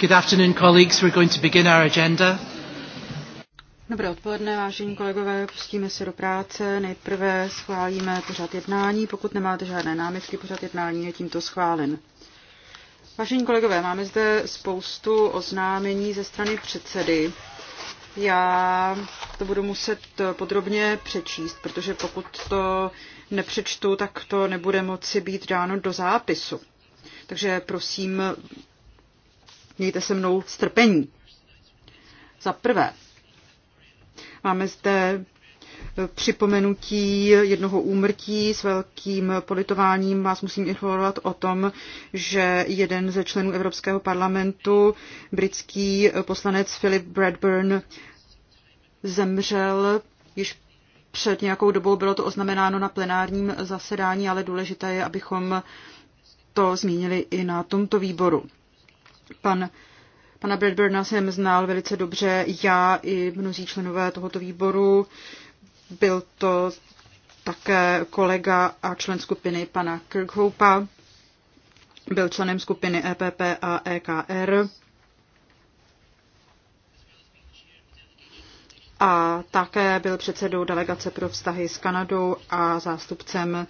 Good afternoon, colleagues. We're going to begin our agenda. Dobré odpoledne, vážení kolegové, pustíme se do práce. Nejprve schválíme pořad jednání. Pokud nemáte žádné námitky, pořad jednání je tímto schválen. Vážení kolegové, máme zde spoustu oznámení ze strany předsedy. Já to budu muset podrobně přečíst, protože pokud to nepřečtu, tak to nebude moci být dáno do zápisu. Takže prosím, mějte se mnou strpení. Za prvé, máme zde připomenutí jednoho úmrtí s velkým politováním vás musím informovat o tom, že jeden ze členů Evropského parlamentu, britský poslanec Philip Bradburn, zemřel již před nějakou dobou, bylo to oznamenáno na plenárním zasedání, ale důležité je, abychom to zmínili i na tomto výboru. Pan, pana Bradburna jsem znal velice dobře, já i mnozí členové tohoto výboru. Byl to také kolega a člen skupiny pana Kirkhopa. Byl členem skupiny EPP a EKR. a také byl předsedou delegace pro vztahy s Kanadou a zástupcem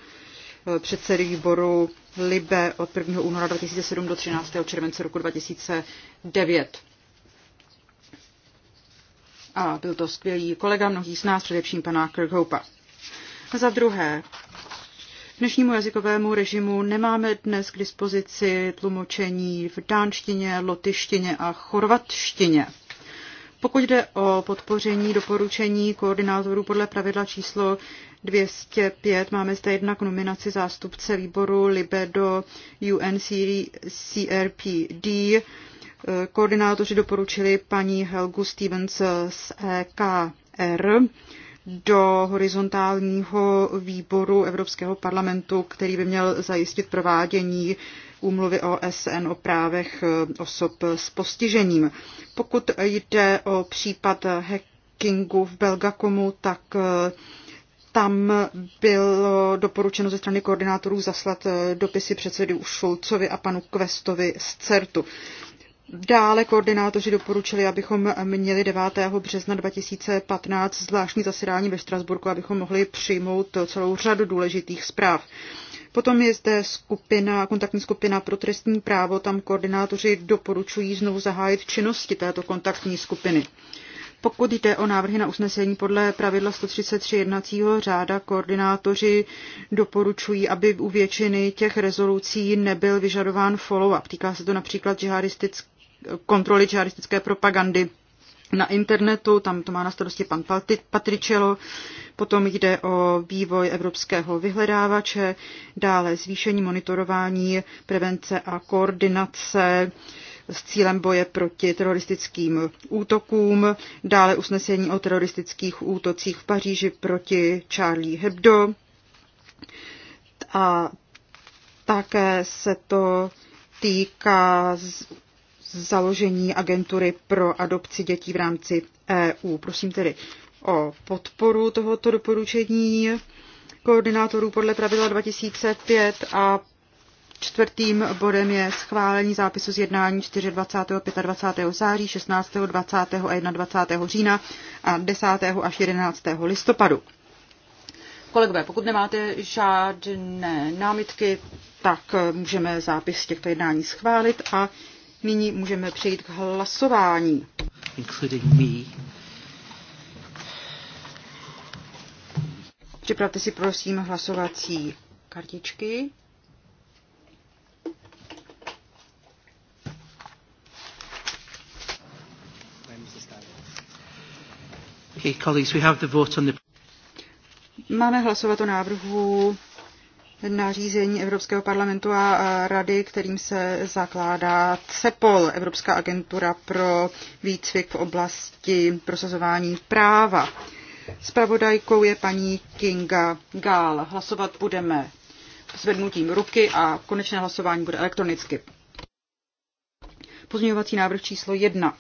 Eh, předsedy výboru Libe od 1. února 2007 do 13. července roku 2009. A byl to skvělý kolega mnohých z nás, především pana Kirkhopa. Za druhé, dnešnímu jazykovému režimu nemáme dnes k dispozici tlumočení v dánštině, lotyštině a chorvatštině. Pokud jde o podpoření doporučení koordinátorů podle pravidla číslo 205 máme zde jednak nominaci zástupce výboru Libe do UNCRPD. Koordinátoři doporučili paní Helgu Stevens z EKR do horizontálního výboru Evropského parlamentu, který by měl zajistit provádění úmluvy OSN o právech osob s postižením. Pokud jde o případ hackingu v Belgakomu, tak tam bylo doporučeno ze strany koordinátorů zaslat eh, dopisy předsedy Šulcovi a panu Kvestovi z CERTu. Dále koordinátoři doporučili, abychom měli 9. března 2015 zvláštní zasedání ve Štrasburku, abychom mohli přijmout celou řadu důležitých zpráv. Potom je zde skupina, kontaktní skupina pro trestní právo, tam koordinátoři doporučují znovu zahájit činnosti této kontaktní skupiny. Pokud jde o návrhy na usnesení podle pravidla 133 jednacího řáda, koordinátoři doporučují, aby u většiny těch rezolucí nebyl vyžadován follow-up. Týká se to například kontroly džihadistické propagandy na internetu, tam to má na starosti pan Patričelo, potom jde o vývoj evropského vyhledávače, dále zvýšení monitorování, prevence a koordinace s cílem boje proti teroristickým útokům, dále usnesení o teroristických útocích v Paříži proti Charlie Hebdo a také se to týká založení agentury pro adopci dětí v rámci EU. Prosím tedy o podporu tohoto doporučení koordinátorů podle pravidla 2005 a Čtvrtým bodem je schválení zápisu z jednání 24. 25. září, 16. 20. a 21. října a 10. až 11. listopadu. Kolegové, pokud nemáte žádné námitky, tak můžeme zápis těchto jednání schválit a nyní můžeme přejít k hlasování. Připravte si prosím hlasovací kartičky. Okay, colleagues, we have the vote on the... Máme hlasovat o návrhu nařízení Evropského parlamentu a rady, kterým se zakládá CEPOL, Evropská agentura pro výcvik v oblasti prosazování práva. Spravodajkou je paní Kinga Gál. Hlasovat budeme zvednutím ruky a konečné hlasování bude elektronicky. Pozměňovací návrh číslo jedna.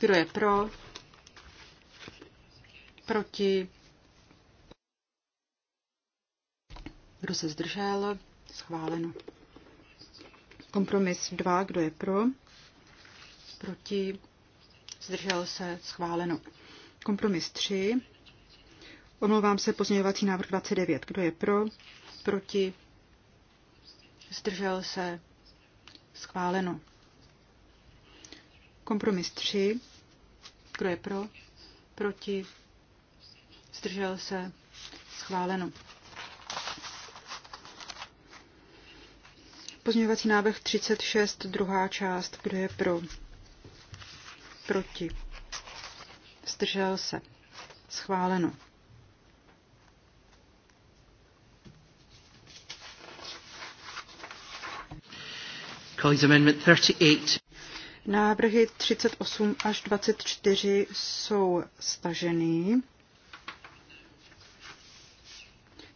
Kdo je pro? Proti? Kdo se zdržel? Schváleno. Kompromis 2. Kdo je pro? Proti? Zdržel se? Schváleno. Kompromis 3. Omlouvám se, pozměňovací návrh 29. Kdo je pro? Proti? Zdržel se? Schváleno. Kompromis 3. Kdo je pro? Proti? zdržel se, schváleno. Pozměňovací návrh 36, druhá část, kdo je pro, proti, zdržel se, schváleno. Návrhy 38 až 24 jsou staženy.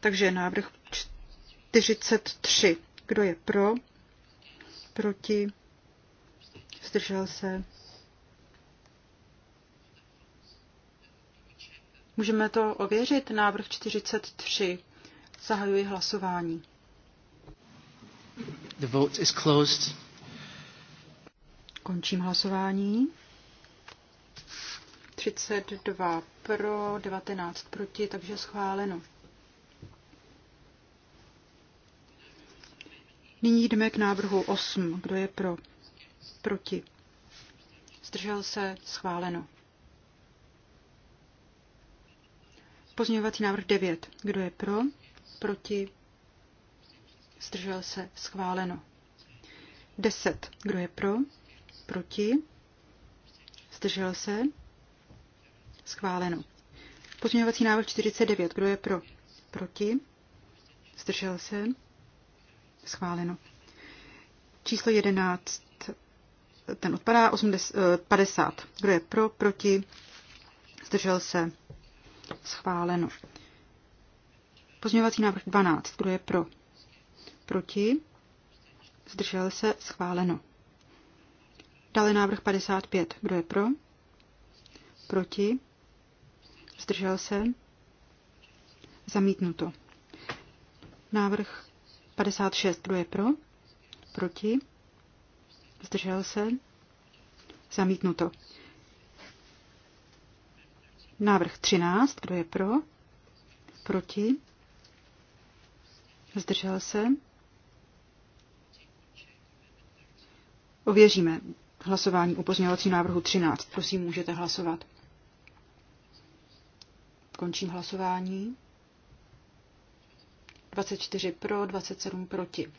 Takže návrh 43. Kdo je pro? Proti? Zdržel se? Můžeme to ověřit? Návrh 43. Zahajuji hlasování. The vote is closed. Končím hlasování. 32 pro, 19 proti, takže schváleno. Nyní jdeme k návrhu 8. Kdo je pro? Proti. Zdržel se? Schváleno. Pozměňovací návrh 9. Kdo je pro? Proti? Zdržel se? Schváleno. 10. Kdo je pro? Proti? Zdržel se? Schváleno. Pozměňovací návrh 49. Kdo je pro? Proti? Zdržel se? Schváleno. Číslo 11, ten odpadá 80, 50. Eh, Kdo je pro, proti, zdržel se, schváleno. Pozměňovací návrh 12. Kdo je pro? Proti? Zdržel se? Schváleno. Dále návrh 55. Kdo je pro? Proti? Zdržel se? Zamítnuto. Návrh 56. Kdo je pro? Proti? Zdržel se? Zamítnuto. Návrh 13. Kdo je pro? Proti? Zdržel se? Ověříme hlasování u pozměňovacího návrhu 13. Prosím, můžete hlasovat. Končím hlasování. 24 pro, 27 proti.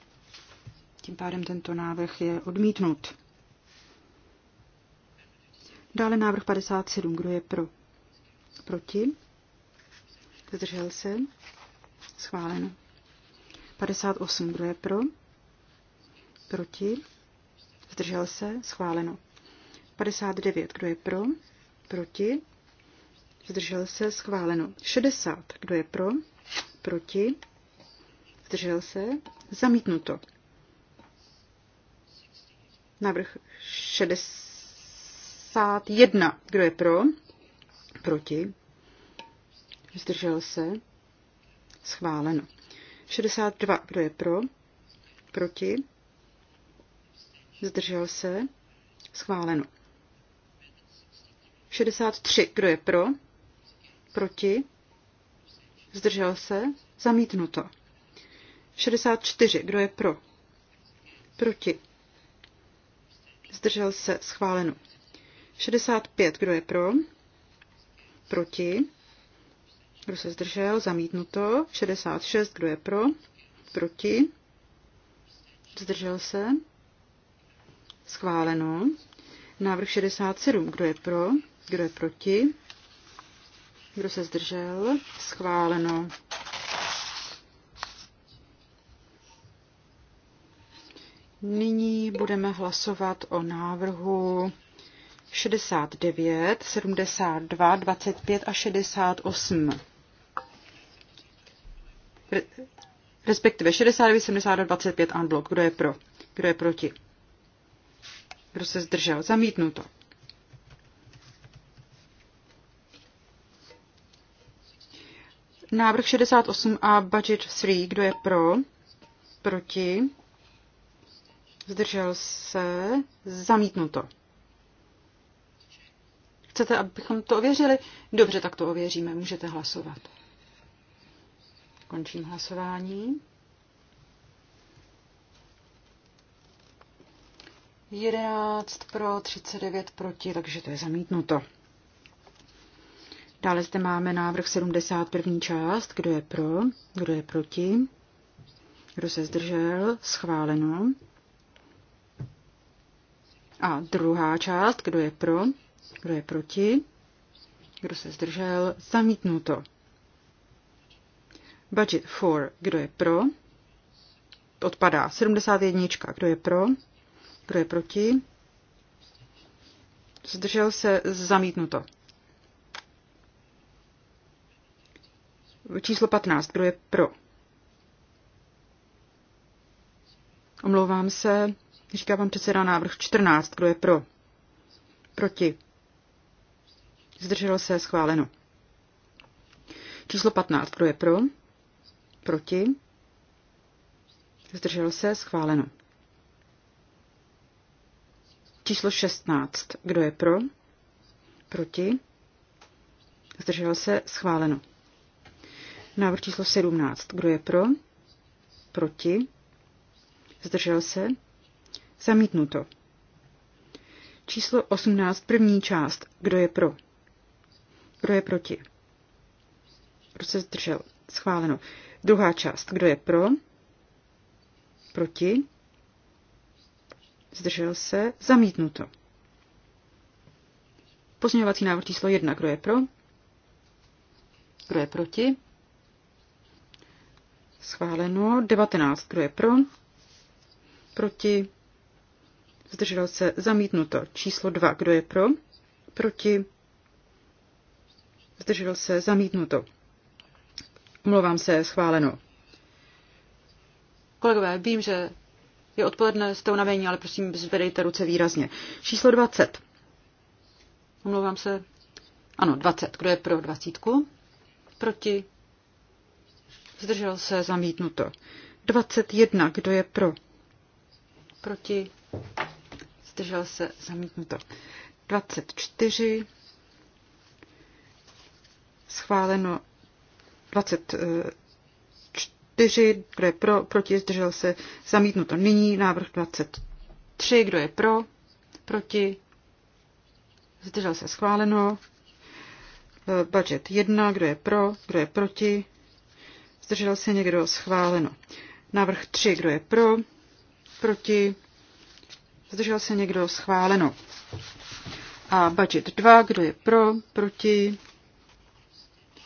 Tím pádem tento návrh je odmítnut. Dále návrh 57. Kdo je pro? Proti? Zdržel se? Schváleno. 58. Kdo je pro? Proti? Zdržel se? Schváleno. 59. Kdo je pro? Proti? Zdržel se? Schváleno. 60. Kdo je pro? Proti? zdržel se, zamítnuto. Návrh 61, kdo je pro, proti, zdržel se, schváleno. 62, kdo je pro, proti, zdržel se, schváleno. 63, kdo je pro, proti, zdržel se, zamítnuto. 64. Kdo je pro? Proti. Zdržel se. Schváleno. 65. Kdo je pro? Proti. Kdo se zdržel? Zamítnuto. 66. Kdo je pro? Proti. Zdržel se. Schváleno. Návrh 67. Kdo je pro? Kdo je proti? Kdo se zdržel? Schváleno. Nyní budeme hlasovat o návrhu 69, 72, 25 a 68. Respektive 69, 72, 25 a blok. Kdo je pro? Kdo je proti? Kdo se zdržel? Zamítnuto. 68 a budget 3. Kdo je pro? Proti? zdržel se, zamítnuto. Chcete, abychom to ověřili? Dobře, tak to ověříme, můžete hlasovat. Končím hlasování. Jedenáct pro, 39 proti, takže to je zamítnuto. Dále zde máme návrh 71. část. Kdo je pro? Kdo je proti? Kdo se zdržel? Schváleno. A druhá část, kdo je pro, kdo je proti, kdo se zdržel, zamítnuto. Budget 4, kdo je pro, odpadá 71, kdo je pro, kdo je proti, zdržel se, zamítnuto. Číslo 15, kdo je pro? Omlouvám se, Říká pan předseda návrh 14. Kdo je pro? Proti. Zdrželo se schváleno. Číslo 15. Kdo je pro? Proti. Zdrželo se schváleno. Číslo 16. Kdo je pro? Proti. Zdrželo se schváleno. Návrh číslo 17. Kdo je pro? Proti. Zdržel se? Zamítnuto. Číslo 18, první část. Kdo je pro? Kdo je proti? Kdo se zdržel? Schváleno. Druhá část. Kdo je pro? Proti? Zdržel se? Zamítnuto. Pozměňovací návrh číslo 1. Kdo je pro? Kdo je proti? Schváleno. 19. Kdo je pro? Proti? zdržel se, zamítnuto. Číslo 2, kdo je pro, proti, zdržel se, zamítnuto. Omlouvám se, schváleno. Kolegové, vím, že je odpoledne, jste unavení, ale prosím, zvedejte ruce výrazně. Číslo 20. Omlouvám se. Ano, 20. Kdo je pro 20? Proti? Zdržel se, zamítnuto. 21. Kdo je pro? Proti? zdržel se, zamítnuto. 24, schváleno 24, kdo je pro, proti, zdržel se, zamítnuto. Nyní návrh 23, kdo je pro, proti, zdržel se, schváleno. Budget 1, kdo je pro, kdo je proti, zdržel se někdo, schváleno. Návrh 3, kdo je pro, proti, Zdržel se někdo? Schváleno. A budget 2, kdo je pro, proti?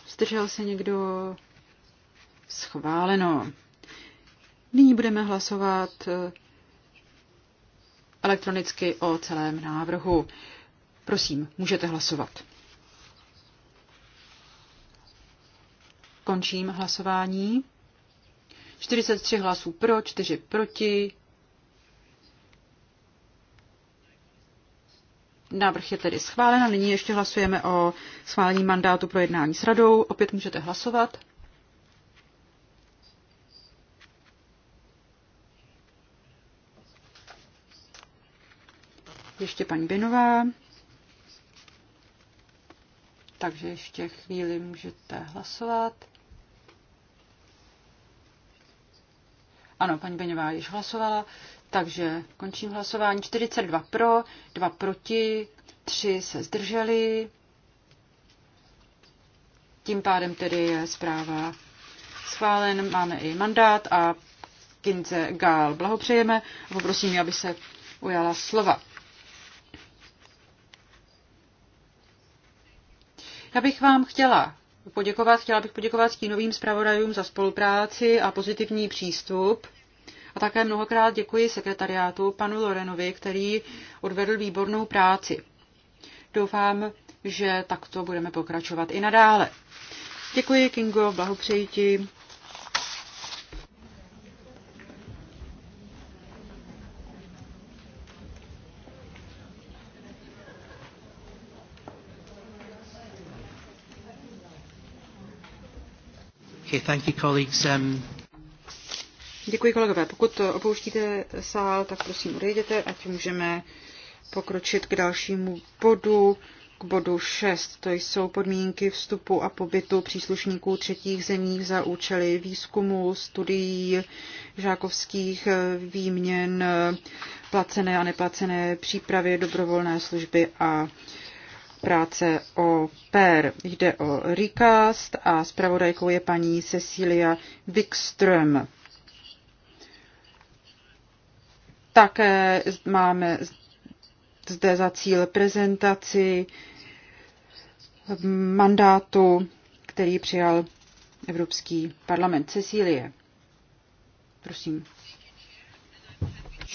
Zdržel se někdo? Schváleno. Nyní budeme hlasovat eh, elektronicky o celém návrhu. Prosím, můžete hlasovat. Končím hlasování. 43 hlasů pro, 4 proti, Návrh je tedy schválen a nyní ještě hlasujeme o schválení mandátu pro jednání s radou. Opět můžete hlasovat. Ještě paní Binová. Takže ještě chvíli můžete hlasovat. Ano, paní Beňová již hlasovala, takže končím hlasování. 42 pro, 2 proti, 3 se zdrželi. Tím pádem tedy je zpráva schválen. Máme i mandát a Kinze Gál blahopřejeme a poprosím ji, aby se ujala slova. Já bych vám chtěla poděkovat, chtěla bych poděkovat novým zpravodajům za spolupráci a pozitivní přístup a také mnohokrát děkuji sekretariátu panu Lorenovi, který odvedl výbornou práci. Doufám, že takto budeme pokračovat i nadále. Děkuji, Kingo, blahopřeji ti. Okay, thank you, colleagues. Um... Děkuji kolegové. Pokud opouštíte sál, tak prosím odejděte, ať můžeme pokročit k dalšímu bodu, k bodu 6. To jsou podmínky vstupu a pobytu příslušníků třetích zemí za účely výzkumu, studií, žákovských výměn, placené a neplacené přípravy, dobrovolné služby a práce o PER. Jde o recast a zpravodajkou je paní Cecilia Wikström. Také máme zde za cíl prezentaci mandátu, který přijal Evropský parlament. Cecílie, prosím.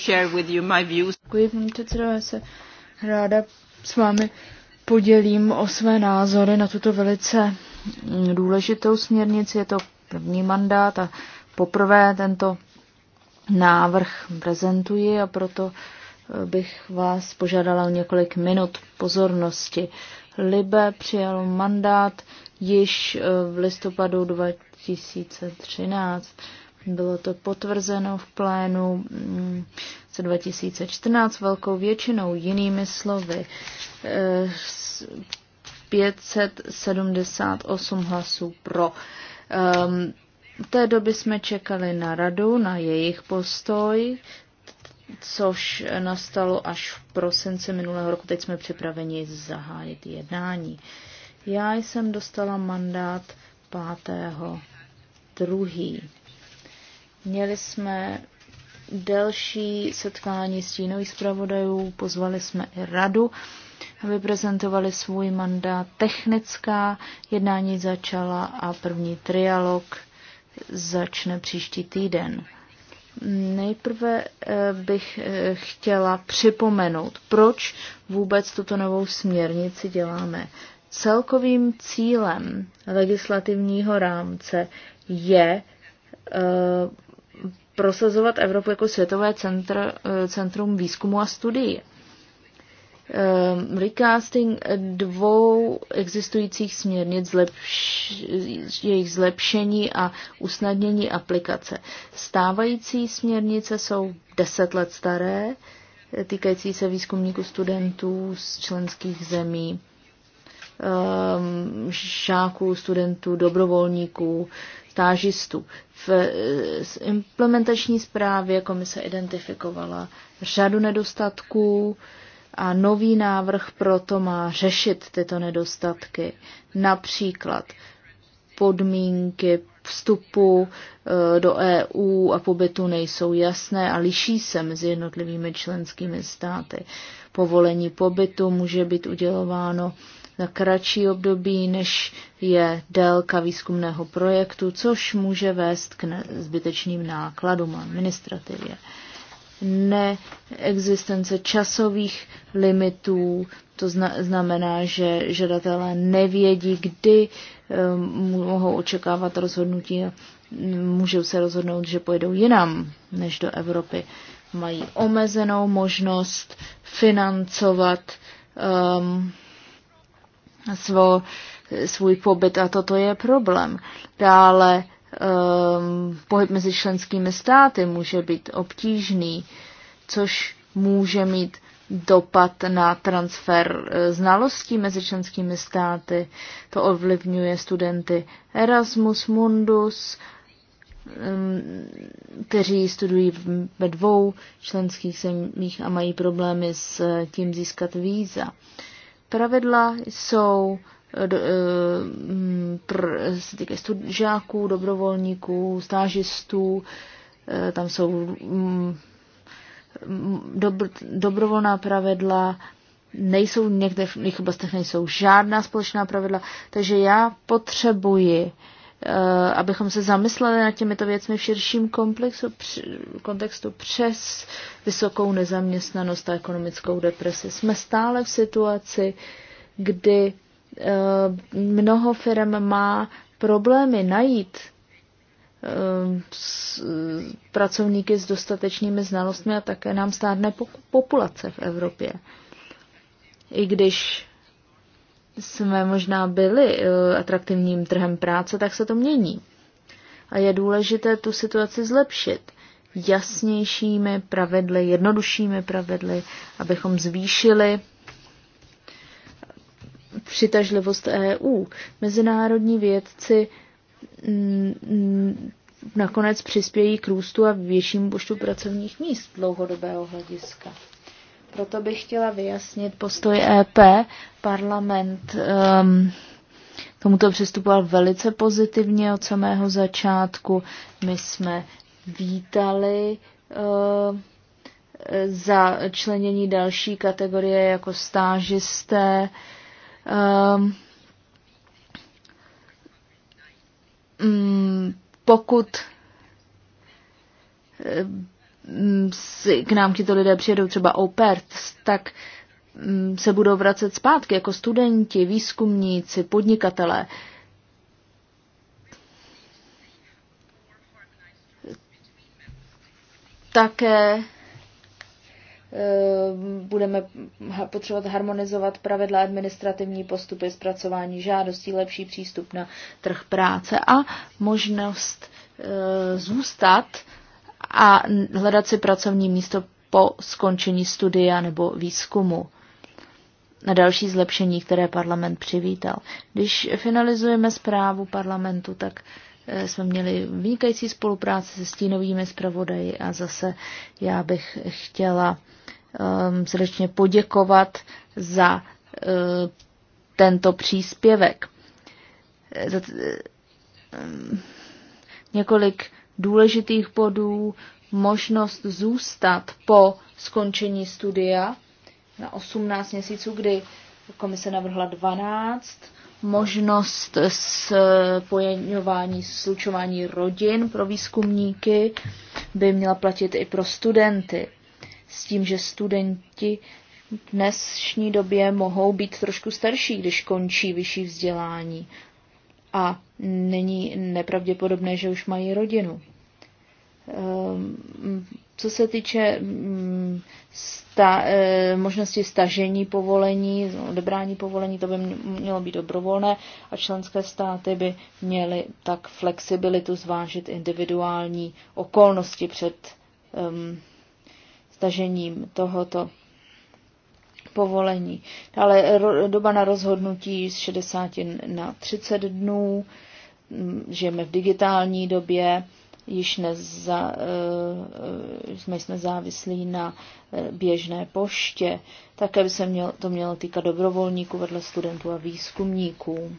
Share with you my views. Děkuji, pane předsedo, já se ráda s vámi podělím o své názory na tuto velice důležitou směrnici. Je to první mandát a poprvé tento návrh prezentuji a proto eh, bych vás požádala o několik minut pozornosti. Libe přijal mandát již eh, v listopadu 2013. Bylo to potvrzeno v plénu mm, se 2014 velkou většinou, jinými slovy 578 eh, hlasů pro. Ehm, v té doby jsme čekali na radu, na jejich postoj, což nastalo až v prosinci minulého roku. Teď jsme připraveni zahájit jednání. Já jsem dostala mandát 5.2. Měli jsme delší setkání s stínových zpravodajů, pozvali jsme i radu, aby prezentovali svůj mandát. Technická jednání začala a první trialog začne příští týden. Nejprve eh, bych eh, chtěla připomenout, proč vůbec tuto novou směrnici děláme. Celkovým cílem legislativního rámce je eh, prosazovat Evropu jako světové centr, centrum výzkumu a studií um, recasting dvou existujících směrnic, zlepš, jejich zlepšení a usnadnění aplikace. Stávající směrnice jsou deset let staré, týkající se výzkumníků studentů z členských zemí, um, žáků, studentů, dobrovolníků, stážistů. V e, implementační zprávě komise identifikovala řadu nedostatků, uh, a nový návrh proto má řešit tyto nedostatky. Například podmínky vstupu e, do EU a pobytu nejsou jasné a liší se mezi jednotlivými členskými státy. Povolení pobytu může být udělováno na kratší období, než je délka výzkumného projektu, což může vést k zbytečným nákladům a administrativě neexistence časových limitů, to znamená, že žadatelé nevědí, kdy um, mohou očekávat rozhodnutí a mm, můžou se rozhodnout, že pojedou jinam než do Evropy. Mají omezenou možnost financovat um, svo, svůj pobyt a toto je problém. Dále um, pohyb mezi členskými státy může být obtížný, což může mít dopad na transfer eh, znalostí mezi členskými státy. To ovlivňuje studenty Erasmus Mundus, ehm, kteří studují ve dvou členských zemích a mají problémy s eh, tím získat víza. Pravidla jsou Eh, mm, se týká žáků, dobrovolníků, stážistů, eh, tam jsou mm, mm, dobrovolná pravidla, nejsou v některých oblastech nejsou žádná společná pravidla, takže já potřebuji, eh, abychom se zamysleli nad těmito věcmi v širším komplexu, kontextu přes vysokou nezaměstnanost a ekonomickou depresi. Jsme stále v situaci, kdy Eh, mnoho firm má problémy najít eh, pracovníky s dostatečnými znalostmi a také nám stárne populace v Evropě. I když jsme možná byli eh, atraktivním trhem práce, tak se to mění. A je důležité tu situaci zlepšit jasnějšími pravidly, jednoduššími pravidly, abychom zvýšili přitažlivost EU. Mezinárodní vědci mm, mm, nakonec přispějí k růstu a většímu počtu pracovních míst dlouhodobého hlediska. Proto bych chtěla vyjasnit postoj EP. Parlament um, tomuto přistupoval velice pozitivně od samého začátku. My jsme vítali uh, členění další kategorie jako stážisté, uh, Um, pokud ehm, k nám tito lidé přijedou třeba au pair, tak mm, se budou vracet zpátky jako studenti, výzkumníci, podnikatelé. Také Eh, budeme potřebovat harmonizovat pravidla administrativní postupy, zpracování žádostí, lepší přístup na trh práce a možnost eh, zůstat a hledat si pracovní místo po skončení studia nebo výzkumu na další zlepšení, které parlament přivítal. Když finalizujeme zprávu parlamentu, tak eh, jsme měli vynikající spolupráci se stínovými zpravodaji a zase já bych chtěla um, srdečně poděkovat za uh, tento příspěvek. Za t- um, několik důležitých bodů, možnost zůstat po skončení studia na 18 měsíců, kdy komise navrhla 12, možnost spojeňování, slučování rodin pro výzkumníky by měla platit i pro studenty s tím, že studenti v dnešní době mohou být trošku starší, když končí vyšší vzdělání. A není nepravděpodobné, že už mají rodinu. Ehm, co se týče mm, sta, eh, možnosti stažení povolení, odebrání povolení, to by mělo být dobrovolné a členské státy by měly tak flexibilitu zvážit individuální okolnosti před um, stažením tohoto povolení. Dále doba na rozhodnutí z 60 na 30 dnů, mm, žijeme v digitální době, již neza, eh, jsme jsme závislí na eh, běžné poště. Také by se měl, to mělo týkat dobrovolníků vedle studentů a výzkumníků.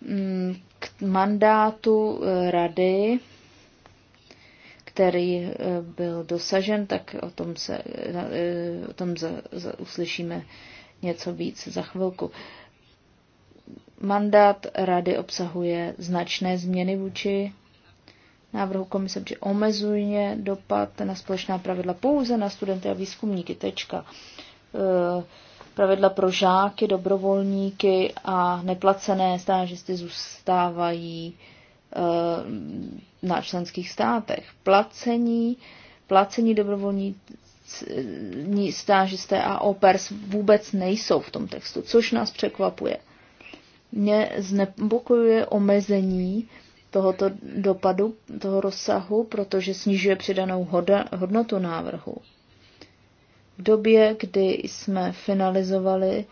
Mm, k mandátu eh, rady který eh, byl dosažen, tak o tom, se, eh, o tom za, za, uslyšíme něco víc za chvilku. Mandát rady obsahuje značné změny vůči návrhu komise, že omezuje dopad na společná pravidla pouze na studenty a výzkumníky. Tečka. Eh, pravidla pro žáky, dobrovolníky a neplacené stážisty zůstávají Eh, na členských státech. Placení, placení dobrovolní stážisté a opers vůbec nejsou v tom textu, což nás překvapuje. Mě znepokojuje omezení tohoto dopadu, toho rozsahu, protože snižuje přidanou hodnotu návrhu. V době, kdy jsme finalizovali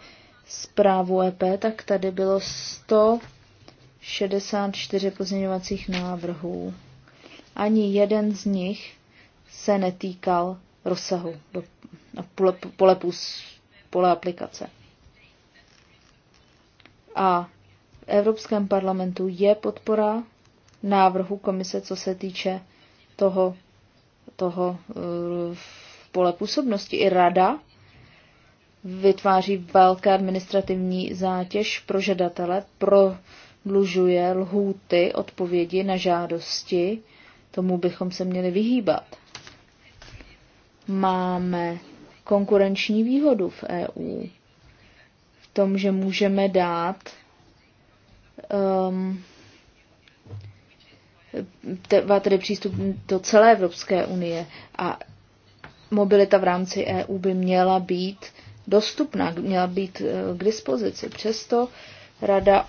zprávu EP, tak tady bylo 100 64 pozměňovacích návrhů. Ani jeden z nich se netýkal rozsahu do pole, pole, pole aplikace. A v Evropském parlamentu je podpora návrhu komise, co se týče toho, toho uh, pole působnosti. I rada vytváří velké administrativní zátěž pro žadatele, pro prodlužuje lhůty odpovědi na žádosti, tomu bychom se měli vyhýbat. Máme konkurenční výhodu v EU v tom, že můžeme dát um, má tedy přístup do celé Evropské unie a mobilita v rámci EU by měla být dostupná, měla být eh, k dispozici. Přesto rada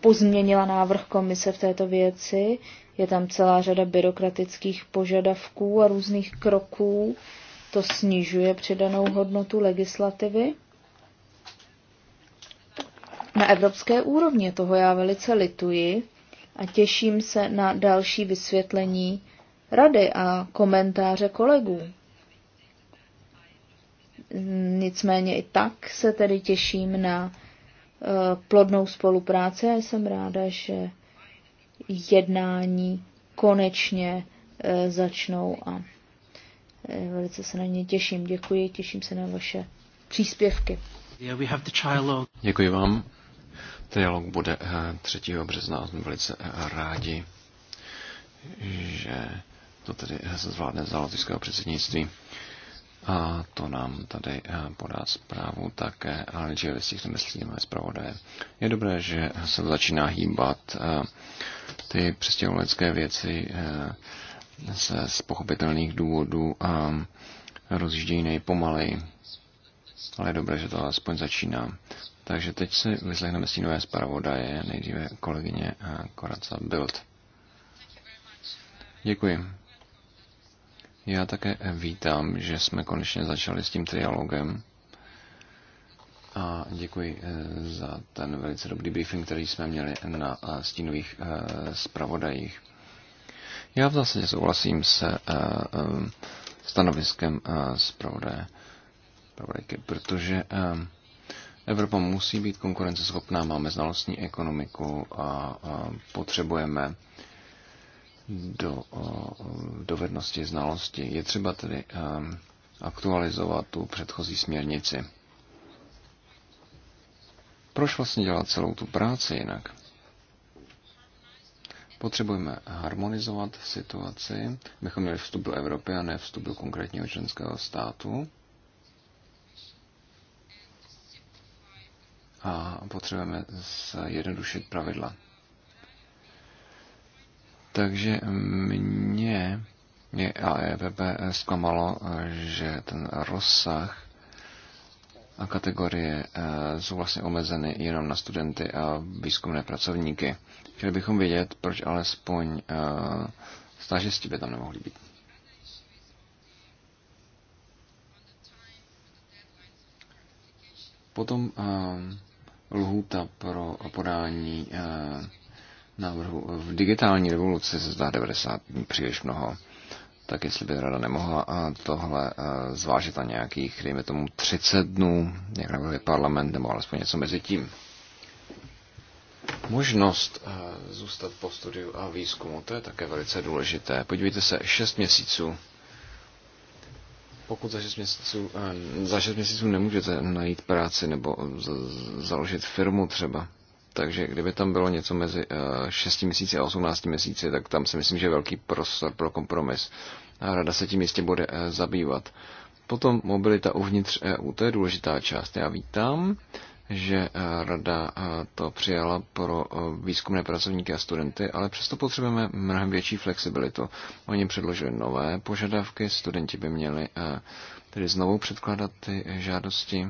pozměnila návrh komise v této věci. Je tam celá řada byrokratických požadavků a různých kroků. To snižuje přidanou hodnotu legislativy. Na evropské úrovni toho já velice lituji a těším se na další vysvětlení rady a komentáře kolegů. Nicméně i tak se tedy těším na Eh, plodnou spolupráci a jsem ráda, že jednání konečně eh, začnou a eh, velice se na ně těším. Děkuji, těším se na vaše příspěvky. Děkuji vám. Trialog bude 3. března a jsme velice rádi, že to tedy se zvládne za lotyšského předsednictví. A to nám tady eh, podá zprávu také Alžír, s tím myslíme zpravodaje. Je dobré, že se začíná hýbat. Eh, ty přestěhovalecké věci eh, se z pochopitelných důvodů rozjíždějí nejpomaleji. Ale je dobré, že to alespoň začíná. Takže teď si vyslechneme stínové zpravodaje, nejdříve kolegyně Koraca Bild. Děkuji. Já také vítám, že jsme konečně začali s tím trialogem. A děkuji eh, za ten velice dobrý briefing, který jsme měli na eh, stínových eh, zpravodajích. Já v zásadě souhlasím se stanoviskem zpravodaje, protože Evropa musí být konkurenceschopná, máme znalostní ekonomiku a potřebujeme do dovednosti, znalosti. Je třeba tedy aktualizovat tu předchozí směrnici. Proč vlastně dělat celou tu práci jinak? Potřebujeme harmonizovat situaci, bychom měli vstup do Evropy a ne vstup do konkrétního členského státu. A potřebujeme zjednodušit pravidla. Takže mě je AEVB zklamalo, že ten rozsah a kategorie eh, jsou vlastně omezeny jenom na studenty a výzkumné pracovníky. Chtěli bychom vědět, proč alespoň eh, stážisti by tam nemohli být. Potom eh, lhůta pro podání návrhu V digitální revoluci se zdá 90 dní příliš mnoho, tak jestli by rada nemohla tohle zvážit na nějakých, dejme tomu, 30 dnů, jak navrhuje parlament, nebo alespoň něco mezi tím. Možnost zůstat po studiu a výzkumu, to je také velice důležité. Podívejte se, 6 měsíců pokud za 6 měsíců, za 6 měsíců nemůžete najít práci nebo založit firmu třeba, takže kdyby tam bylo něco mezi 6 eh, měsíci a 18 měsíci, tak tam si myslím, že je velký prostor pro kompromis. A rada se tím jistě bude eh, zabývat. Potom mobilita uvnitř EU, to je důležitá část. Já vítám, že eh, rada to přijala pro výzkumné pracovníky a studenty, ale přesto potřebujeme mnohem větší flexibilitu. Oni předložili nové požadavky, studenti by měli tedy znovu předkládat ty žádosti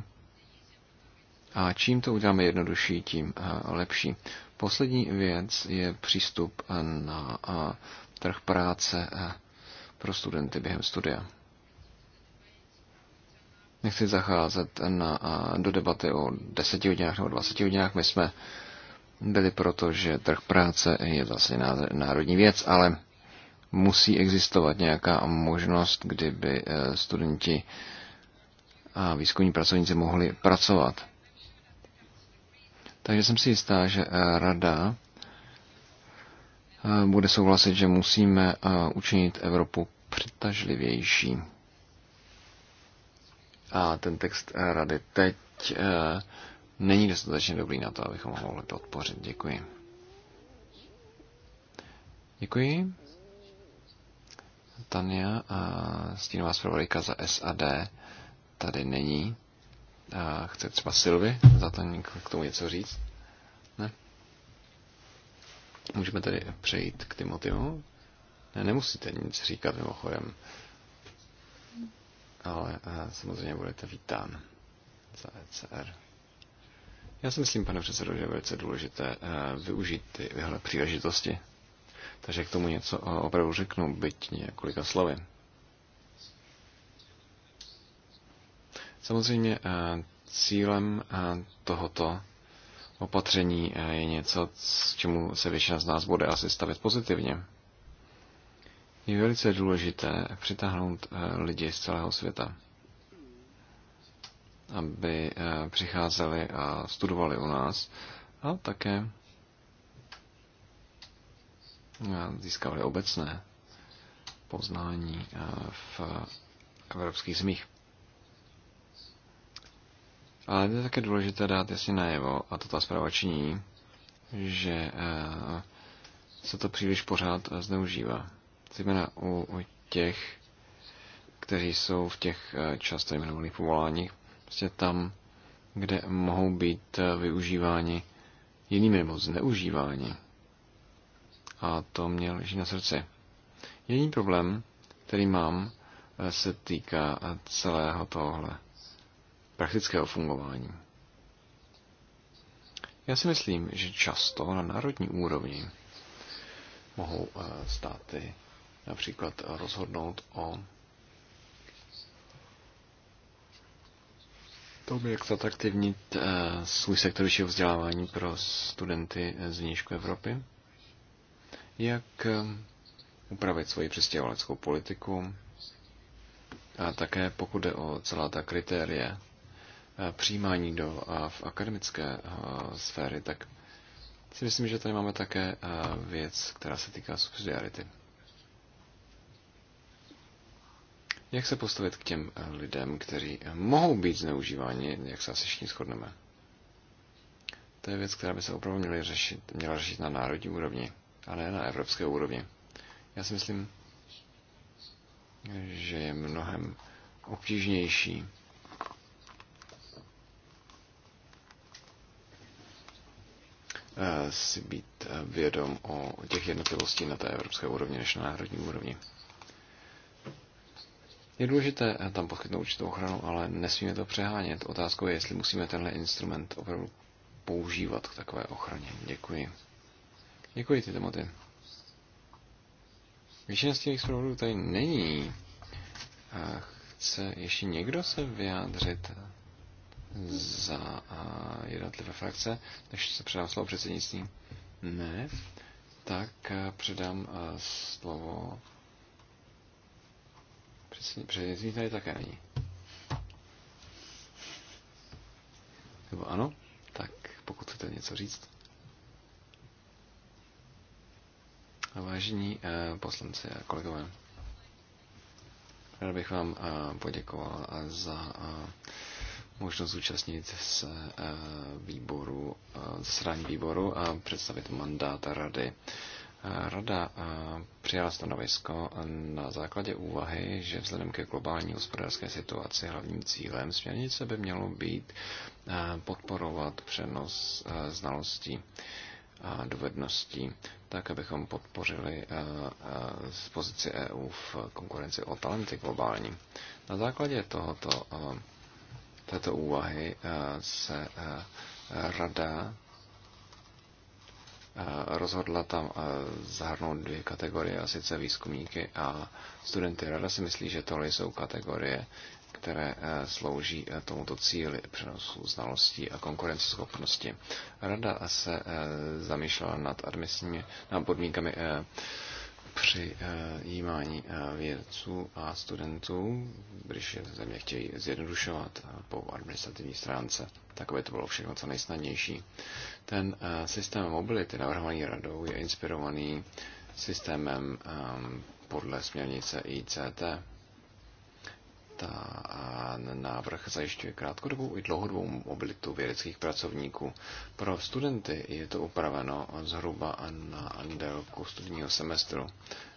a čím to uděláme jednodušší, tím eh, lepší. Poslední věc je přístup eh, na eh, trh práce pro studenty během studia. Nechci zacházet na, do debaty o 10 hodinách nebo 20 hodinách. My jsme byli proto, že trh práce je zase národní věc, ale musí existovat nějaká možnost, kdyby studenti a výzkumní pracovníci mohli pracovat. Takže jsem si jistá, že eh, rada eh, bude souhlasit, že musíme eh, učinit Evropu přitažlivější. A ten text rady teď není dostatečně dobrý na to, abychom ho mohli podpořit. Děkuji. Děkuji. a stínová zpravodajka za SAD, tady není. A chce třeba Silvy za ten k tomu něco říct? Ne? Můžeme tady přejít k Timotiu? Ne, nemusíte nic říkat mimochodem. Ale eh, samozřejmě budete vítán za ECR. Já si myslím, pane předsedo, že je velice důležité eh, využít tyhle příležitosti. Takže k tomu něco eh, opravdu řeknu, byť několika slovy. Samozřejmě eh, cílem eh, tohoto opatření eh, je něco, s čemu se většina z nás bude asi stavit pozitivně. Je velice důležité přitáhnout lidi z celého světa, aby přicházeli a studovali u nás a také získali obecné poznání v evropských zmích. Ale je také důležité dát jasně najevo, a to ta zpráva činí, že eh, se to příliš pořád eh, zneužívá. Zejména u, u těch, kteří jsou v těch eh, často jmenovaných povoláních, prostě tam, kde mohou být využíváni jinými nebo zneužíváni. A to mě leží na srdci. Jediný problém, který mám, se týká celého tohle praktického fungování. Já si myslím, že často na národní úrovni mohou eh, státy například rozhodnout o tom, jak zatraktivnit eh, svůj sektor vyššího vzdělávání pro studenty z vnějšku Evropy, jak eh, upravit svoji přestěhovaleckou politiku a také pokud jde o celá ta kritéria Eh, přijímání do eh, v akademické eh, sféry, tak si myslím, že tady máme také věc, která se týká subsidiarity. Jak se postavit k těm lidem, kteří mohou být zneužíváni, jak se asi všichni shodneme? To je věc, která by se opravdu měla řešit, měla řešit na národní úrovni, a ne na evropské úrovni. Já si myslím, že je mnohem obtížnější Eh, si být eh, vědom o těch jednotlivostí na té evropské úrovni než na národní úrovni. Je důležité eh, tam poskytnout určitou ochranu, ale nesmíme to přehánět. Otázkou je, jestli musíme tenhle instrument opravdu používat k takové ochraně. Děkuji. Děkuji ty, Timothy. Většina z těch zpravodů tady není. A chce ještě někdo se vyjádřit? za jednotlivé frakce, než se předám slovo předsednictví? Ne. Tak předám slovo předsednictví tady také není. Nebo ano? Tak pokud chcete něco říct. Vážení poslanci a kolegové, rád bych vám poděkoval za možnost zúčastnit se eh, výboru, eh, zasedání výboru a představit mandát rady. Eh, rada přijala stanovisko na základě úvahy, že vzhledem ke globální hospodářské situaci hlavním cílem směrnice by mělo být podporovat přenos znalostí a dovedností, tak abychom podpořili z pozici EU v konkurenci o talenty globální. Na základě tohoto této úvahy eh, se eh, rada eh, rozhodla tam zahrnout dvě kategorie, a sice výzkumníky a studenty. Rada si myslí, že tohle jsou kategorie, které slouží tomuto cíli přenosu znalostí a konkurenceschopnosti. Rada se zamýšlela nad admisními nad podmínkami při jímání eh, vědců a studentů, když je země chtějí zjednodušovat eh, po administrativní stránce, tak to bylo všechno co nejsnadnější. Ten eh, systém mobility navrhovaný radou je inspirovaný systémem podle směrnice ICT ta návrh zajišťuje krátkodobou i dlouhodobou mobilitu vědeckých pracovníků. Pro studenty je to upraveno zhruba na délku studijního semestru.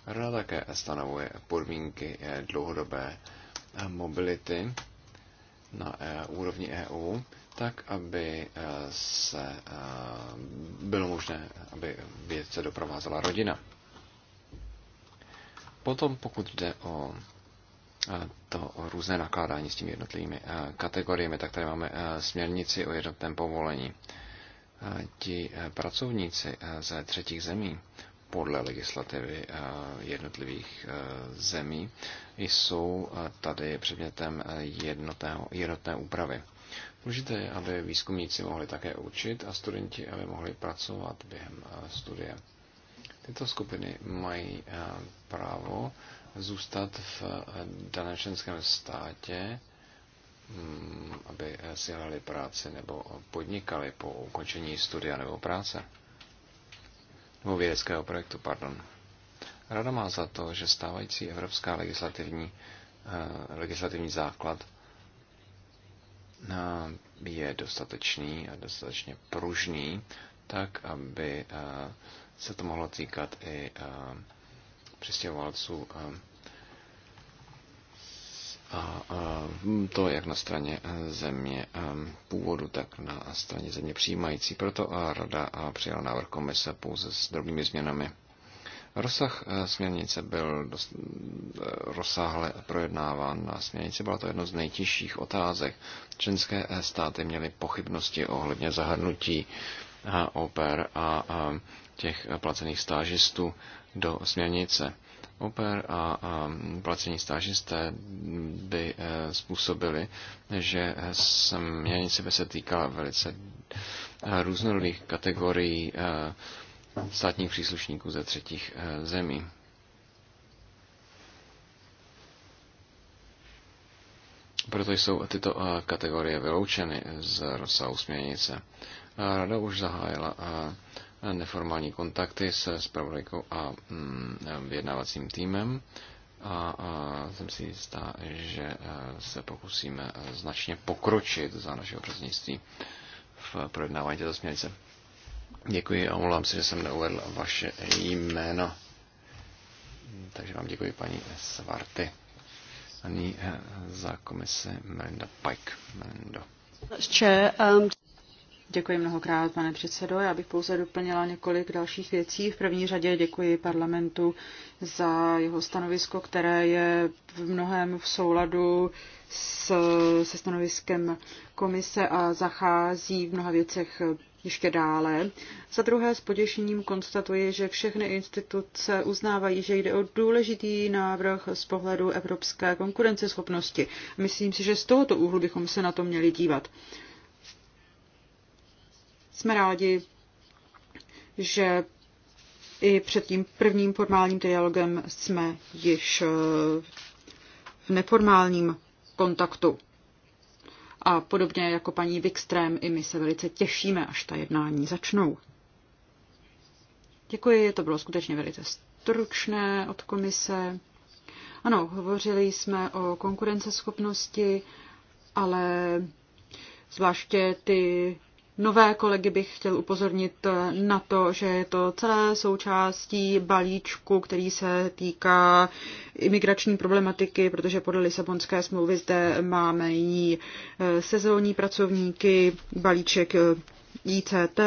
Rada také stanovuje podmínky eh, dlouhodobé eh, mobility na eh, úrovni EU, tak, aby se bylo možné, aby vědce doprovázela rodina. Potom, pokud jde o to různé nakládání s těmi jednotlivými eh, kategoriemi, tak tady máme eh, směrnici o jednotném povolení. Eh, ti pracovníci ze třetích zemí podle legislativy jednotlivých zemí jsou tady předmětem jednotného, jednotné úpravy. Důležité je, aby výzkumníci mohli také učit a studenti, aby mohli pracovat během studie. Tyto skupiny mají právo zůstat v eh, daném členském státě, mm, aby eh, si hledali práci nebo podnikali po ukončení studia nebo práce. Nebo vědeckého projektu, pardon. Rada má za to, že stávající evropská legislativní, eh, legislativní základ je dostatečný a dostatečně pružný, tak aby se to mohlo týkat i přistěhovalců a, a, a to jak na straně e, země e, původu, tak na straně země přijímající. Proto a e, Rada a přijala návrh komise pouze s drobnými změnami. Rozsah směrnice byl dost, rozsáhle projednáván na směrnici. Byla to jedno z nejtěžších otázek. Členské státy měly pochybnosti ohledně zahrnutí oper a těch placených stážistů do směrnice. oper a, a placení stážisté by eh, způsobili, že směrnice by se týkala velice eh, různorodých kategorií eh, státních příslušníků ze třetích zemí. Proto jsou tyto kategorie vyloučeny z rozsahu směrnice. Rada už zahájila neformální kontakty se spravodajkou a mm, vyjednávacím týmem a, a jsem si jistá, že e, se pokusíme značně pokročit za našeho předsednictví v projednávání této směrnice. Děkuji a omlouvám se, že jsem neuvedl vaše jméno. Takže vám děkuji, paní Svarty. A nyní e, za komise Melinda Pike. Melindo. Děkuji mnohokrát, pane předsedo. Já bych pouze doplnila několik dalších věcí. V první řadě děkuji parlamentu za jeho stanovisko, které je v mnohem v souladu s, se stanoviskem komise a zachází v mnoha věcech ještě dále. Za druhé s poděšením konstatuji, že všechny instituce uznávají, že jde o důležitý návrh z pohledu evropské konkurenceschopnosti. Myslím si, že z tohoto úhlu bychom se na to měli dívat. Jsme rádi, že i před tím prvním formálním dialogem jsme již eh, v neformálním kontaktu. A podobně jako paní Wikström, i my se velice těšíme, až ta jednání začnou. Děkuji, to bylo skutečně velice stručné od komise. Ano, hovořili jsme o konkurenceschopnosti, ale zvláště ty Nové kolegy bych chtěl upozornit na to, že je to celé součástí balíčku, který se týká imigrační problematiky, protože podle Lisabonské smlouvy zde máme i eh, sezónní pracovníky, balíček eh, ICT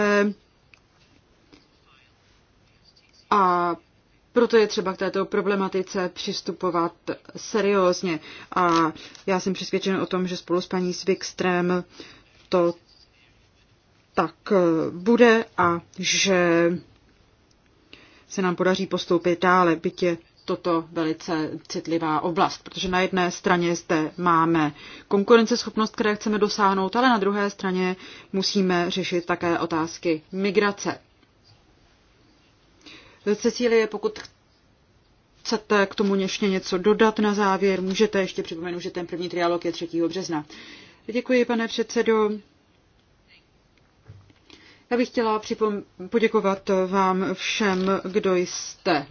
a proto je třeba k této problematice přistupovat seriózně a já jsem přesvědčen o tom, že spolu s paní Svikstrem to tak eh, bude a že se nám podaří postoupit dále, byť je toto velice citlivá oblast, protože na jedné straně zde máme konkurenceschopnost, které chceme dosáhnout, ale na druhé straně musíme řešit také otázky migrace. Cecílie, pokud chcete k tomu ještě něco dodat na závěr, můžete ještě připomenout, že ten první trialog je 3. března. Děkuji, pane předsedo. Já bych chtěla připom- poděkovat vám všem, kdo jste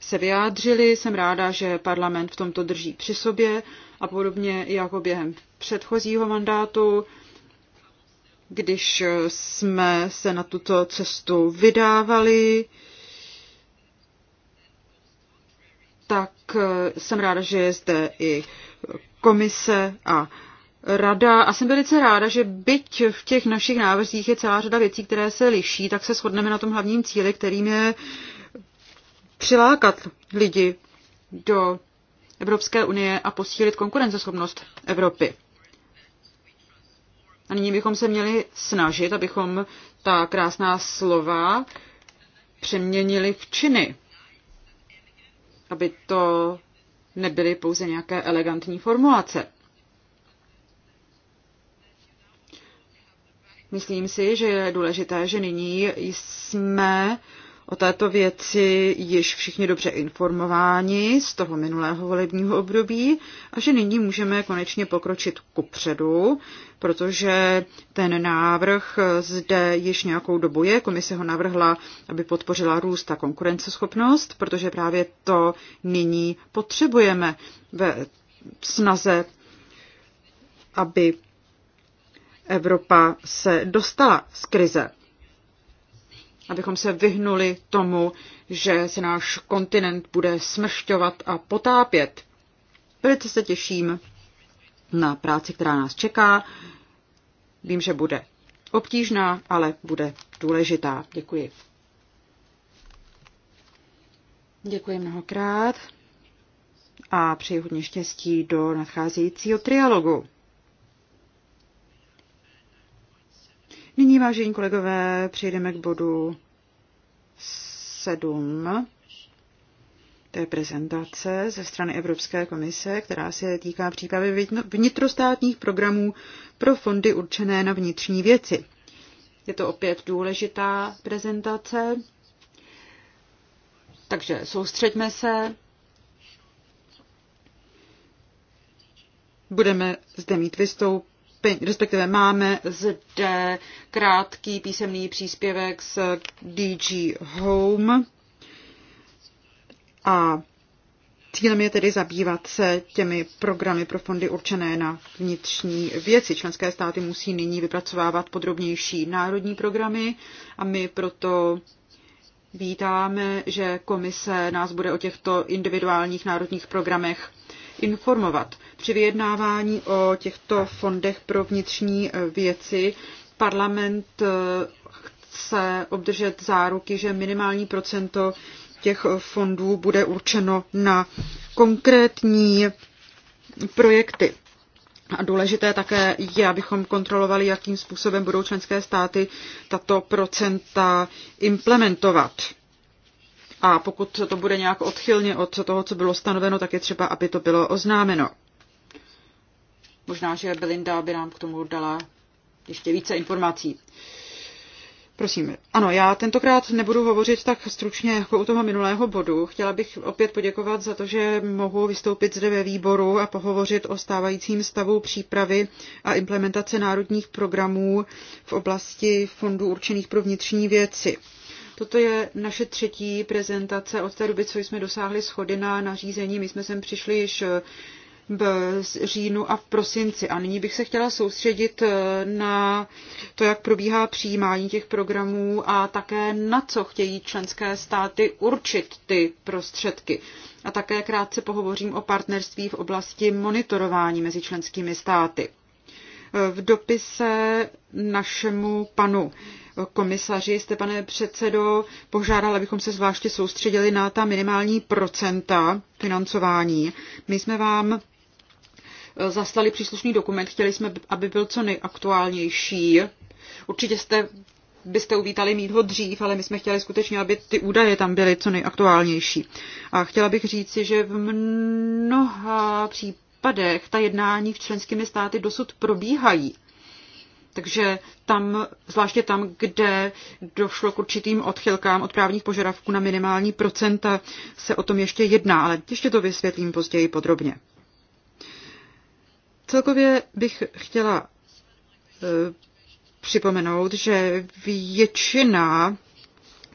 se vyjádřili. Jsem ráda, že parlament v tomto drží při sobě a podobně jako během předchozího mandátu, když jsme se na tuto cestu vydávali, tak jsem ráda, že je zde i komise a rada, a jsem velice ráda, že byť v těch našich návrzích je celá řada věcí, které se liší, tak se shodneme na tom hlavním cíli, kterým je přilákat lidi do Evropské unie a posílit konkurenceschopnost Evropy. A nyní bychom se měli snažit, abychom ta krásná slova přeměnili v činy, aby to nebyly pouze nějaké elegantní formulace. Myslím si, že je důležité, že nyní jsme o této věci již všichni dobře informováni z toho minulého volebního období a že nyní můžeme konečně pokročit kupředu, protože ten návrh zde již nějakou dobu je. Komise ho navrhla, aby podpořila růst a konkurenceschopnost, protože právě to nyní potřebujeme ve snaze, aby Evropa se dostala z krize. Abychom se vyhnuli tomu, že se náš kontinent bude smršťovat a potápět. Velice se těším na práci, která nás čeká. Vím, že bude obtížná, ale bude důležitá. Děkuji. Děkuji mnohokrát a přeji hodně štěstí do nadcházejícího trialogu. Nyní, vážení kolegové, přejdeme k bodu 7. To je prezentace ze strany Evropské komise, která se týká přípravy vnitrostátních programů pro fondy určené na vnitřní věci. Je to opět důležitá prezentace. Takže soustředíme se. Budeme zde mít vystoupení respektive máme zde krátký písemný příspěvek z DG Home a Cílem je tedy zabývat se těmi programy pro fondy určené na vnitřní věci. Členské státy musí nyní vypracovávat podrobnější národní programy a my proto vítáme, že komise nás bude o těchto individuálních národních programech informovat. Při vyjednávání o těchto fondech pro vnitřní e, věci parlament e, chce obdržet záruky, že minimální procento těch fondů bude určeno na konkrétní projekty. A důležité také je, abychom kontrolovali, jakým způsobem budou členské státy tato procenta implementovat. A pokud to bude nějak odchylně od toho, co bylo stanoveno, tak je třeba, aby to bylo oznámeno. Možná, že Belinda by nám k tomu dala ještě více informací. Prosím. Ano, já tentokrát nebudu hovořit tak stručně jako u toho minulého bodu. Chtěla bych opět poděkovat za to, že mohu vystoupit zde ve výboru a pohovořit o stávajícím stavu přípravy a implementace národních programů v oblasti fondů určených pro vnitřní věci. Toto je naše třetí prezentace od té doby, co jsme dosáhli schody na nařízení. My jsme sem přišli již v eh, říjnu a v prosinci. A nyní bych se chtěla soustředit eh, na to, jak probíhá přijímání těch programů a také na co chtějí členské státy určit ty prostředky. A také krátce pohovořím o partnerství v oblasti monitorování mezi členskými státy. Eh, v dopise našemu panu komisaři, jste, pane předsedo, požádal, abychom se zvláště soustředili na ta minimální procenta financování. My jsme vám eh, zaslali příslušný dokument, chtěli jsme, aby byl co nejaktuálnější. Určitě jste byste uvítali mít ho dřív, ale my jsme chtěli skutečně, aby ty údaje tam byly co nejaktuálnější. A chtěla bych říci, že v mnoha případech ta jednání v členskými státy dosud probíhají. Takže tam, zvláště tam, kde došlo k určitým odchylkám od právních požadavků na minimální procenta, se o tom ještě jedná, ale ještě to vysvětlím později podrobně. Celkově bych chtěla e, připomenout, že většina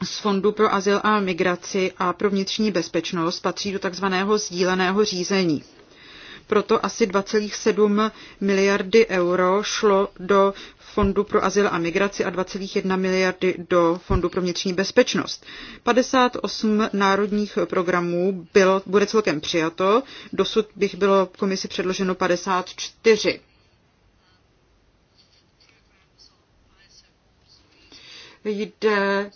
z Fondu pro azyl a migraci a pro vnitřní bezpečnost patří do takzvaného sdíleného řízení proto asi 2,7 miliardy euro šlo do Fondu pro azyl a migraci a 2,1 miliardy do Fondu pro vnitřní bezpečnost. 58 národních programů bylo, bude celkem přijato, dosud bych bylo komisi předloženo 54. Jde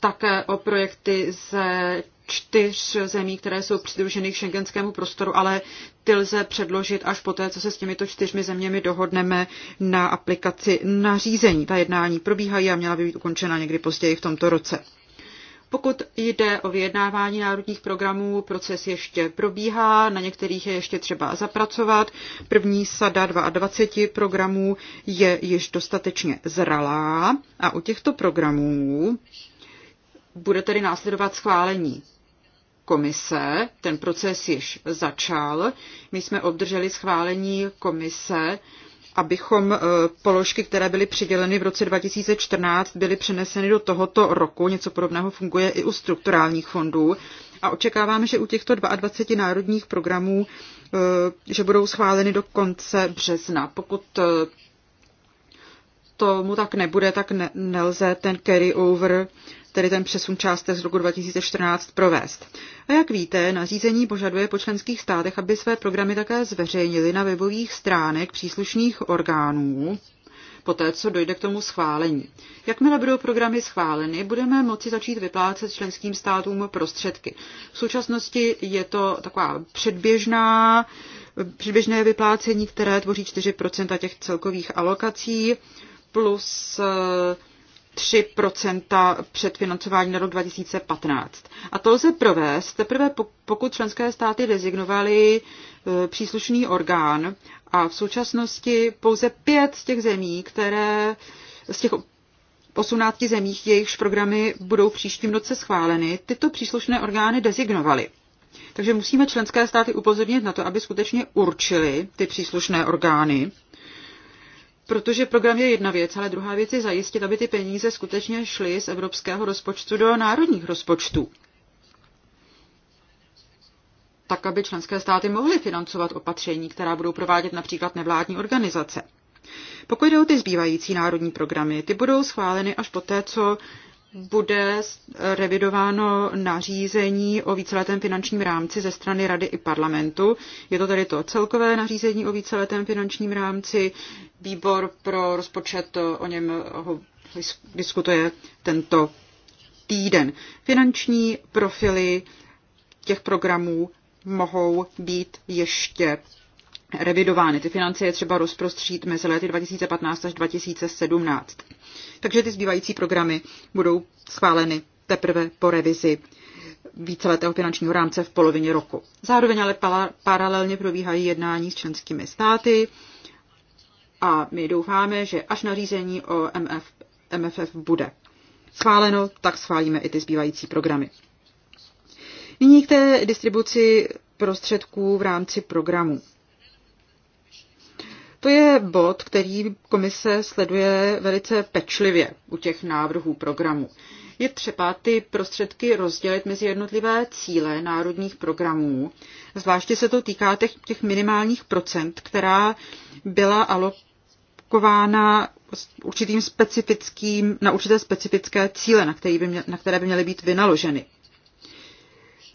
také o projekty ze čtyř zemí, které jsou přidruženy k šengenskému prostoru, ale ty lze předložit až poté, co se s těmito čtyřmi zeměmi dohodneme na aplikaci nařízení. Ta jednání probíhají a měla by být ukončena někdy později v tomto roce. Pokud jde o vyjednávání národních programů, proces ještě probíhá, na některých je ještě třeba zapracovat. První sada 22 programů je již dostatečně zralá a u těchto programů bude tedy následovat schválení komise, ten proces již začal. My jsme obdrželi schválení komise, abychom e, položky, které byly přiděleny v roce 2014, byly přeneseny do tohoto roku. Něco podobného funguje i u strukturálních fondů. A očekáváme, že u těchto 22 národních programů, e, že budou schváleny do konce března. Pokud e, tomu tak nebude, tak ne, nelze ten carry over tedy ten přesun částek z roku 2014 provést. A jak víte, nařízení požaduje po členských státech, aby své programy také zveřejnili na webových stránek příslušných orgánů, poté co dojde k tomu schválení. Jakmile budou programy schváleny, budeme moci začít vyplácet členským státům prostředky. V současnosti je to taková předběžná, předběžné vyplácení, které tvoří 4% těch celkových alokací, plus eh, 3 předfinancování na rok 2015. A to lze provést teprve pokud členské státy rezignovaly e, příslušný orgán a v současnosti pouze pět z těch zemí, které z těch 18 zemích, jejichž programy budou v příštím roce schváleny, tyto příslušné orgány dezignovaly. Takže musíme členské státy upozornit na to, aby skutečně určili ty příslušné orgány Protože program je jedna věc, ale druhá věc je zajistit, aby ty peníze skutečně šly z evropského rozpočtu do národních rozpočtů. Tak, aby členské státy mohly financovat opatření, která budou provádět například nevládní organizace. Pokud jde o ty zbývající národní programy, ty budou schváleny až poté, co bude revidováno nařízení o víceletém finančním rámci ze strany Rady i parlamentu. Je to tedy to celkové nařízení o víceletém finančním rámci. Výbor pro rozpočet o něm ho diskutuje tento týden. Finanční profily těch programů mohou být ještě revidovány. Ty finance je třeba rozprostřít mezi lety 2015 až 2017. Takže ty zbývající programy budou schváleny teprve po revizi víceletého finančního rámce v polovině roku. Zároveň ale paralelně probíhají jednání s členskými státy a my doufáme, že až nařízení o MF, MFF bude schváleno, tak schválíme i ty zbývající programy. Nyní k té distribuci prostředků v rámci programu. To je bod, který komise sleduje velice pečlivě u těch návrhů programu. Je třeba ty prostředky rozdělit mezi jednotlivé cíle národních programů. Zvláště se to týká těch, těch minimálních procent, která byla alokována určitým specifickým, na určité specifické cíle, na by, mě, na které by měly být vynaloženy.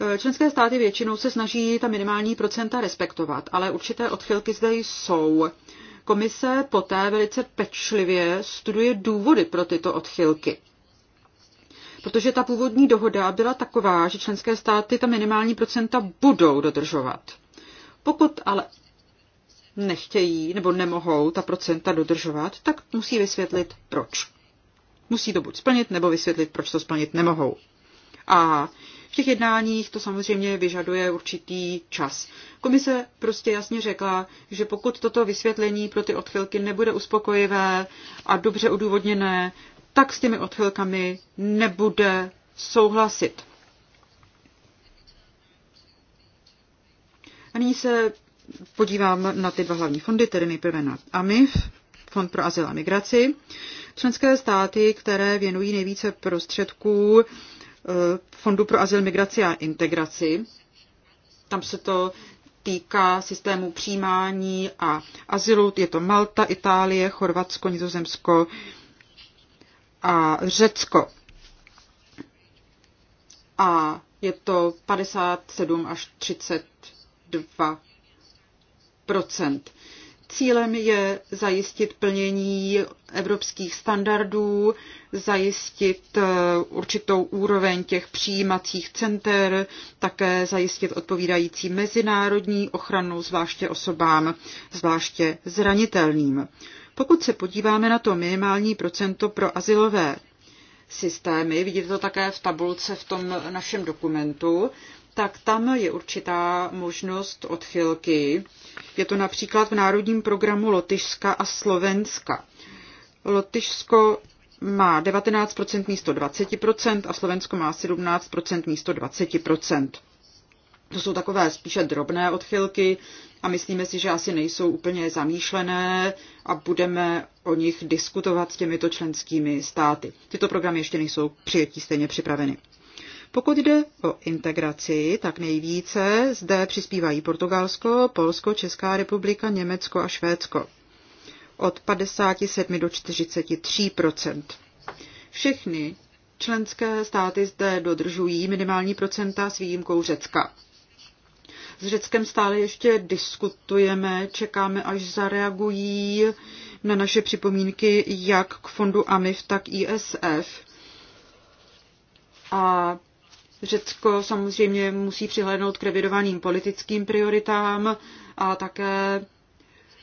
Eh, členské státy většinou se snaží ta minimální procenta respektovat, ale určité odchylky zde jsou. Komise poté velice pečlivě studuje důvody pro tyto odchylky. Protože ta původní dohoda byla taková, že členské státy ta minimální procenta budou dodržovat. Pokud ale nechtějí nebo nemohou ta procenta dodržovat, tak musí vysvětlit proč. Musí to buď splnit, nebo vysvětlit, proč to splnit nemohou. A v těch jednáních to samozřejmě vyžaduje určitý čas. Komise prostě jasně řekla, že pokud toto vysvětlení pro ty odchylky nebude uspokojivé a dobře odůvodněné, tak s těmi odchylkami nebude souhlasit. A nyní se podívám na ty dva hlavní fondy, tedy nejprve na AMIF, Fond pro azyl a migraci. Členské státy, které věnují nejvíce prostředků Eh, Fondu pro azyl, migraci a integraci. Tam se to týká systému přijímání a azylu. Je to Malta, Itálie, Chorvatsko, Nizozemsko a Řecko. A je to 57 až 32 procent. Cílem je zajistit plnění evropských standardů, zajistit eh, určitou úroveň těch přijímacích center, také zajistit odpovídající mezinárodní ochranu, zvláště osobám, zvláště zranitelným. Pokud se podíváme na to minimální procento pro asilové systémy, vidíte to také v tabulce v tom našem dokumentu, tak tam je určitá možnost odchylky. Je to například v národním programu Lotyšska a Slovenska. Lotyšsko má 19% místo 20% a Slovensko má 17% místo 20%. To jsou takové spíše drobné odchylky a myslíme si, že asi nejsou úplně zamýšlené a budeme o nich diskutovat s těmito členskými státy. Tyto programy ještě nejsou přijetí stejně připraveny. Pokud jde o integraci, tak nejvíce zde přispívají Portugalsko, Polsko, Česká republika, Německo a Švédsko. Od 57 do 43 Všechny členské státy zde dodržují minimální procenta s výjimkou Řecka. S Řeckem stále ještě diskutujeme, čekáme, až zareagují na naše připomínky jak k fondu AMIF, tak ISF. A Řecko samozřejmě musí přihlédnout k revidovaným politickým prioritám a také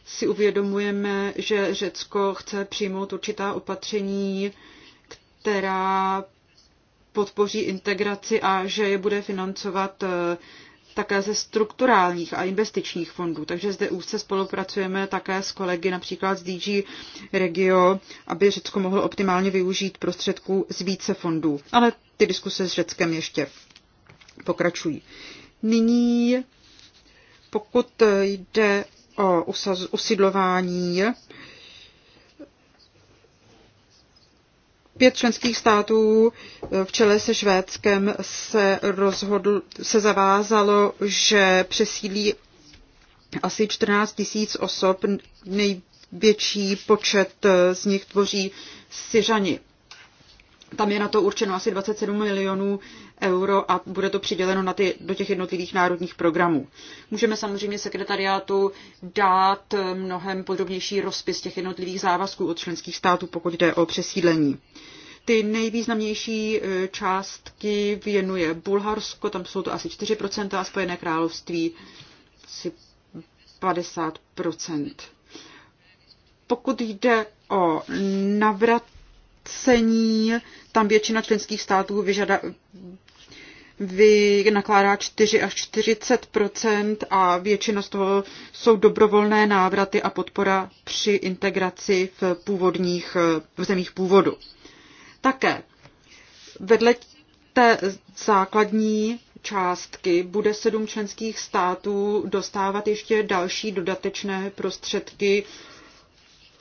si uvědomujeme, že Řecko chce přijmout určitá opatření, která podpoří integraci a že je bude financovat také ze strukturálních a investičních fondů. Takže zde úzce spolupracujeme také s kolegy například z DG Regio, aby Řecko mohlo optimálně využít prostředků z více fondů. Ale ty diskuse s Řeckem ještě pokračují. Nyní, pokud jde o usidlování, Pět členských států eh, v čele se Švédskem se, rozhodl, se zavázalo, že přesídlí asi 14 tisíc osob. Největší počet eh, z nich tvoří Syřani. Tam je na to určeno asi 27 milionů euro a bude to přiděleno na ty, do těch jednotlivých národních programů. Můžeme samozřejmě sekretariátu dát eh, mnohem podrobnější rozpis těch jednotlivých závazků od členských států, pokud jde o přesídlení. Ty nejvýznamnější eh, částky věnuje Bulharsko, tam jsou to asi 4%, a Spojené království asi 50%. Pokud jde o navrat tam většina členských států vyžada, vynakládá 4 až 40 a většina z toho jsou dobrovolné návraty a podpora při integraci v, původních, v zemích původu. Také vedle té základní částky bude sedm členských států dostávat ještě další dodatečné prostředky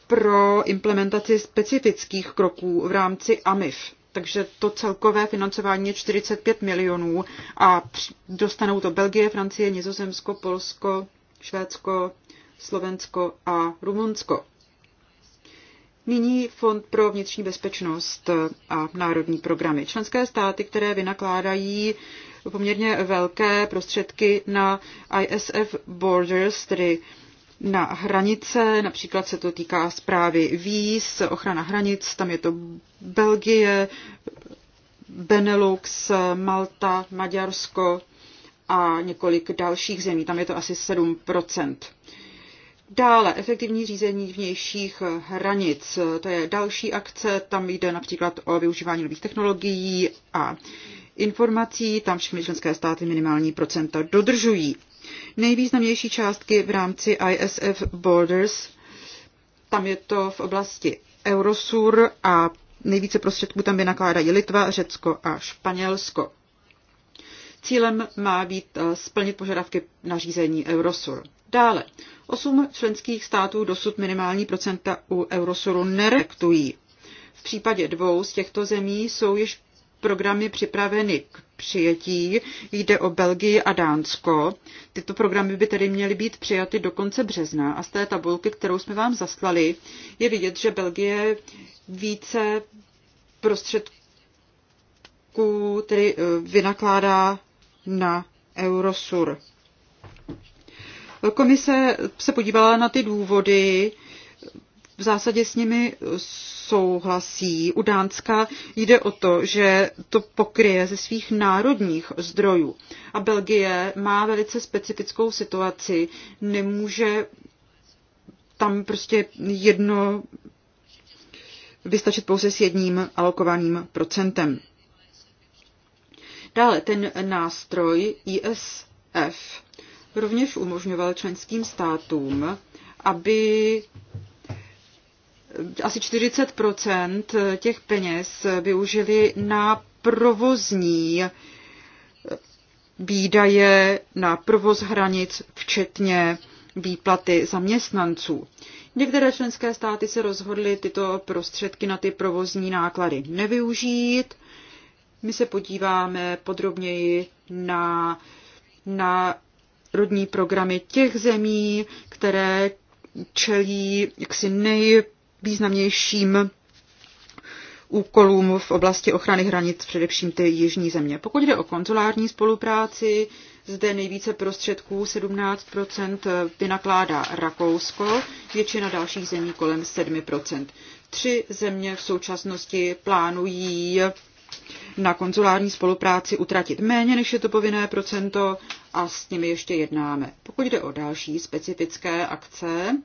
pro implementaci specifických kroků v rámci AMIF takže to celkové financování je 45 milionů a dostanou to Belgie, Francie, Nizozemsko, Polsko, Švédsko, Slovensko a Rumunsko. Nyní Fond pro vnitřní bezpečnost a národní programy. Členské státy, které vynakládají poměrně velké prostředky na ISF Borders, tedy na hranice, například se to týká zprávy víz, ochrana hranic, tam je to Belgie, Benelux, Malta, Maďarsko a několik dalších zemí, tam je to asi 7 Dále efektivní řízení vnějších hranic, to je další akce, tam jde například o využívání nových technologií a informací, tam všechny členské státy minimální procenta dodržují. Nejvýznamnější částky v rámci ISF Borders, tam je to v oblasti Eurosur a nejvíce prostředků tam vynakládají Litva, Řecko a Španělsko. Cílem má být eh, splnit požadavky nařízení Eurosur. Dále, osm členských států dosud minimální procenta u Eurosuru nerektují. V případě dvou z těchto zemí jsou již programy připraveny k přijetí. Jde o Belgii a Dánsko. Tyto programy by tedy měly být přijaty do konce března a z té tabulky, kterou jsme vám zaslali, je vidět, že Belgie více prostředků tedy eh, vynakládá na Eurosur. Komise se podívala na ty důvody, v zásadě s nimi souhlasí. U Dánska jde o to, že to pokryje ze svých národních zdrojů. A Belgie má velice specifickou situaci, nemůže tam prostě jedno vystačit pouze s jedním alokovaným procentem. Dále ten nástroj ISF rovněž umožňoval členským státům, aby asi 40 těch peněz využili na provozní výdaje na provoz hranic, včetně výplaty zaměstnanců. Některé členské státy se rozhodly tyto prostředky na ty provozní náklady nevyužít. My se podíváme podrobněji na, na rodní programy těch zemí, které čelí jaksi nej významnějším úkolům v oblasti ochrany hranic, především ty jižní země. Pokud jde o konzulární spolupráci, zde nejvíce prostředků, 17%, vynakládá Rakousko, většina dalších zemí kolem 7%. Tři země v současnosti plánují na konzulární spolupráci utratit méně, než je to povinné procento a s nimi ještě jednáme. Pokud jde o další specifické akce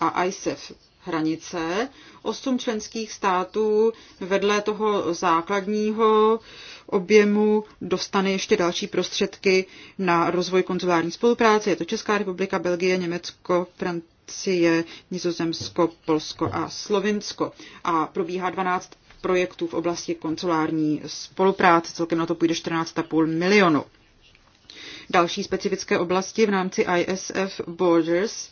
a ISEF hranice. Osm členských států vedle toho základního objemu dostane ještě další prostředky na rozvoj konzulární spolupráce. Je to Česká republika, Belgie, Německo, Francie, Nizozemsko, Polsko a Slovinsko. A probíhá 12 projektů v oblasti konzulární spolupráce. Celkem na to půjde 14,5 milionu. Další specifické oblasti v rámci ISF Borders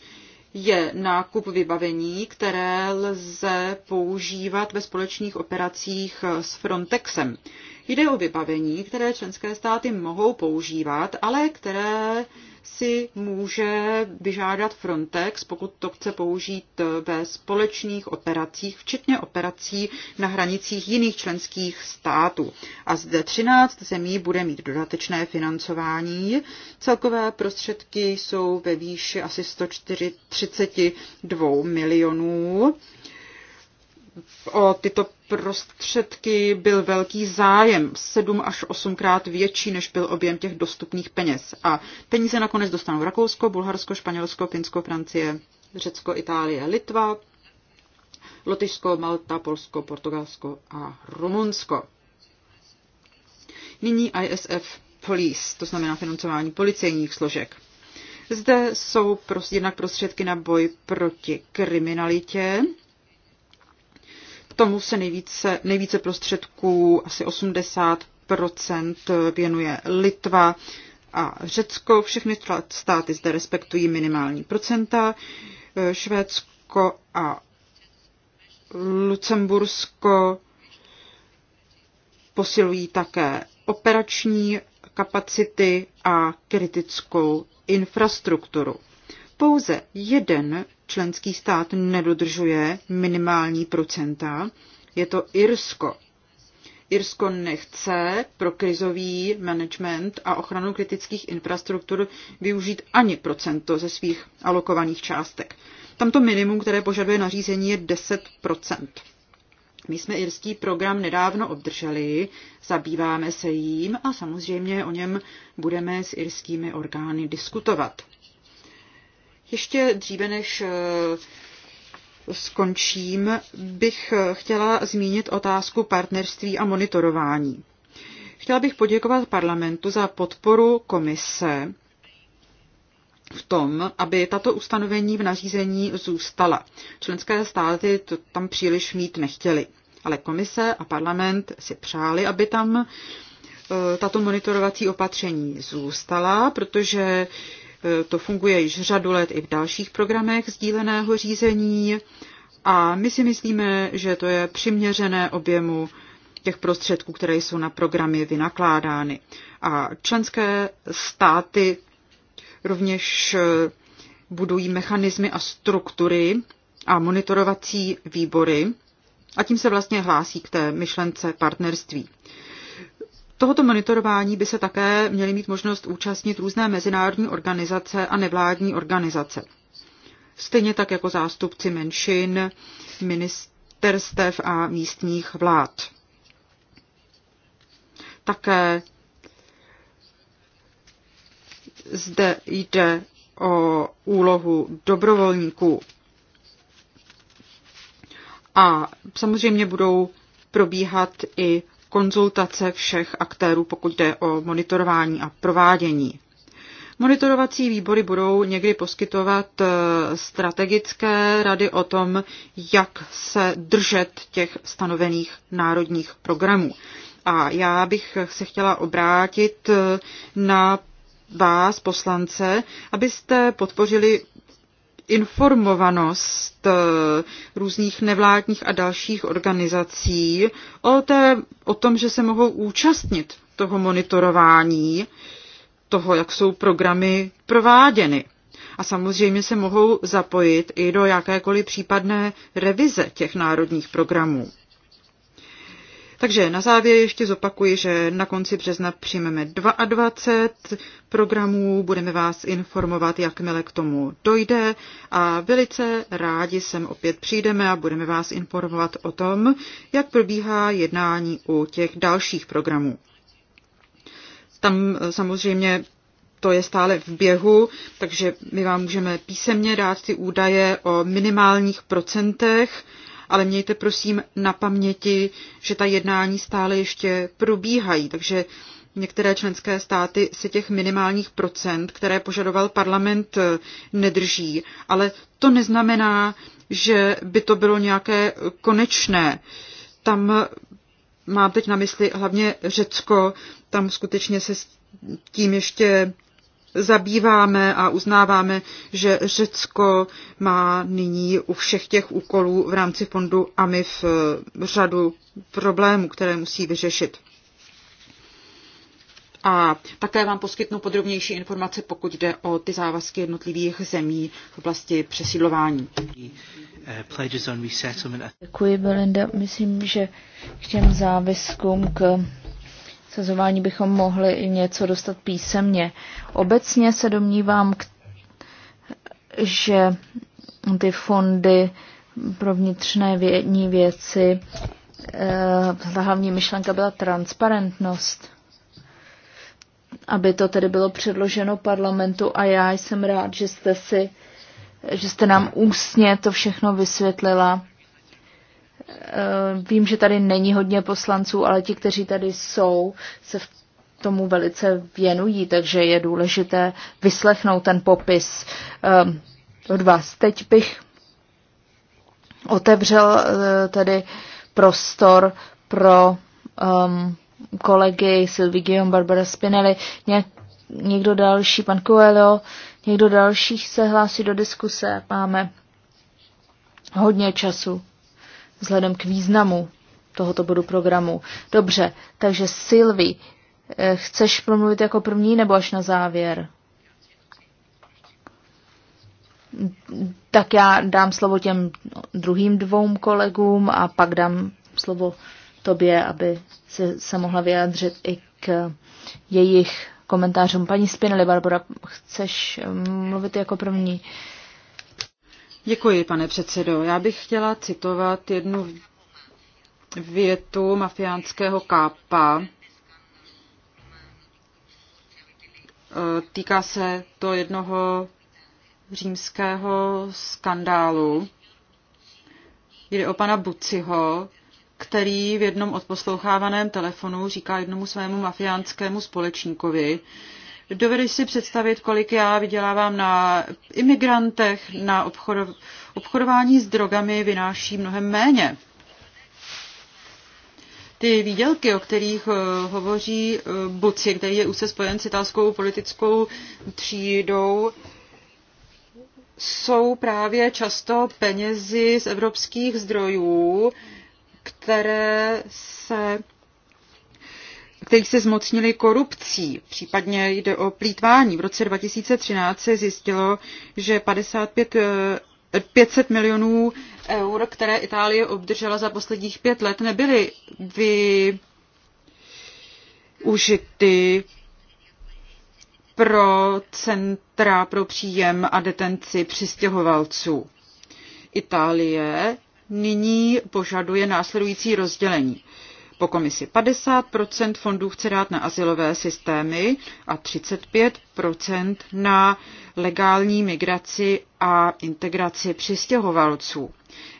je nákup vybavení, které lze používat ve společných operacích s Frontexem. Jde o vybavení, které členské státy mohou používat, ale které si může vyžádat Frontex, pokud to chce použít ve společných operacích, včetně operací na hranicích jiných členských států. A zde 13 zemí bude mít dodatečné financování. Celkové prostředky jsou ve výši asi 132 milionů o tyto prostředky byl velký zájem, sedm až osmkrát větší, než byl objem těch dostupných peněz. A peníze nakonec dostanou Rakousko, Bulharsko, Španělsko, Finsko, Francie, Řecko, Itálie, Litva, Lotyšsko, Malta, Polsko, Portugalsko a Rumunsko. Nyní ISF Police, to znamená financování policejních složek. Zde jsou prostě jednak prostředky na boj proti kriminalitě, tomu se nejvíce, nejvíce prostředků, asi 80 věnuje Litva a Řecko. Všechny státy zde respektují minimální procenta. Švédsko a Lucembursko posilují také operační kapacity a kritickou infrastrukturu pouze jeden členský stát nedodržuje minimální procenta, je to Irsko. Irsko nechce pro krizový management a ochranu kritických infrastruktur využít ani procento ze svých alokovaných částek. Tamto minimum, které požaduje nařízení, je 10 My jsme irský program nedávno obdrželi, zabýváme se jím a samozřejmě o něm budeme s irskými orgány diskutovat. Ještě dříve, než eh, skončím, bych eh, chtěla zmínit otázku partnerství a monitorování. Chtěla bych poděkovat parlamentu za podporu komise v tom, aby tato ustanovení v nařízení zůstala. Členské státy to tam příliš mít nechtěly, ale komise a parlament si přáli, aby tam eh, tato monitorovací opatření zůstala, protože to funguje již řadu let i v dalších programech sdíleného řízení a my si myslíme, že to je přiměřené objemu těch prostředků, které jsou na programy vynakládány. A členské státy rovněž eh, budují mechanismy a struktury a monitorovací výbory a tím se vlastně hlásí k té myšlence partnerství. Tohoto monitorování by se také měly mít možnost účastnit různé mezinárodní organizace a nevládní organizace. Stejně tak jako zástupci menšin, ministerstev a místních vlád. Také zde jde o úlohu dobrovolníků. A samozřejmě budou probíhat i konzultace všech aktérů, pokud jde o monitorování a provádění. Monitorovací výbory budou někdy poskytovat eh, strategické rady o tom, jak se držet těch stanovených národních programů. A já bych se chtěla obrátit eh, na vás, poslance, abyste podpořili informovanost eh, různých nevládních a dalších organizací o, té, o tom, že se mohou účastnit toho monitorování, toho, jak jsou programy prováděny. A samozřejmě se mohou zapojit i do jakékoliv případné revize těch národních programů. Takže na závěr ještě zopakuji, že na konci března přijmeme 22 programů, budeme vás informovat, jakmile k tomu dojde a velice rádi sem opět přijdeme a budeme vás informovat o tom, jak probíhá jednání u těch dalších programů. Tam eh, samozřejmě to je stále v běhu, takže my vám můžeme písemně dát ty údaje o minimálních procentech ale mějte prosím na paměti, že ta jednání stále ještě probíhají, takže některé členské státy si těch minimálních procent, které požadoval parlament, nedrží. Ale to neznamená, že by to bylo nějaké konečné. Tam mám teď na mysli hlavně Řecko, tam skutečně se s tím ještě zabýváme a uznáváme, že Řecko má nyní u všech těch úkolů v rámci fondu AMIF eh, řadu problémů, které musí vyřešit. A také vám poskytnu podrobnější informace, pokud jde o ty závazky jednotlivých zemí v oblasti přesídlování. Děkuji, Belinda. Myslím, že k těm závazkům, k sezování bychom mohli něco dostat písemně. Obecně se domnívám, že ty fondy pro vnitřné vědní věci, eh, ta hlavní myšlenka byla transparentnost, aby to tedy bylo předloženo parlamentu a já jsem rád, že jste si že jste nám ústně to všechno vysvětlila Eh, vím, že tady není hodně poslanců, ale ti, kteří tady jsou, se v tomu velice věnují, takže je důležité vyslechnout ten popis eh, od vás. Teď bych otevřel eh, tedy prostor pro um, kolegy Sylvie Guillaume, Barbara Spinelli, někdo další, pan Coelho, někdo další se hlásí do diskuse. Máme hodně času vzhledem k významu tohoto bodu programu. Dobře, takže Silvi, eh, chceš promluvit jako první nebo až na závěr? Tak já dám slovo těm no, druhým dvou kolegům a pak dám slovo tobě, aby se, se mohla vyjádřit i k jejich komentářům. Paní Spinelli, Barbara, chceš eh, mluvit jako první? Uh, Děkuji, pane předsedo. Já bych chtěla citovat jednu větu mafiánského kápa. E, týká se to jednoho římského skandálu. Jde o pana Buciho, který v jednom odposlouchávaném telefonu říká jednomu svému mafiánskému společníkovi, Dovedeš si představit, kolik já vydělávám na imigrantech, na obchodov, obchodování s drogami vynáší mnohem méně. Ty výdělky, o kterých eh, hovoří eh, Buci, který je úzce spojen s italskou politickou třídou, jsou právě často penězi z evropských zdrojů, které se kterých se zmocnili korupcí, případně jde o plítvání. V roce 2013 se zjistilo, že 55 500 eh, milionů eur, které Itálie obdržela za posledních pět let, nebyly využity pro centra pro příjem a detenci přistěhovalců. Itálie nyní požaduje následující rozdělení po komisi. 50 fondů chce dát na asilové systémy a 35 na legální migraci a integraci přistěhovalců.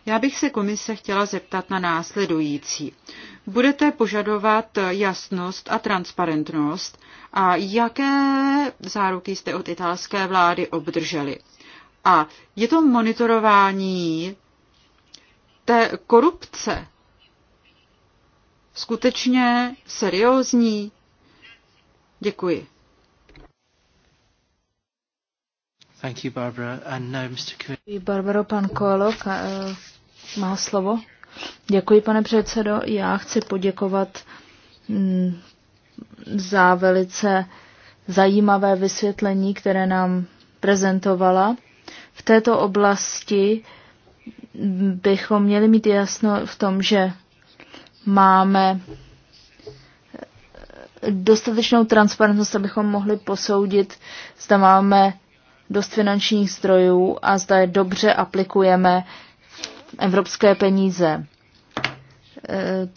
Já bych se komise chtěla zeptat na následující. Budete požadovat jasnost a transparentnost a jaké záruky jste od italské vlády obdrželi? A je to monitorování té korupce skutečně seriózní? Děkuji. Thank you, Barbara. And now Mr. Barbaro, pan Koalo eh, má slovo. Děkuji, pane předsedo. Já chci poděkovat mm, za velice zajímavé vysvětlení, které nám prezentovala. V této oblasti mm, bychom měli mít jasno v tom, že máme dostatečnou transparentnost, abychom mohli posoudit, zda máme dost finančních zdrojů a zda je dobře aplikujeme evropské peníze. E,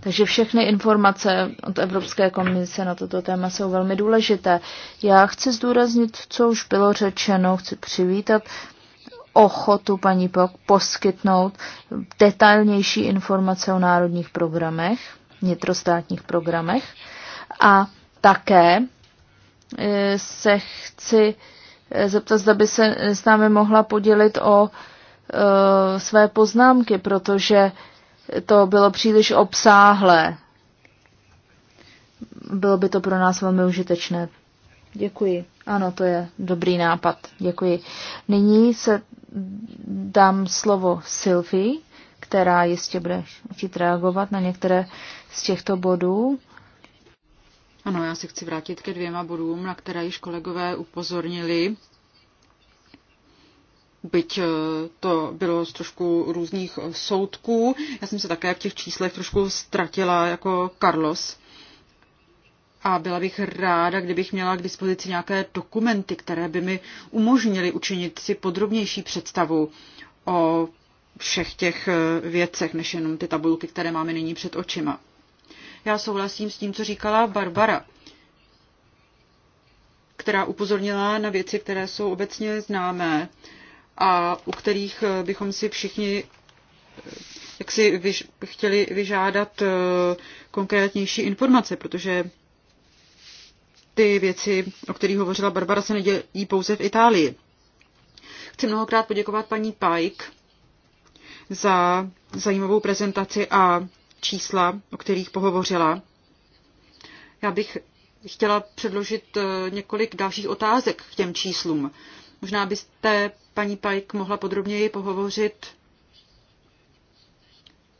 takže všechny informace od Evropské komise na toto téma jsou velmi důležité. Já chci zdůraznit, co už bylo řečeno, chci přivítat ochotu paní Pok poskytnout detailnější informace o národních programech, vnitrostátních programech. A také e, se chci e, zeptat, zda by se s námi mohla podělit o e, své poznámky, protože to bylo příliš obsáhlé. Bylo by to pro nás velmi užitečné. Děkuji. Ano, to je dobrý nápad. Děkuji. Nyní se dám slovo Sylvie, která jistě bude chtít reagovat na některé z těchto bodů. Ano, já se chci vrátit ke dvěma bodům, na které již kolegové upozornili. Byť eh, to bylo z trošku různých eh, soudků. Já jsem se také v těch číslech trošku ztratila jako Carlos a byla bych ráda, kdybych měla k dispozici nějaké dokumenty, které by mi umožnily učinit si podrobnější představu o všech těch eh, věcech, než jenom ty tabulky, které máme nyní před očima. Já souhlasím s tím, co říkala Barbara, která upozornila na věci, které jsou obecně známé a u kterých eh, bychom si všichni eh, jak si vyž, chtěli vyžádat konkrétnější informace, protože ty věci, o kterých hovořila Barbara, se nedějí pouze v Itálii. Chci mnohokrát poděkovat paní Pike za zajímavou prezentaci a čísla, o kterých pohovořila. Já bych chtěla předložit eh, několik dalších otázek k těm číslům. Možná byste, paní Pike, mohla podrobněji pohovořit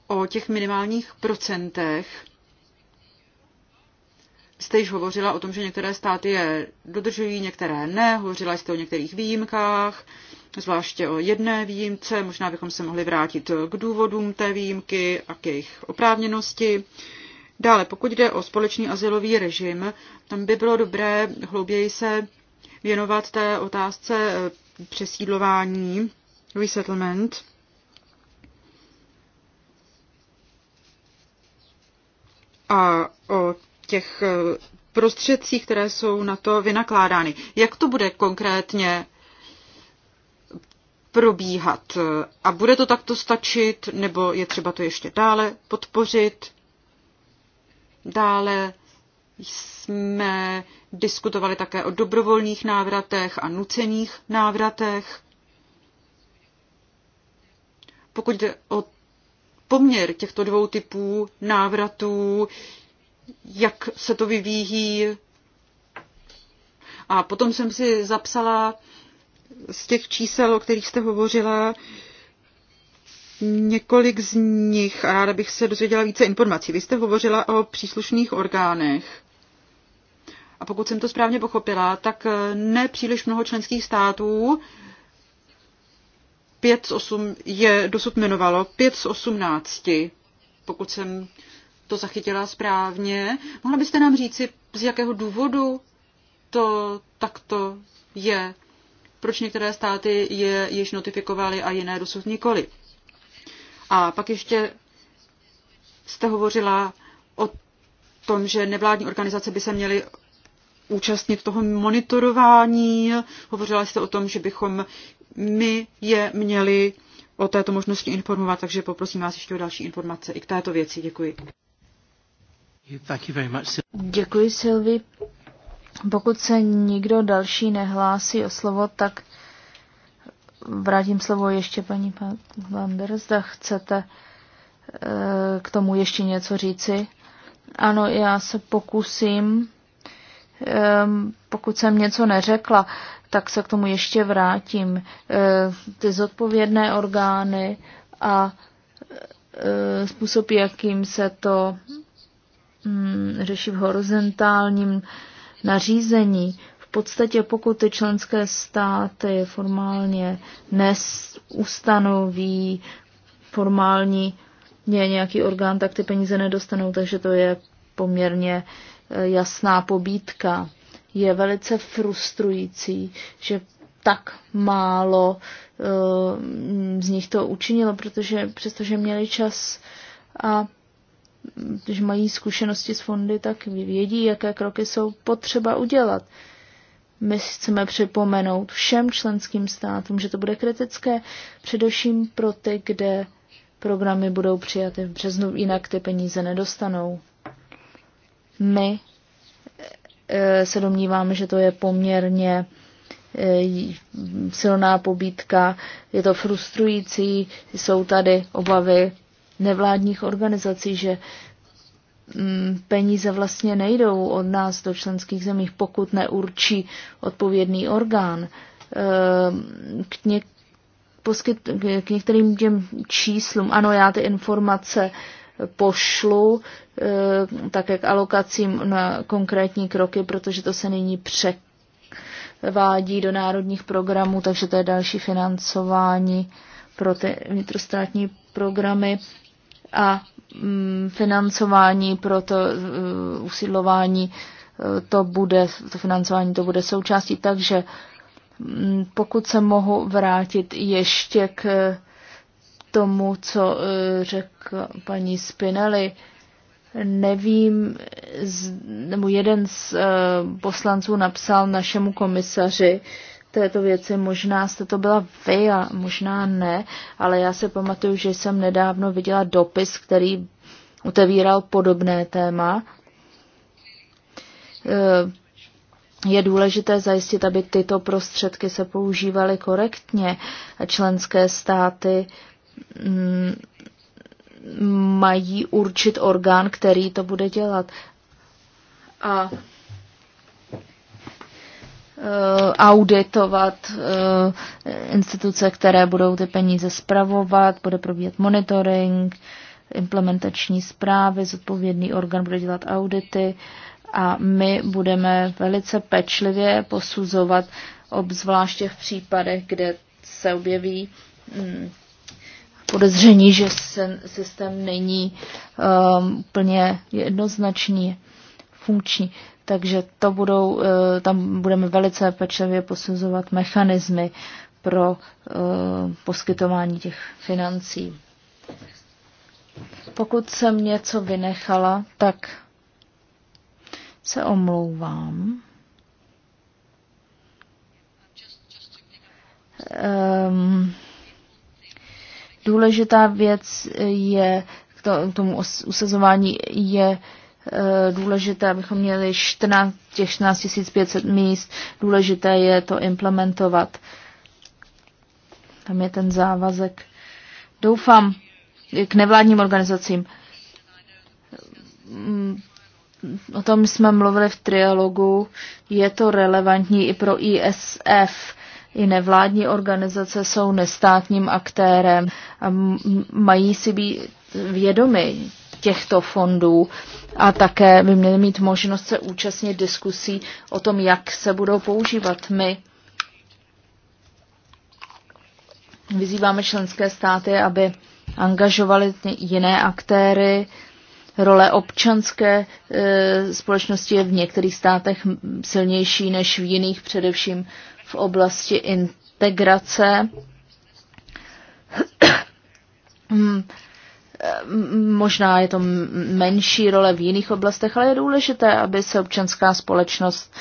o těch minimálních procentech, jste již hovořila o tom, že některé státy je dodržují, některé ne, hovořila jste o některých výjimkách, zvláště o jedné výjimce, možná bychom se mohli vrátit k důvodům té výjimky a k jejich oprávněnosti. Dále, pokud jde o společný asilový režim, tam by bylo dobré hlouběji se věnovat té otázce eh, přesídlování, resettlement. A o těch eh, prostředcích, které jsou na to vynakládány. Jak to bude konkrétně probíhat? A bude to takto stačit, nebo je třeba to ještě dále podpořit? Dále jsme diskutovali také o dobrovolných návratech a nucených návratech. Pokud jde o poměr těchto dvou typů návratů, jak se to vyvíjí. A potom jsem si zapsala z těch čísel, o kterých jste hovořila, několik z nich a ráda bych se dozvěděla více informací. Vy jste hovořila o příslušných orgánech. A pokud jsem to správně pochopila, tak eh, ne příliš mnoho členských států, 5 z 8 je dosud jmenovalo, 5 z 18, pokud jsem to zachytila správně. Mohla byste nám říci, z jakého důvodu to takto je? Proč některé státy je již notifikovaly a jiné dosud nikoli? A pak ještě jste hovořila o tom, že nevládní organizace by se měly účastnit toho monitorování. Hovořila jste o tom, že bychom my je měli o této možnosti informovat, takže poprosím vás ještě o další informace i k této věci. Děkuji. Děkuji, Silvi. Pokud se nikdo další nehlásí o slovo, tak vrátím slovo ještě paní Lander, zda chcete eh, k tomu ještě něco říci. Ano, já se pokusím, ehm, pokud jsem něco neřekla, tak se k tomu ještě vrátím. Eh, ty zodpovědné orgány a eh, způsob, jakým se to Mm, řeší v horizontálním nařízení. V podstatě, pokud ty členské státy formálně neustanoví formální je nějaký orgán, tak ty peníze nedostanou, takže to je poměrně eh, jasná pobídka. Je velice frustrující, že tak málo eh, z nich to učinilo, protože přestože měli čas a když mají zkušenosti s fondy, tak vědí, jaké kroky jsou potřeba udělat. My chceme připomenout všem členským státům, že to bude kritické, především pro ty, kde programy budou přijaty v březnu, jinak ty peníze nedostanou. My e, se domníváme, že to je poměrně e, silná pobídka, je to frustrující, jsou tady obavy nevládních organizací, že mm, peníze vlastně nejdou od nás do členských zemí, pokud neurčí odpovědný orgán. Ehm, k, něk, poskyt, k některým těm číslům, ano, já ty informace pošlu, ehm, také k alokacím na konkrétní kroky, protože to se nyní převádí do národních programů, takže to je další financování pro ty vnitrostátní programy a mm, financování pro to e, usidlování, e, to bude, to financování to bude součástí, takže mm, pokud se mohu vrátit ještě k e, tomu, co řekl paní Spinelli, nevím, nebo jeden z poslanců napsal našemu komisaři, této věci. Možná jste to byla vy a možná ne, ale já se pamatuju, že jsem nedávno viděla dopis, který otevíral podobné téma. Eh, je důležité zajistit, aby tyto prostředky se používaly korektně. Členské státy mm, mají určit orgán, který to bude dělat. A Eh, auditovat eh, instituce, které budou ty peníze spravovat, bude probíhat monitoring, implementační zprávy, zodpovědný orgán bude dělat audity a my budeme velice pečlivě posuzovat, obzvláště v případech, kde se objeví mm, podezření, že systém není eh, úplně plně jednoznačný, funkční. Takže to budou, eh, tam budeme velice pečlivě posuzovat mechanismy pro eh, poskytování těch financí. Pokud jsem něco vynechala, tak se omlouvám. Um, důležitá věc je k tomu usazování je uh, Eh, důležité, abychom měli 14, těch 14 500 míst, důležité je to implementovat. Tam je ten závazek. Doufám eh, k nevládním organizacím. Mm, o tom jsme mluvili v trialogu. Je to relevantní i pro ISF. I nevládní organizace jsou nestátním aktérem a mají si být vědomi těchto fondů a také by měli mít možnost se účastnit diskusí o tom, jak se budou používat. My vyzýváme členské státy, aby angažovali jiné aktéry. Role občanské e, společnosti je v některých státech silnější než v jiných, především v oblasti integrace. Hmm. Možná je to menší role v jiných oblastech, ale je důležité, aby se občanská společnost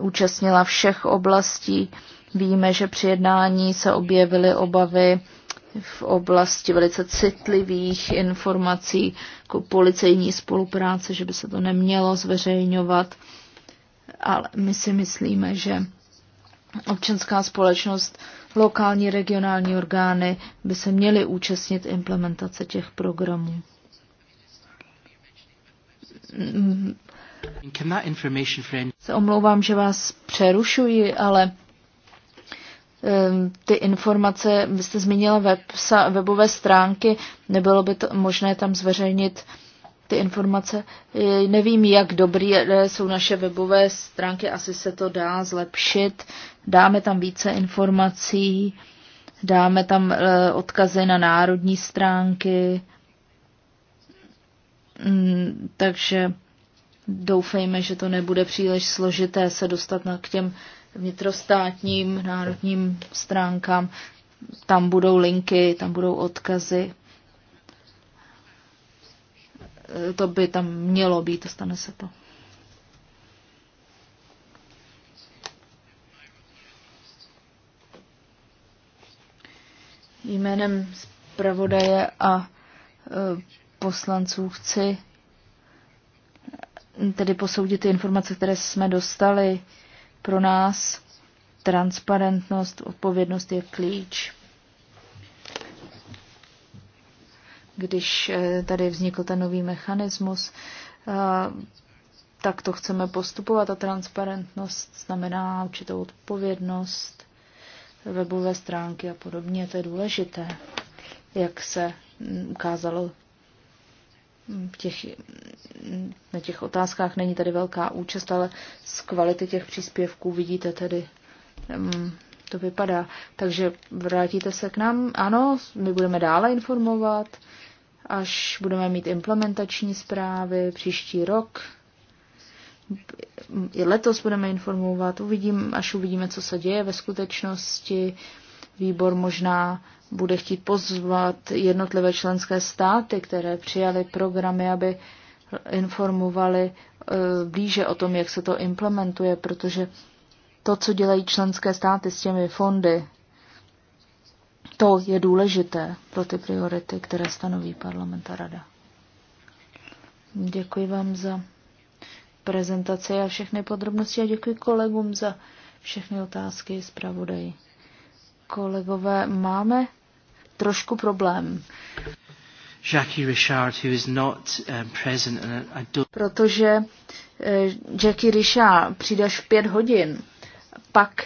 účastnila všech oblastí. Víme, že při jednání se objevily obavy v oblasti velice citlivých informací, jako policejní spolupráce, že by se to nemělo zveřejňovat. Ale my si myslíme, že občanská společnost lokální regionální orgány by se měly účastnit implementace těch programů. Mm. Se omlouvám, že vás přerušuji, ale ty informace, vy jste zmínila web, webové stránky, nebylo by to možné tam zveřejnit ty informace. E, nevím, jak dobré jsou naše webové stránky, asi se to dá zlepšit. Dáme tam více informací, dáme tam e, odkazy na národní stránky. Mm, takže doufejme, že to nebude příliš složité se dostat k těm vnitrostátním národním stránkám. Tam budou linky, tam budou odkazy to by tam mělo být, stane se to. Jménem zpravodaje a e, poslanců chci e, tedy posoudit ty informace, které jsme dostali. Pro nás transparentnost, odpovědnost je klíč. když eh, tady vznikl ten nový mechanismus, eh, tak to chceme postupovat a transparentnost znamená určitou odpovědnost, webové stránky a podobně. To je důležité, jak se mm, ukázalo těch, mm, na těch otázkách. Není tady velká účast, ale z kvality těch příspěvků vidíte tedy, mm, to vypadá. Takže vrátíte se k nám. Ano, my budeme dále informovat až budeme mít implementační zprávy příští rok. I letos budeme informovat, uvidím, až uvidíme, co se děje ve skutečnosti. Výbor možná bude chtít pozvat jednotlivé členské státy, které přijaly programy, aby informovali eh, blíže o tom, jak se to implementuje, protože to, co dělají členské státy s těmi fondy, to je důležité pro ty priority, které stanoví parlament a rada. Děkuji vám za prezentaci a všechny podrobnosti a děkuji kolegům za všechny otázky zpravodaji. Kolegové, máme trošku problém. Jackie Richard, who is not um, present, and I don't... Protože uh, Jackie Richard přijde až v pět hodin, pak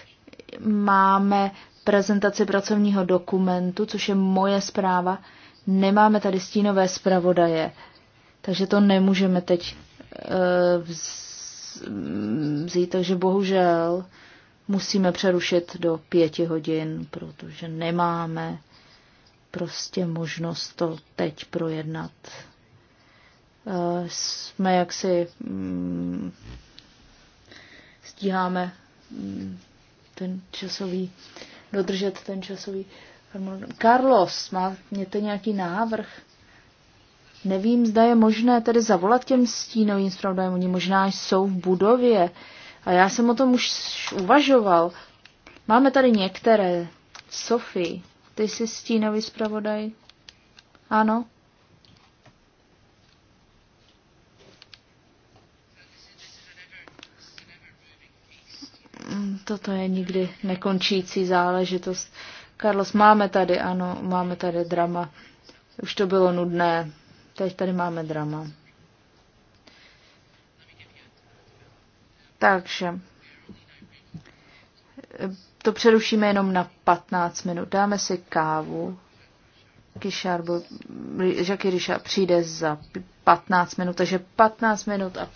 máme prezentaci pracovního dokumentu, což je moje zpráva. Nemáme tady stínové zpravodaje, takže to nemůžeme teď eh, vzít, takže bohužel musíme přerušit do pěti hodin, protože nemáme prostě možnost to teď projednat. Eh, jsme jaksi mm, stíháme mm, ten časový dodržet ten časový Carlos, má měte nějaký návrh? Nevím, zda je možné tedy zavolat těm stínovým zpravodajům. Oni možná jsou v budově. A já jsem o tom už uvažoval. Máme tady některé. Sofie, ty jsi stínový zpravodaj? Ano? Toto je nikdy nekončící záležitost. Carlos, máme tady, ano, máme tady drama. Už to bylo nudné. Teď tady máme drama. Takže to přerušíme jenom na 15 minut. Dáme si kávu. Kishar, Jackie Richard přijde za 15 minut, takže 15 minut a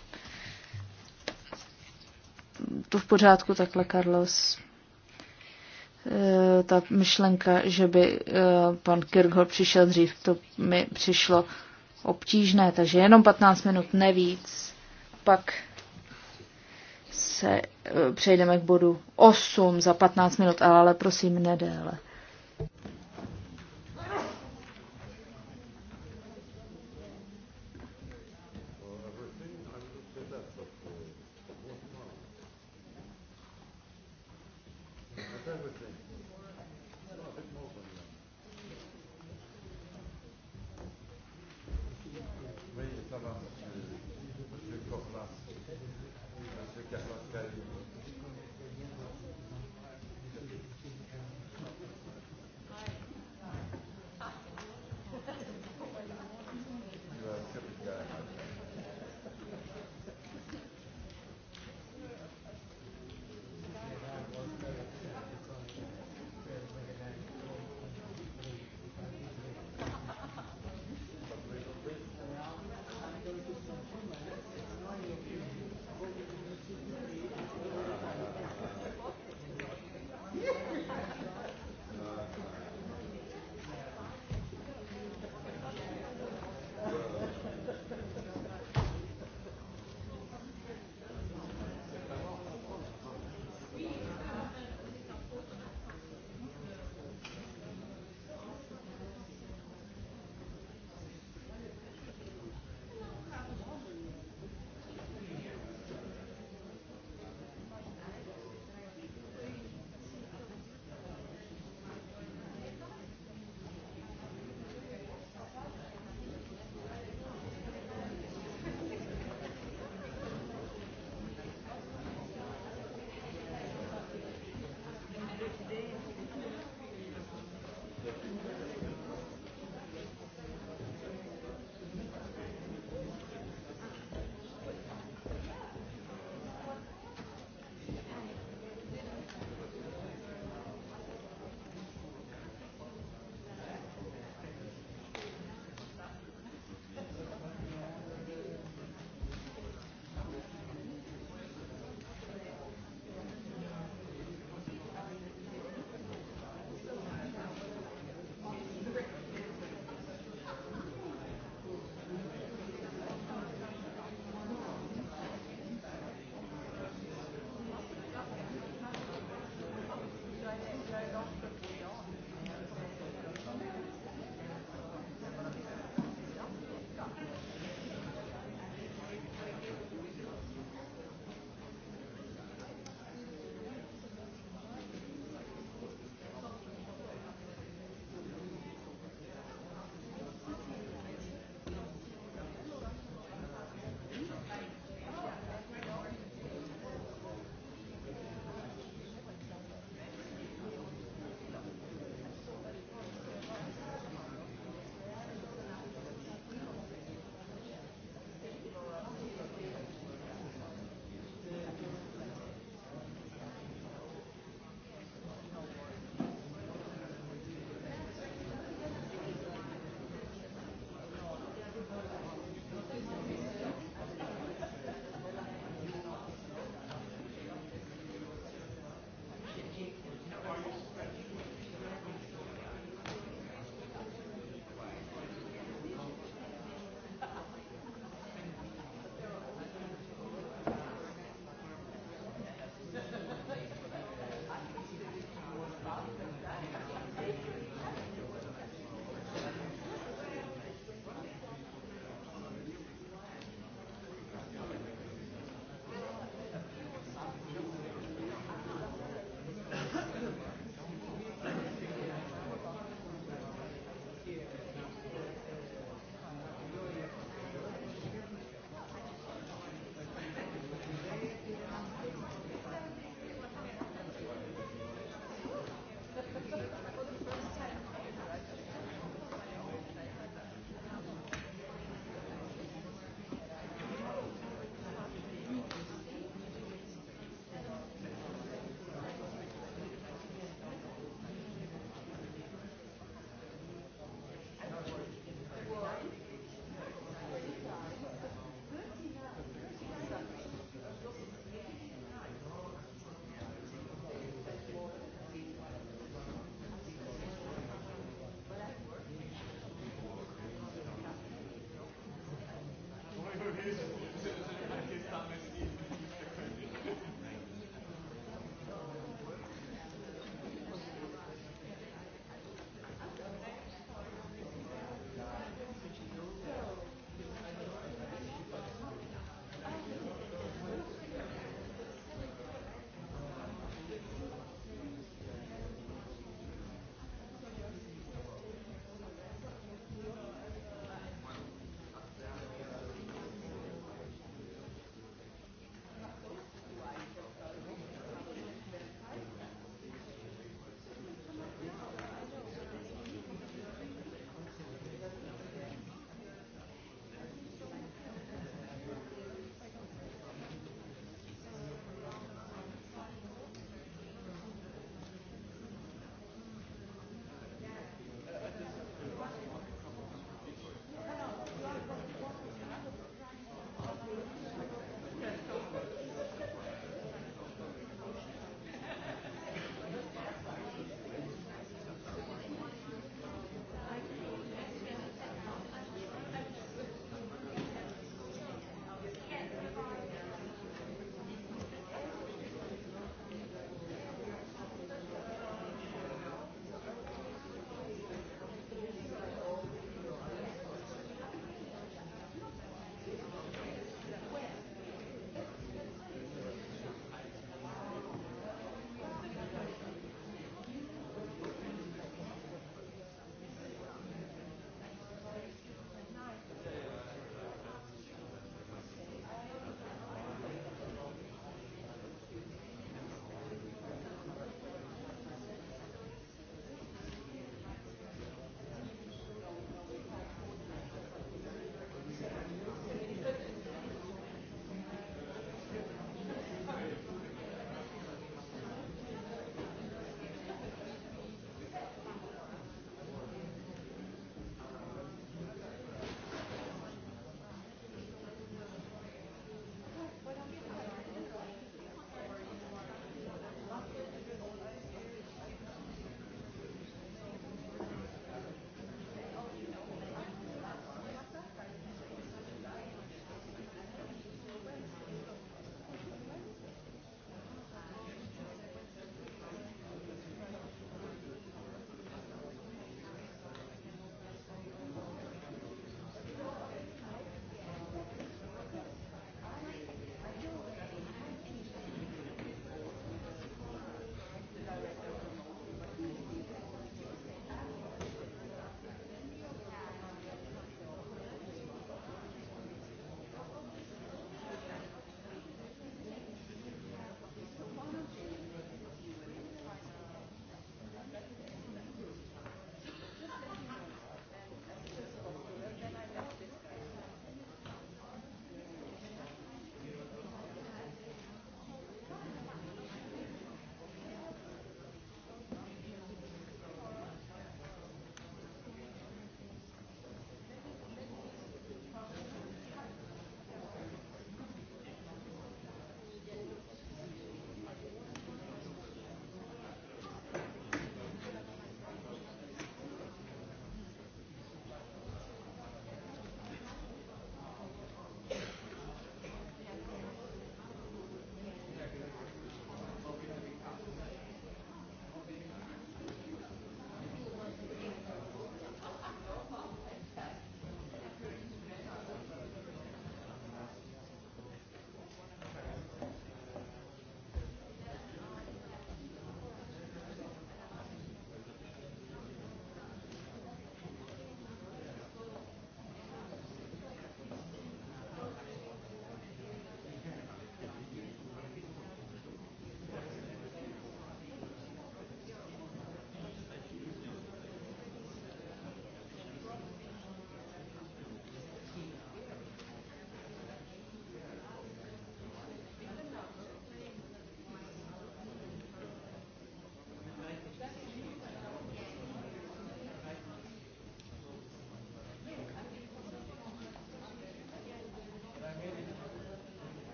to v pořádku takhle, Carlos. Eh, ta myšlenka, že by eh, pan Kirchhoff přišel dřív, to mi přišlo obtížné, takže jenom 15 minut, nevíc. Pak se eh, přejdeme k bodu 8 za 15 minut, ale prosím nedéle.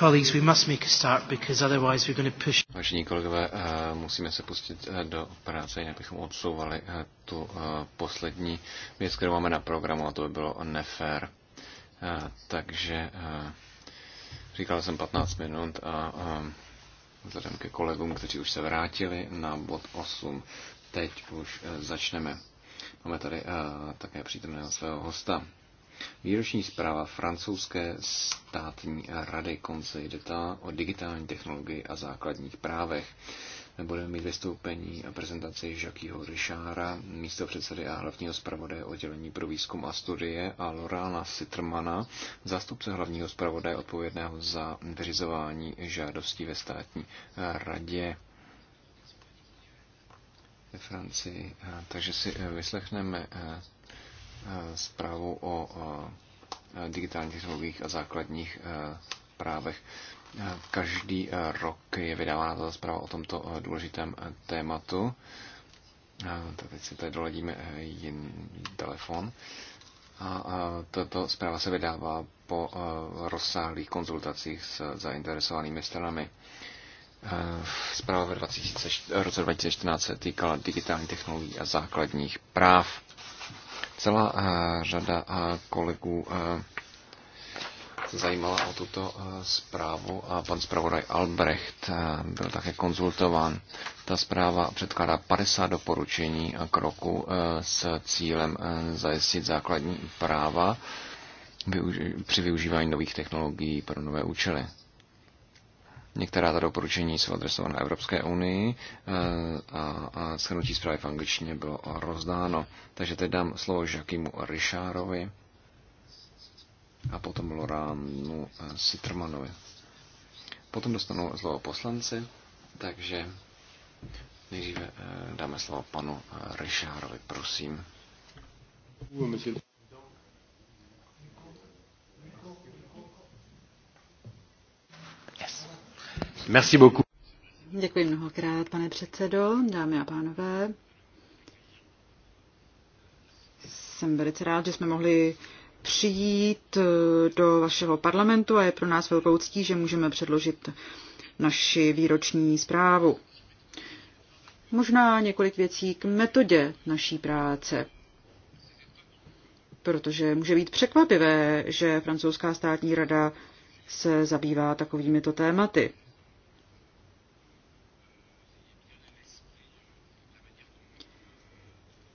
Colleagues, we must make a start because otherwise we're going to push. Vážení kolegové, eh, musíme se pustit eh, do práce, jinak bychom odsouvali eh, tu poslední věc, kterou máme na programu, a to by bylo nefér. Takže říkal jsem 15 minut a vzhledem ke kolegům, kteří už se vrátili na bod 8, teď už začneme. Máme tady také přítomného svého hosta. Výroční zpráva francouzské státní rady konce data o digitální technologii a základních právech. Budeme mít vystoupení a prezentaci Jacquesho Richára, místo předsedy a hlavního zpravodaje oddělení pro výzkum a studie a Lorána Sitrmana, zástupce hlavního zpravodaje odpovědného za vyřizování žádostí ve státní radě ve Francii. Takže si eh, vyslechneme eh, zprávu o e, digitálních technologiích a základních e, právech. E, každý rok je vydávána ta zpráva o tomto důležitém tématu. Tak teď si tady doladíme jiný telefon. A tato zpráva se vydává po rozsáhlých konzultacích s zainteresovanými stranami. Zpráva v roce 2014 se týkala digitální technologií a základních práv. Celá eh, řada eh, kolegů se eh, zajímala o tuto zprávu a pan zpravodaj Albrecht byl také konzultován. Ta zpráva předkládá 50 doporučení a kroku s cílem zajistit základní práva při využívání nových technologií pro nové účely. Některá ta doporučení jsou adresována Evropské unii eh, a, a shrnutí zprávy v angličtině bylo rozdáno. Takže teď dám slovo Žakýmu Rišárovi a potom Loránu Sitrmanovi. Eh, potom dostanou slovo poslanci, takže nejdříve eh, dáme slovo panu Rišárovi, prosím. Merci beaucoup. Děkuji mnohokrát, pane předsedo, dámy a pánové. Jsem velice rád, že jsme mohli přijít eh, do vašeho parlamentu a je pro nás velkou ctí, že můžeme předložit naši výroční zprávu. Možná několik věcí k metodě naší práce, protože může být překvapivé, že francouzská státní rada se zabývá takovými to tématy.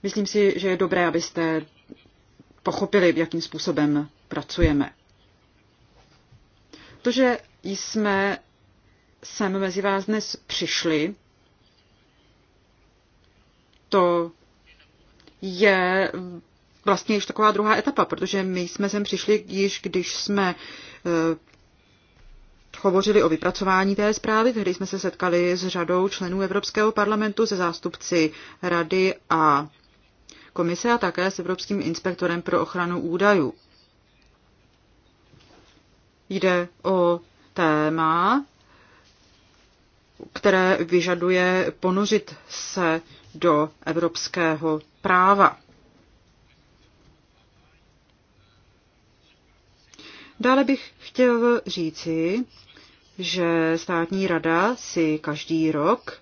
Myslím si, že je dobré, abyste pochopili, jakým způsobem pracujeme. To, že jsme sem mezi vás dnes přišli, to je vlastně již taková druhá etapa, protože my jsme sem přišli již, když jsme eh, hovořili o vypracování té zprávy, tehdy jsme se setkali s řadou členů Evropského parlamentu, se zástupci rady a komise a také s Evropským inspektorem pro ochranu údajů. Jde o téma, které vyžaduje ponořit se do evropského práva. Dále bych chtěl říci, že státní rada si každý rok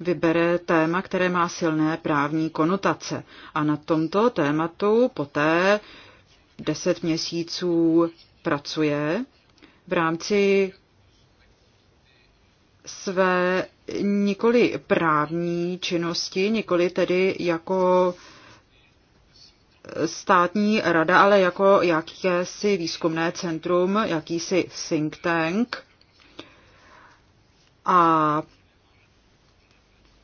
vybere téma, které má silné právní konotace. A na tomto tématu poté deset měsíců pracuje v rámci své nikoli právní činnosti, nikoli tedy jako státní rada, ale jako jakési výzkumné centrum, jakýsi think tank. A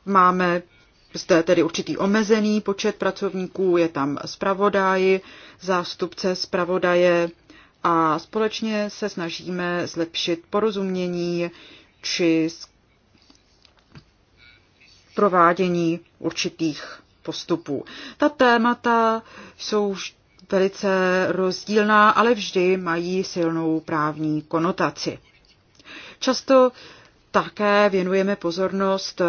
Máme zde tedy určitý omezený počet pracovníků, je tam zpravodaj, zástupce zpravodaje a společně se snažíme zlepšit porozumění či provádění určitých postupů. Ta témata jsou velice rozdílná, ale vždy mají silnou právní konotaci. Často také věnujeme pozornost eh,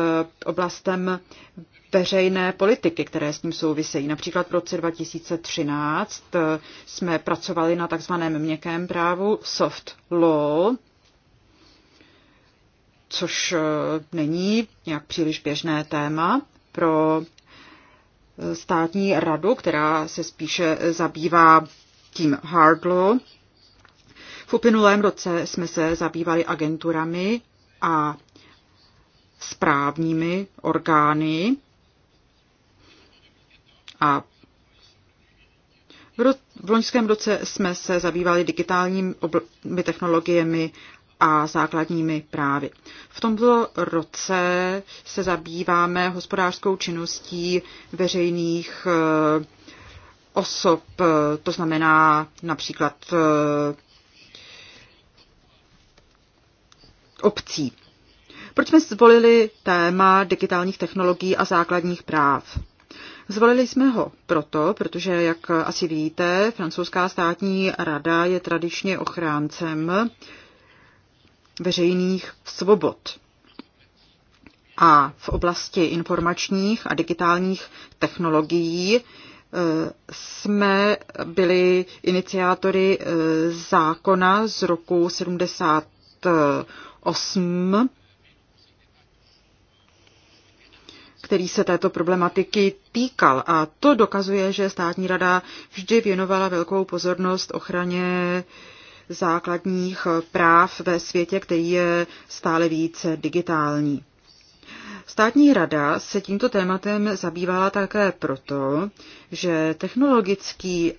oblastem veřejné politiky, které s tím souvisejí. Například v roce 2013 eh, jsme pracovali na takzvaném měkkém právu soft law, což eh, není nějak příliš běžné téma pro státní radu, která se spíše zabývá tím hard law. V uplynulém roce jsme se zabývali agenturami a správními orgány a v loňském roce jsme se zabývali digitálními technologiemi a základními právy. V tomto roce se zabýváme hospodářskou činností veřejných eh, osob, eh, to znamená například eh, obcí. Proč jsme zvolili téma digitálních technologií a základních práv? Zvolili jsme ho proto, protože, jak asi víte, francouzská státní rada je tradičně ochráncem veřejných svobod. A v oblasti informačních a digitálních technologií e, jsme byli iniciátory e, zákona z roku 70 8, který se této problematiky týkal. A to dokazuje, že státní rada vždy věnovala velkou pozornost ochraně základních práv ve světě, který je stále více digitální. Státní rada se tímto tématem zabývala také proto, že technologický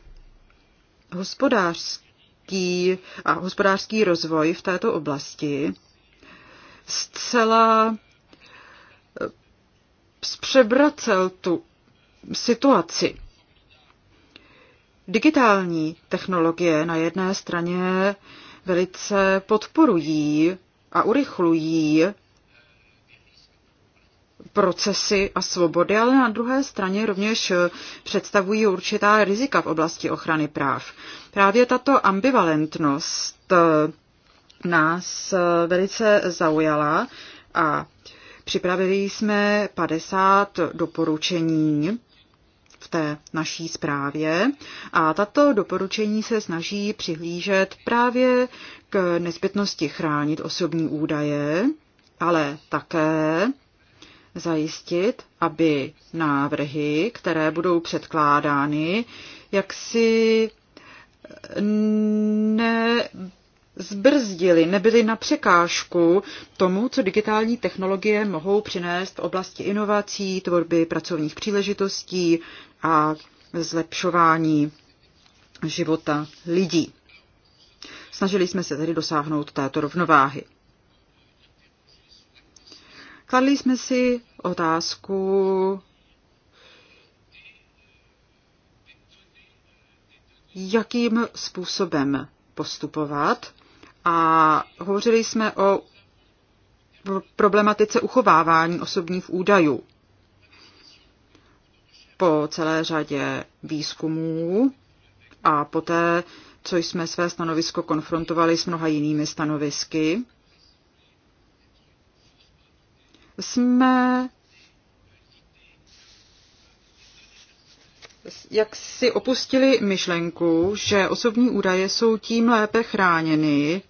hospodářský a hospodářský rozvoj v této oblasti zcela eh, zpřebracel tu situaci. Digitální technologie na jedné straně velice podporují a urychlují procesy a svobody, ale na druhé straně rovněž představují určitá rizika v oblasti ochrany práv. Právě tato ambivalentnost nás eh, velice zaujala a připravili jsme 50 doporučení v té naší zprávě a tato doporučení se snaží přihlížet právě k nezbytnosti chránit osobní údaje, ale také zajistit, aby návrhy, které budou předkládány, jak si ne Zbrzdili, nebyli na překážku tomu, co digitální technologie mohou přinést v oblasti inovací, tvorby pracovních příležitostí a zlepšování života lidí. Snažili jsme se tedy dosáhnout této rovnováhy. Kladli jsme si otázku, jakým způsobem postupovat a hovořili jsme o problematice uchovávání osobních údajů. Po celé řadě výzkumů a poté, co jsme své stanovisko konfrontovali s mnoha jinými stanovisky, jsme jak si opustili myšlenku, že osobní údaje jsou tím lépe chráněny,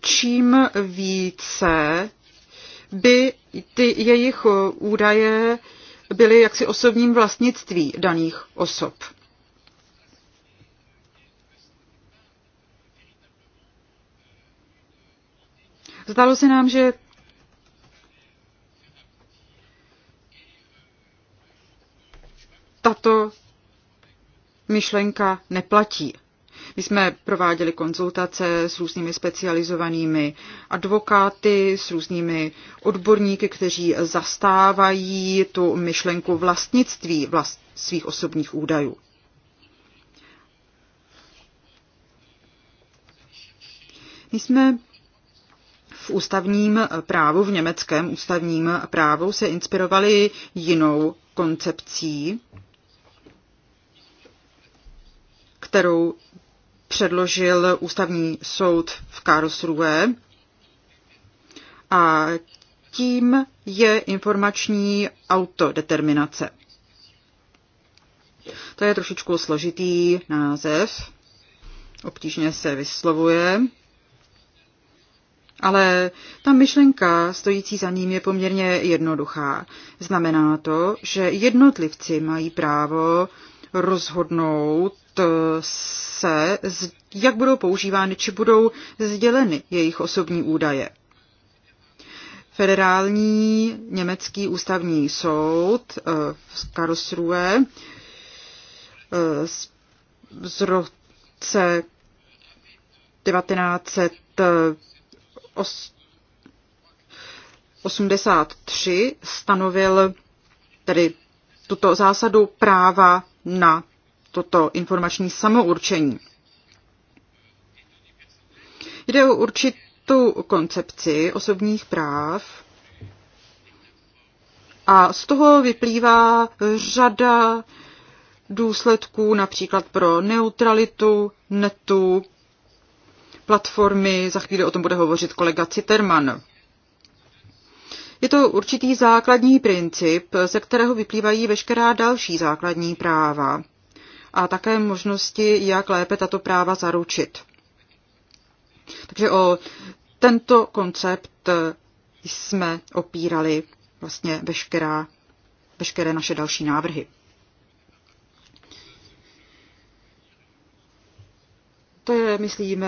čím více by ty jejich údaje byly jaksi osobním vlastnictví daných osob. Zdálo se nám, že tato myšlenka neplatí. My jsme prováděli konzultace s různými specializovanými advokáty, s různými odborníky, kteří zastávají tu myšlenku vlastnictví vlast, svých osobních údajů. My jsme v ústavním právu, v německém ústavním právu se inspirovali jinou koncepcí, kterou předložil ústavní soud v Karlsruhe a tím je informační autodeterminace. To je trošičku složitý název, obtížně se vyslovuje, ale ta myšlenka stojící za ním je poměrně jednoduchá. Znamená to, že jednotlivci mají právo rozhodnout eh, se, jak budou používány, či budou sděleny jejich osobní údaje. Federální německý ústavní soud eh, v Karlsruhe eh, z roce 1983 stanovil tedy tuto zásadu práva na toto informační samourčení. Jde o určitou koncepci osobních práv a z toho vyplývá řada důsledků například pro neutralitu netu, platformy, za chvíli o tom bude hovořit kolega Citerman. Je to určitý základní princip, ze kterého vyplývají veškerá další základní práva a také možnosti, jak lépe tato práva zaručit. Takže o tento koncept jsme opírali vlastně veškerá, veškeré naše další návrhy. To je, myslím,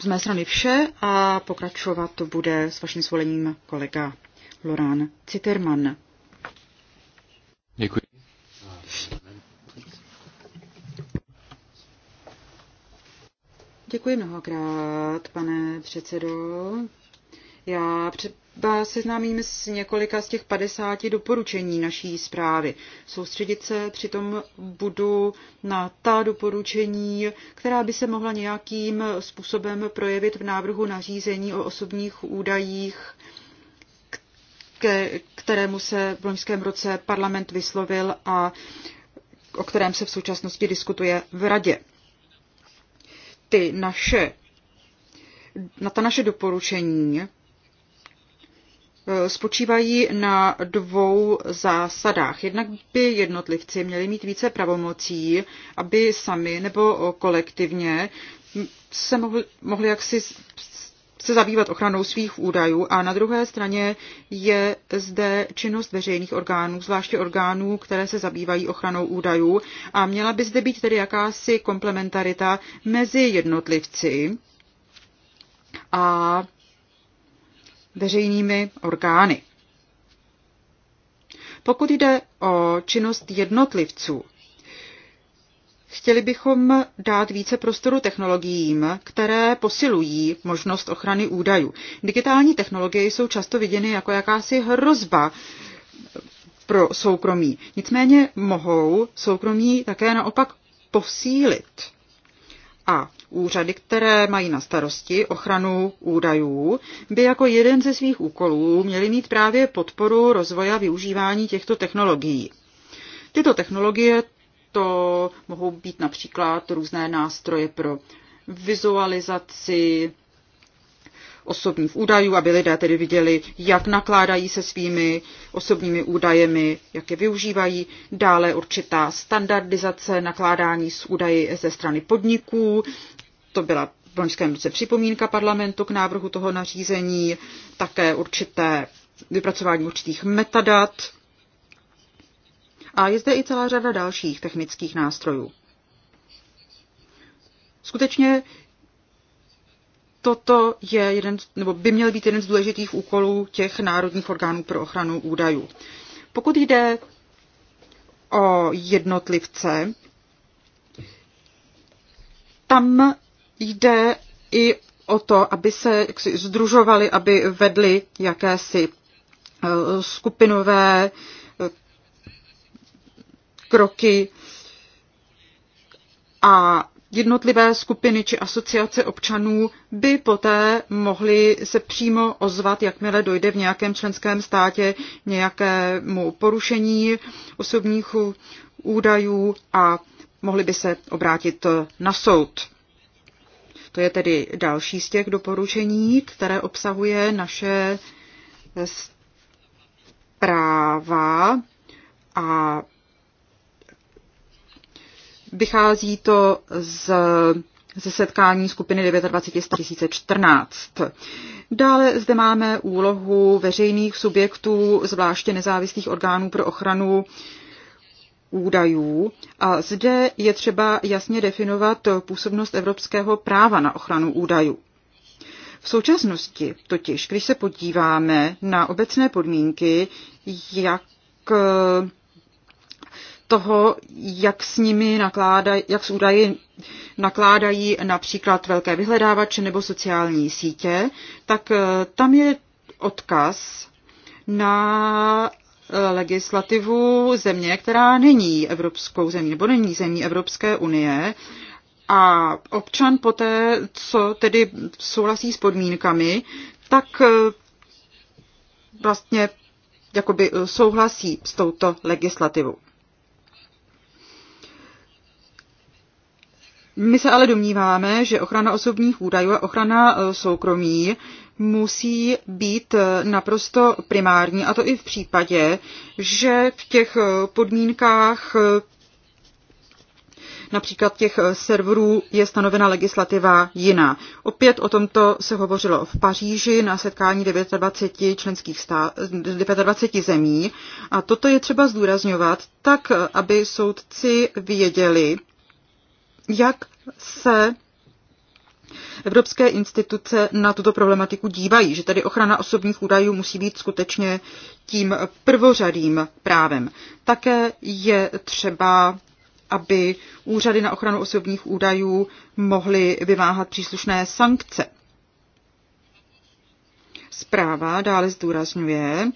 z mé strany vše a pokračovat to bude s vaším svolením kolega Lorán Citerman. Děkuji. Děkuji mnohokrát, pane předsedo. Já před, vás seznámím s několika z těch 50 doporučení naší zprávy. Soustředit se přitom budu na ta doporučení, která by se mohla nějakým způsobem projevit v návrhu nařízení o osobních údajích, ke kterému se v loňském roce parlament vyslovil a o kterém se v současnosti diskutuje v radě. Ty naše, na ta naše doporučení Eh, spočívají na dvou zásadách. Jednak by jednotlivci měli mít více pravomocí, aby sami nebo kolektivně se mohli, mohli jaksi se zabývat ochranou svých údajů a na druhé straně je zde činnost veřejných orgánů, zvláště orgánů, které se zabývají ochranou údajů a měla by zde být tedy jakási komplementarita mezi jednotlivci a veřejnými orgány. Pokud jde o činnost jednotlivců, chtěli bychom dát více prostoru technologiím, které posilují možnost ochrany údajů. Digitální technologie jsou často viděny jako jakási hrozba pro soukromí. Nicméně mohou soukromí také naopak posílit. A úřady, které mají na starosti ochranu údajů, by jako jeden ze svých úkolů měly mít právě podporu rozvoje a využívání těchto technologií. Tyto technologie to mohou být například různé nástroje pro vizualizaci, osobních údajů, aby lidé tedy viděli, jak nakládají se svými osobními údajemi, jak je využívají. Dále určitá standardizace nakládání s údaji ze strany podniků. To byla v loňském roce připomínka parlamentu k návrhu toho nařízení, také určité vypracování určitých metadat. A je zde i celá řada dalších technických nástrojů. Skutečně toto je jeden, nebo by měl být jeden z důležitých úkolů těch národních orgánů pro ochranu údajů. Pokud jde o jednotlivce, tam jde i o to, aby se jaksi združovali, aby vedli jakési eh, skupinové eh, kroky a jednotlivé skupiny či asociace občanů by poté mohly se přímo ozvat, jakmile dojde v nějakém členském státě nějakému porušení osobních údajů a mohli by se obrátit na soud. To je tedy další z těch doporučení, které obsahuje naše práva a Vychází to z, ze setkání skupiny 29 2014. Dále zde máme úlohu veřejných subjektů, zvláště nezávislých orgánů pro ochranu údajů. A zde je třeba jasně definovat působnost evropského práva na ochranu údajů. V současnosti totiž, když se podíváme na obecné podmínky, jak toho, jak s nimi nakládají, jak s údaji nakládají například velké vyhledávače nebo sociální sítě, tak eh, tam je odkaz na eh, legislativu země, která není evropskou zemí nebo není zemí Evropské unie. A občan poté, co tedy souhlasí s podmínkami, tak eh, vlastně jakoby souhlasí s touto legislativou. My se ale domníváme, že ochrana osobních údajů a ochrana e, soukromí musí být e, naprosto primární, a to i v případě, že v těch e, podmínkách například těch serverů je stanovena legislativa jiná. Opět o tomto se hovořilo v Paříži na setkání 29 členských stá- 29 zemí a toto je třeba zdůrazňovat tak, aby soudci věděli, jak se evropské instituce na tuto problematiku dívají, že tedy ochrana osobních údajů musí být skutečně tím prvořadým právem. Také je třeba aby úřady na ochranu osobních údajů mohly vymáhat příslušné sankce. Zpráva dále zdůrazňuje,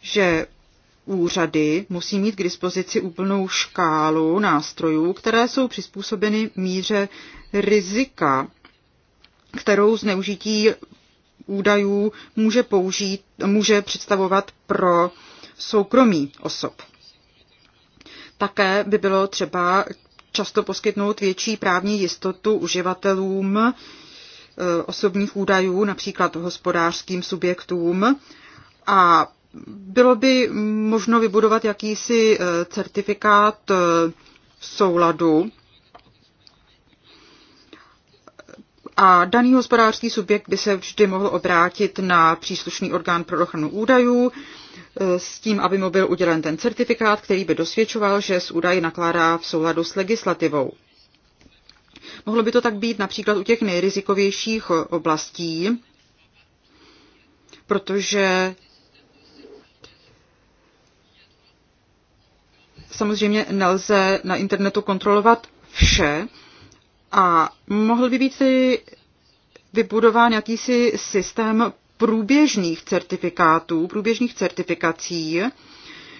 že úřady musí mít k dispozici úplnou škálu nástrojů, které jsou přizpůsobeny míře rizika, kterou zneužití údajů může, použít, může představovat pro soukromí osob. Také by bylo třeba často poskytnout větší právní jistotu uživatelům eh, osobních údajů, například hospodářským subjektům, a bylo by možno vybudovat jakýsi eh, certifikát eh, souladu a daný hospodářský subjekt by se vždy mohl obrátit na příslušný orgán pro ochranu údajů eh, s tím, aby mu byl udělen ten certifikát, který by dosvědčoval, že s údaji nakládá v souladu s legislativou. Mohlo by to tak být například u těch nejrizikovějších oblastí, protože Samozřejmě nelze na internetu kontrolovat vše a mohl by být tedy vybudován jakýsi systém průběžných certifikátů, průběžných certifikací,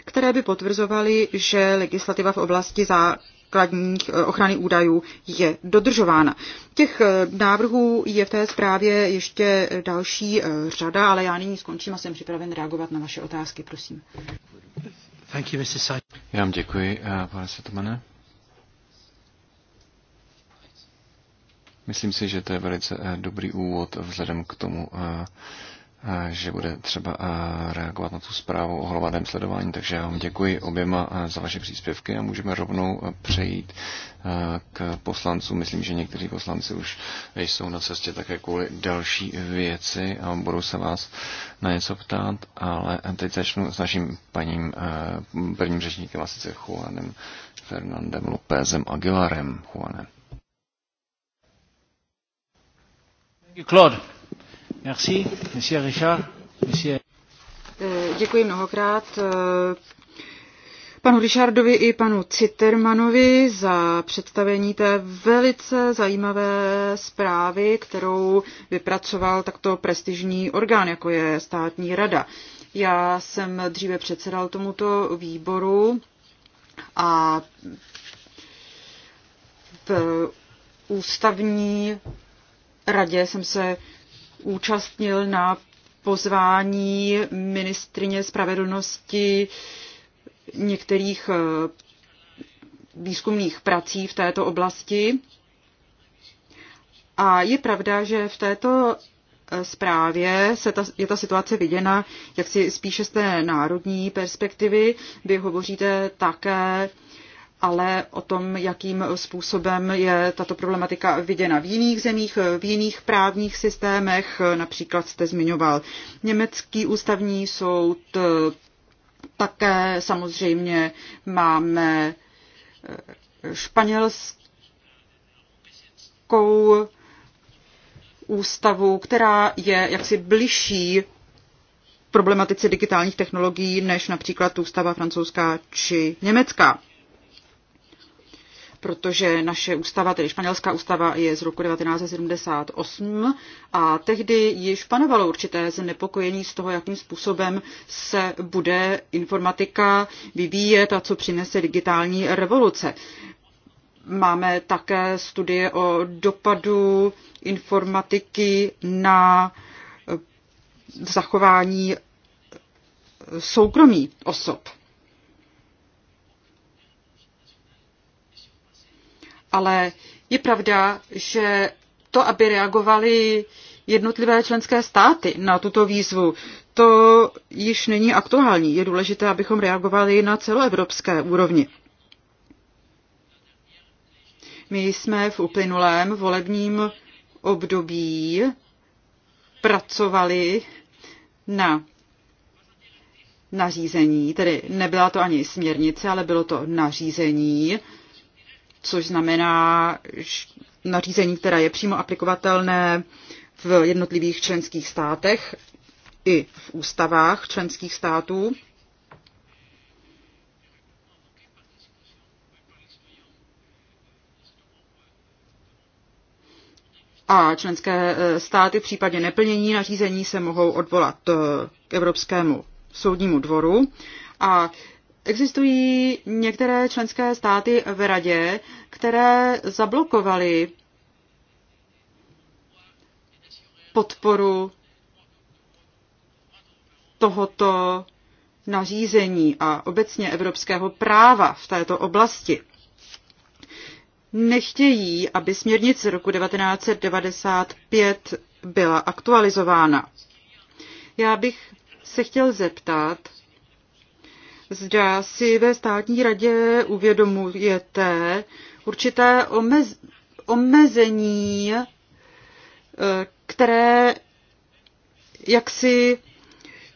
které by potvrzovaly, že legislativa v oblasti základních eh, ochrany údajů je dodržována. Těch eh, návrhů je v té zprávě ještě eh, další řada, ale já nyní skončím a jsem připraven reagovat na vaše otázky, prosím. Thank you, Já vám děkuji, eh, pane Setomane. Myslím si, že to je velice eh, dobrý úvod vzhledem k tomu, eh, že bude třeba reagovat na tu zprávu o hlavadém sledování, takže já vám děkuji oběma za vaše příspěvky a můžeme rovnou přejít k poslancům. Myslím, že někteří poslanci už jsou na cestě také kvůli další věci a budou se vás na něco ptát, ale teď začnu s naším paním prvním řečníkem, a sice Juanem Fernandem Lópezem Aguilarem. Juanem. Claude. Eh, děkuji mnohokrát eh, panu Richardovi i panu Cittermanovi za představení té velice zajímavé zprávy, kterou vypracoval takto prestižní orgán, jako je státní rada. Já jsem dříve předsedal tomuto výboru a v ústavní radě jsem se účastnil na pozvání ministrině spravedlnosti některých eh, výzkumných prací v této oblasti. A je pravda, že v této eh, zprávě se ta, je ta situace viděna jak si spíše z té národní perspektivy. Vy hovoříte také ale o tom, jakým způsobem je tato problematika viděna v jiných zemích, v jiných právních systémech. Například jste zmiňoval Německý ústavní soud, také samozřejmě máme eh, španělskou ústavu, která je jaksi bližší problematice digitálních technologií než například ústava francouzská či německá protože naše ústava, tedy španělská ústava, je z roku 1978 a tehdy již panovalo určité znepokojení z toho, jakým způsobem se bude informatika vyvíjet a co přinese digitální revoluce. Máme také studie o dopadu informatiky na eh, zachování eh, soukromí osob. ale je pravda, že to, aby reagovali jednotlivé členské státy na tuto výzvu, to již není aktuální. Je důležité, abychom reagovali na celoevropské úrovni. My jsme v uplynulém volebním období pracovali na nařízení, tedy nebyla to ani směrnice, ale bylo to nařízení, což znamená nařízení, které je přímo aplikovatelné v jednotlivých členských státech i v ústavách členských států. a členské e, státy v případě neplnění nařízení se mohou odvolat e, k Evropskému soudnímu dvoru. A Existují některé členské státy v radě, které zablokovaly podporu tohoto nařízení a obecně evropského práva v této oblasti. Nechtějí, aby směrnice roku 1995 byla aktualizována. Já bych se chtěl zeptat, zda si ve státní radě uvědomujete určité omez, omezení, eh, které jaksi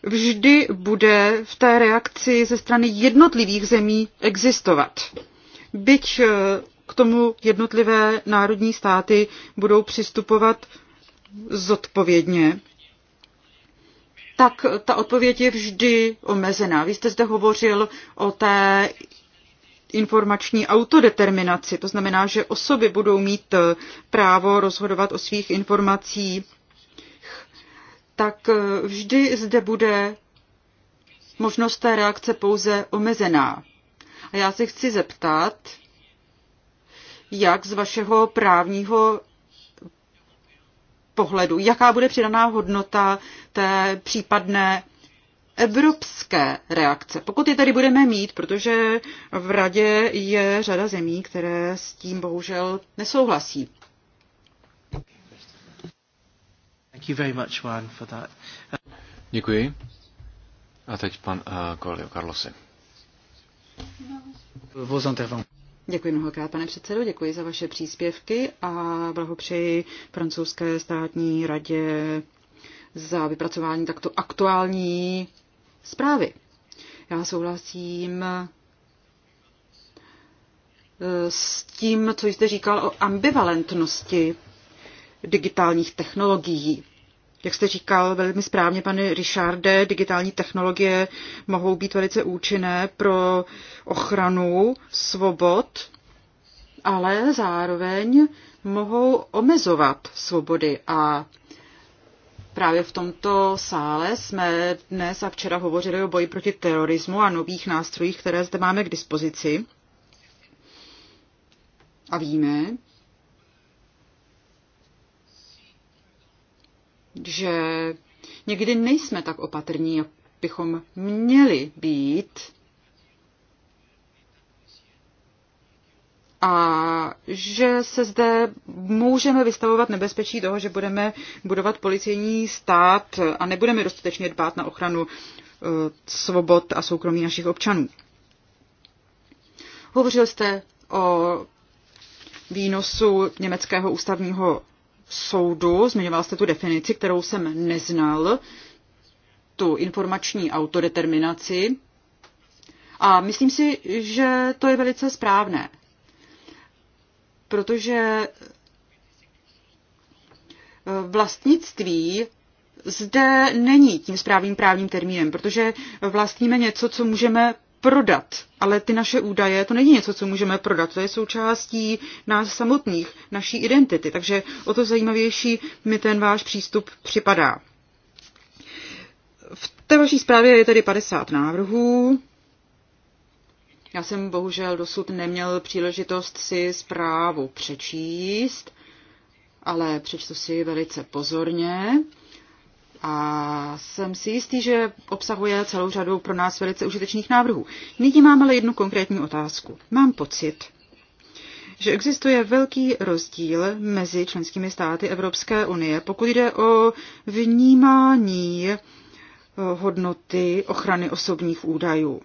vždy bude v té reakci ze strany jednotlivých zemí existovat. Byť eh, k tomu jednotlivé národní státy budou přistupovat zodpovědně tak ta odpověď je vždy omezená. Vy jste zde hovořil o té informační autodeterminaci, to znamená, že osoby budou mít právo rozhodovat o svých informacích, tak vždy zde bude možnost té reakce pouze omezená. A já se chci zeptat, jak z vašeho právního pohledu, jaká bude přidaná hodnota té případné evropské reakce. Pokud je tady budeme mít, protože v radě je řada zemí, které s tím bohužel nesouhlasí. Děkuji. A teď pan uh, eh, Kolio Carlosi. Vos Děkuji mnohokrát, pane předsedo, děkuji za vaše příspěvky a blahopřeji francouzské státní radě za vypracování takto aktuální zprávy. Já souhlasím eh, s tím, co jste říkal o ambivalentnosti digitálních technologií jak jste říkal velmi správně, pane Richarde, digitální technologie mohou být velice účinné pro ochranu svobod, ale zároveň mohou omezovat svobody a Právě v tomto sále jsme dnes a včera hovořili o boji proti terorismu a nových nástrojích, které zde máme k dispozici. A víme, že někdy nejsme tak opatrní, jak bychom měli být. A že se zde můžeme vystavovat nebezpečí toho, že budeme budovat policejní stát a nebudeme dostatečně dbát na ochranu eh, svobod a soukromí našich občanů. Hovořil jste o výnosu německého ústavního soudu. Zmiňoval jste tu definici, kterou jsem neznal, tu informační autodeterminaci. A myslím si, že to je velice správné, protože eh, vlastnictví zde není tím správným právním termínem, protože vlastníme něco, co můžeme prodat. Ale ty naše údaje, to není něco, co můžeme prodat, to je součástí nás samotných, naší identity. Takže o to zajímavější mi ten váš přístup připadá. V té vaší zprávě je tedy 50 návrhů. Já jsem bohužel dosud neměl příležitost si zprávu přečíst, ale přečtu si ji velice pozorně a jsem si jistý, že obsahuje celou řadu pro nás velice užitečných návrhů. Nyní mám ale jednu konkrétní otázku. Mám pocit, že existuje velký rozdíl mezi členskými státy Evropské unie, pokud jde o vnímání eh, hodnoty ochrany osobních údajů.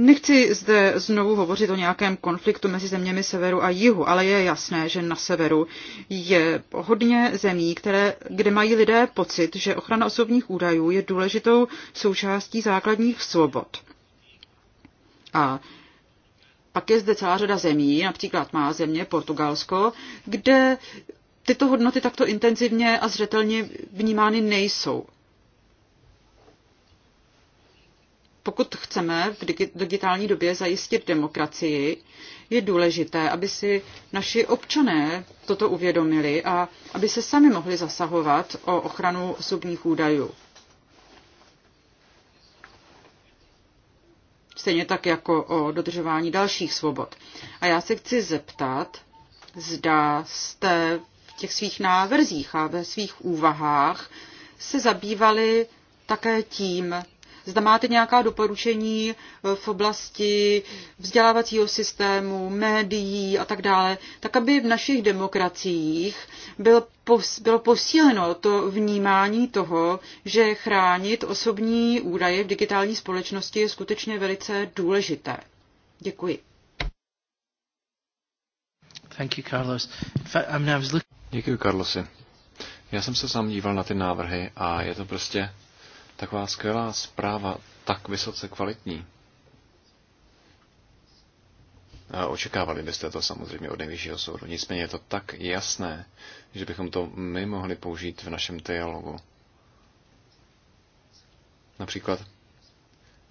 Nechci zde znovu hovořit o nějakém konfliktu mezi zeměmi severu a jihu, ale je jasné, že na severu je hodně zemí, které, kde mají lidé pocit, že ochrana osobních údajů je důležitou součástí základních svobod. A pak je zde celá řada zemí, například má země Portugalsko, kde tyto hodnoty takto intenzivně a zřetelně vnímány nejsou. pokud chceme v digitální době zajistit demokracii, je důležité, aby si naši občané toto uvědomili a aby se sami mohli zasahovat o ochranu osobních údajů. Stejně tak jako o dodržování dalších svobod. A já se chci zeptat, zda jste v těch svých návrzích a ve svých úvahách se zabývali také tím, Zda máte nějaká doporučení eh, v oblasti vzdělávacího systému, médií a tak dále, tak aby v našich demokraciích byl bylo posíleno to vnímání toho, že chránit osobní údaje v digitální společnosti je skutečně velice důležité. Děkuji. Děkuji, Carlosi. Já jsem se sám díval na ty návrhy a je to prostě taková skvělá zpráva, tak vysoce kvalitní. Očekávali byste to samozřejmě od nejvyššího soudu. Nicméně je to tak jasné, že bychom to my mohli použít v našem dialogu. Například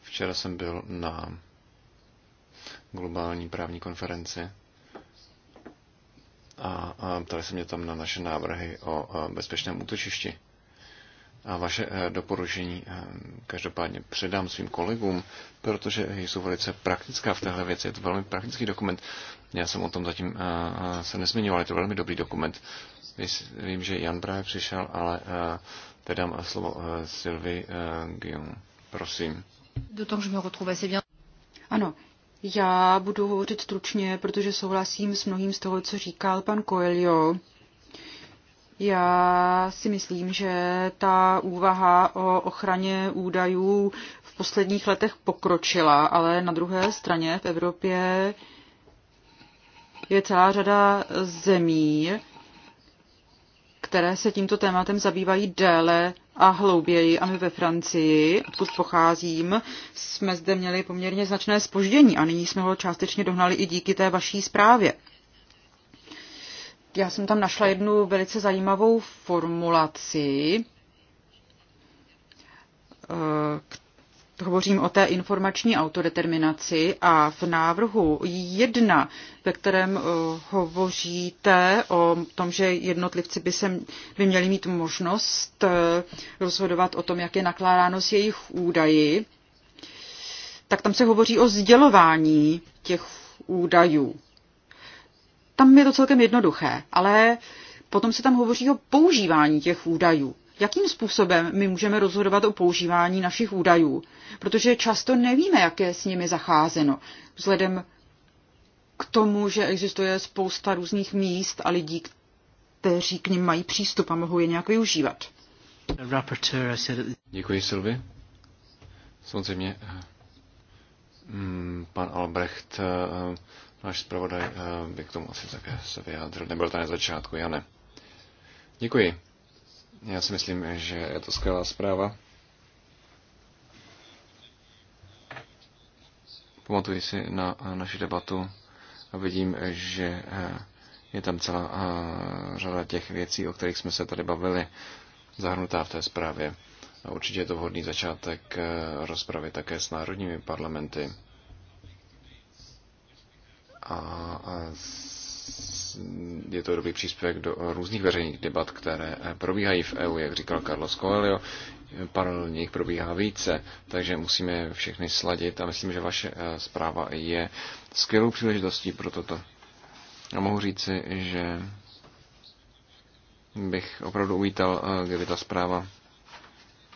včera jsem byl na globální právní konferenci a, a ptali se mě tam na naše návrhy o bezpečném útočišti a vaše eh, doporučení eh, každopádně předám svým kolegům, protože jsou velice praktická v téhle věci. Je to velmi praktický dokument. Já jsem o tom zatím eh, se nezmiňoval, je to velmi dobrý dokument. Vím, že Jan Brahe přišel, ale teď dám slovo Sylvie Guillaume. Prosím. Ano, já budu hovořit stručně, protože souhlasím s mnohým z toho, co říkal pan Coelho. Já si myslím, že ta úvaha o ochraně údajů v posledních letech pokročila, ale na druhé straně v Evropě je celá řada zemí, které se tímto tématem zabývají déle a hlouběji. A my ve Francii, odkud pocházím, jsme zde měli poměrně značné spoždění a nyní jsme ho částečně dohnali i díky té vaší zprávě já jsem tam našla jednu velice zajímavou formulaci. Eh, hovořím o té informační autodeterminaci a v návrhu jedna, ve kterém eh, hovoříte o tom, že jednotlivci by, se, by měli mít možnost eh, rozhodovat o tom, jak je nakládáno s jejich údaji, tak tam se hovoří o sdělování těch údajů tam je to celkem jednoduché, ale potom se tam hovoří o používání těch údajů. Jakým způsobem my můžeme rozhodovat o používání našich údajů? Protože často nevíme, jak je s nimi zacházeno, vzhledem k tomu, že existuje spousta různých míst a lidí, kteří k nim mají přístup a mohou je nějak využívat. Děkuji, Silvi. Samozřejmě, eh, mm, pan Albrecht eh, Náš zpravodaj eh, by k tomu asi také se vyjádřil. Nebyl tady na začátku, já ne. Děkuji. Já si myslím, že je to skvělá zpráva. Pamatuji si na eh, naši debatu a vidím, že eh, je tam celá řada těch věcí, o kterých jsme se tady bavili, zahrnutá v té zprávě. A určitě je to vhodný začátek rozpravy také s národními parlamenty a je to dobrý příspěvek do různých veřejných debat, které probíhají v EU, jak říkal Carlos Coelho. Paralelně jich probíhá více, takže musíme všechny sladit a myslím, že vaše eh, zpráva je skvělou příležitostí pro toto. A mohu říci, že bych opravdu uvítal, eh, kdyby ta zpráva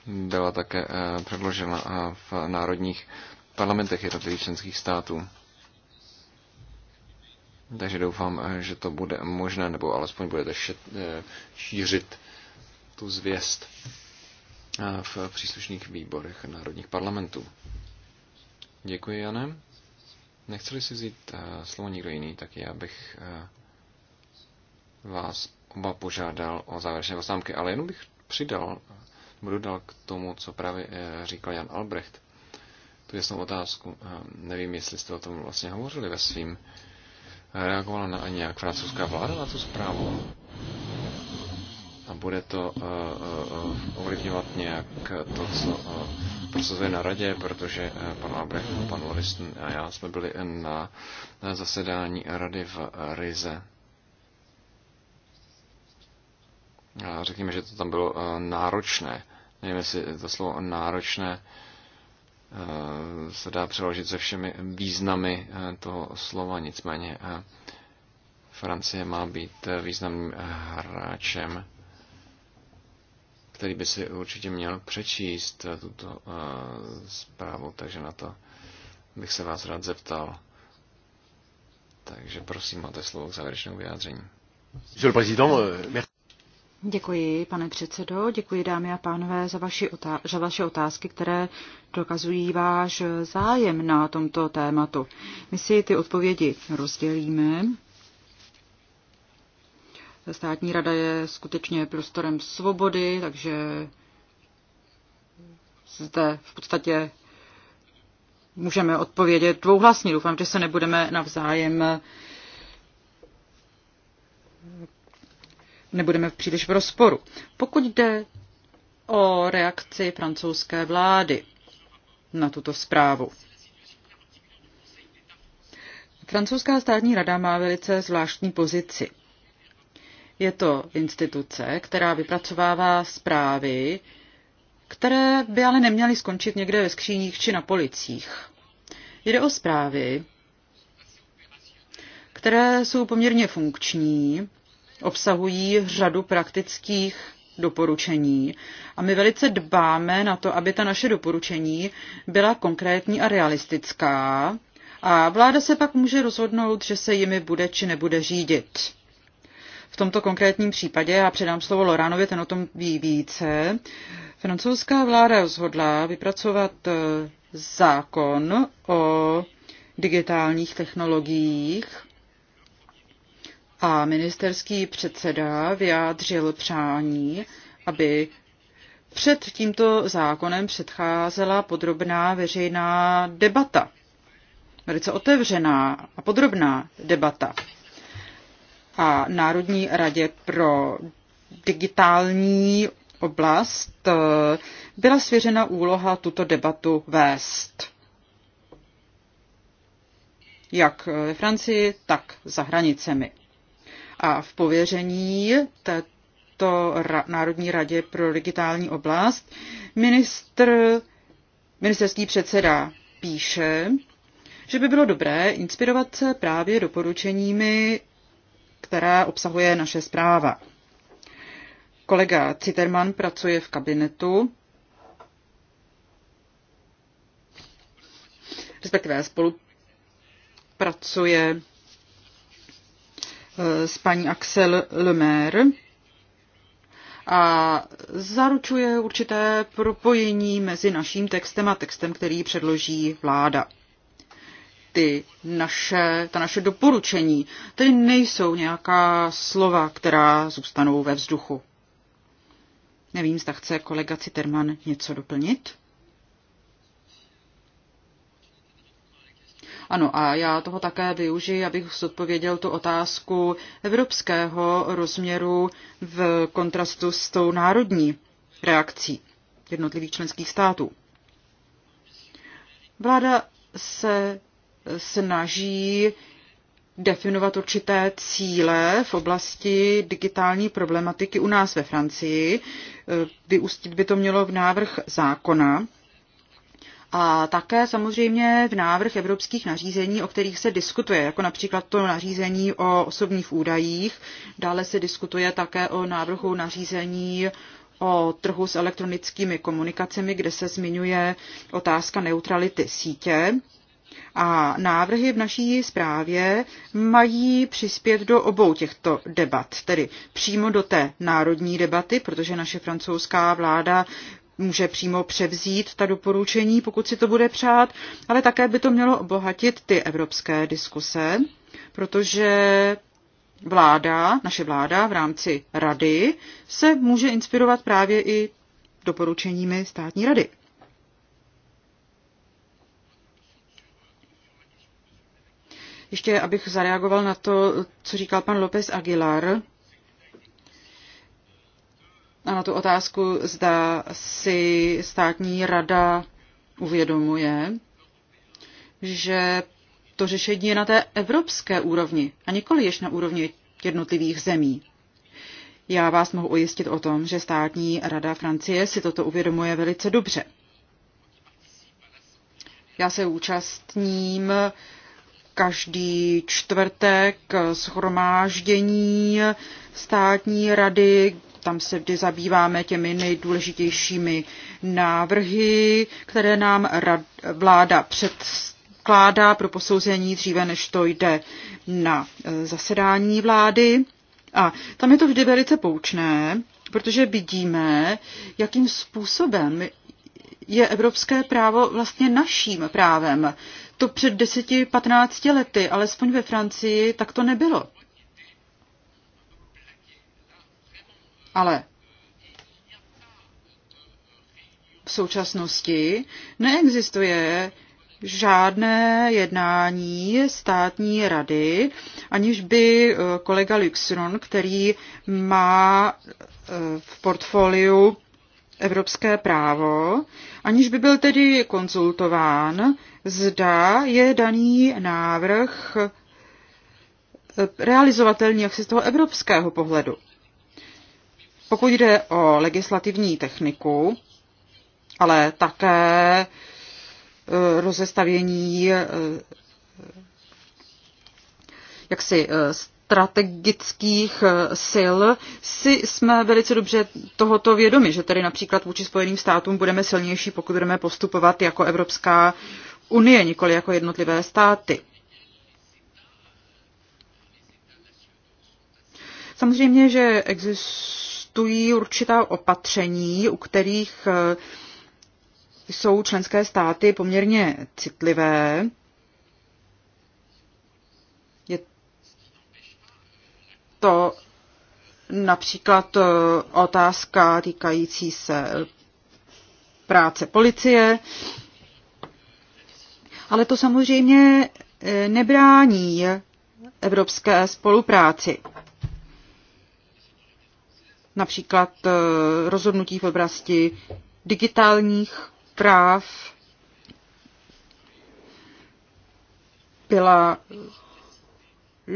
byla také eh, předložena v národních parlamentech jednotlivých členských států. Takže doufám, eh, že to bude možné, nebo alespoň budete šet, eh, šířit tu zvěst eh, v příslušných výborech národních parlamentů. Děkuji, Jane. Nechceli si vzít slovo nikdo jiný, tak já bych vás oba požádal o závěrečné poznámky, ale jenom bych přidal, budu dal k tomu, co právě říkal Jan Albrecht, tu jasnou otázku. Nevím, jestli jste o tom vlastně hovořili ve svým reagovala na nějak francouzská vláda na tu zprávu? A bude to uh, uh, ovlivňovat nějak to, co uh, prosazuje na radě, protože uh, pan Abrecht, pan Loriston a já jsme byli na, na zasedání rady v Rize. A řekněme, že to tam bylo uh, náročné. Nevím, jestli to slovo náročné uh, Eh, se dá přeložit se všemi významy eh, toho slova, nicméně eh, Francie má být významným hráčem, který by si určitě měl přečíst tuto zprávu, takže na to bych se vás rád zeptal. Takže prosím, máte slovo k závěrečnému vyjádření. Děkuji, pane předsedo, děkuji dámy a pánové za, vaši otá- za vaše otázky, které dokazují váš zájem na tomto tématu. My si ty odpovědi rozdělíme. Státní rada je skutečně prostorem svobody, takže zde v podstatě můžeme odpovědět dvouhlasně. Doufám, že se nebudeme navzájem nebudeme příliš v rozporu. Pokud jde o reakci francouzské vlády na tuto zprávu. Francouzská státní rada má velice zvláštní pozici. Je to instituce, která vypracovává zprávy, které by ale neměly skončit někde ve skříních či na policích. Jde o zprávy, které jsou poměrně funkční obsahují řadu praktických doporučení a my velice dbáme na to, aby ta naše doporučení byla konkrétní a realistická a vláda se pak může rozhodnout, že se jimi bude či nebude řídit. V tomto konkrétním případě, já předám slovo Loránovi, ten o tom ví více, francouzská vláda rozhodla vypracovat e, zákon o digitálních technologiích a ministerský předseda vyjádřil přání, aby před tímto zákonem předcházela podrobná veřejná debata. Velice otevřená a podrobná debata. A Národní radě pro digitální oblast eh, byla svěřena úloha tuto debatu vést. Jak eh, ve Francii, tak za hranicemi a v pověření této Národní radě pro digitální oblast ministr, ministerský předseda píše, že by bylo dobré inspirovat se právě doporučeními, která obsahuje naše zpráva. Kolega Citerman pracuje v kabinetu, respektive spolupracuje s paní Axel Lemaire a zaručuje určité propojení mezi naším textem a textem, který předloží vláda. Ty naše, ta naše doporučení tedy nejsou nějaká slova, která zůstanou ve vzduchu. Nevím, zda chce kolega Citerman něco doplnit. Ano, a já toho také využiji, abych zodpověděl tu otázku evropského rozměru v kontrastu s tou národní reakcí jednotlivých členských států. Vláda se snaží definovat určité cíle v oblasti digitální problematiky u nás ve Francii. Vyústit by to mělo v návrh zákona, a také samozřejmě v návrh evropských nařízení, o kterých se diskutuje, jako například to nařízení o osobních údajích. Dále se diskutuje také o návrhu nařízení o trhu s elektronickými komunikacemi, kde se zmiňuje otázka neutrality sítě. A návrhy v naší zprávě mají přispět do obou těchto debat, tedy přímo do té národní debaty, protože naše francouzská vláda může přímo převzít ta doporučení, pokud si to bude přát, ale také by to mělo obohatit ty evropské diskuse, protože vláda, naše vláda v rámci rady se může inspirovat právě i doporučeními státní rady. Ještě abych zareagoval na to, co říkal pan López Aguilar a na tu otázku, zda si státní rada uvědomuje, že to řešení je na té evropské úrovni a nikoli ještě na úrovni jednotlivých zemí. Já vás mohu ujistit o tom, že státní rada Francie si toto uvědomuje velice dobře. Já se účastním každý čtvrtek schromáždění státní rady, tam se vždy zabýváme těmi nejdůležitějšími návrhy, které nám vláda předkládá pro posouzení dříve, než to jde na e, zasedání vlády. A tam je to vždy velice poučné, protože vidíme, jakým způsobem je evropské právo vlastně naším právem. To před 10-15 lety, alespoň ve Francii, tak to nebylo. Ale v současnosti neexistuje žádné jednání státní rady, aniž by eh, kolega Luxron, který má eh, v portfoliu evropské právo, aniž by byl tedy konzultován, zda je daný návrh eh, realizovatelný jak si z toho evropského pohledu. Pokud jde o legislativní techniku, ale také e, rozestavění e, jaksi e, strategických sil si jsme velice dobře tohoto vědomi, že tedy například vůči Spojeným státům budeme silnější, pokud budeme postupovat jako Evropská unie, nikoli jako jednotlivé státy. Samozřejmě, že existují existují určitá opatření, u kterých eh, jsou členské státy poměrně citlivé. Je to například eh, otázka týkající se práce policie, ale to samozřejmě eh, nebrání evropské spolupráci například eh, rozhodnutí v oblasti digitálních práv byla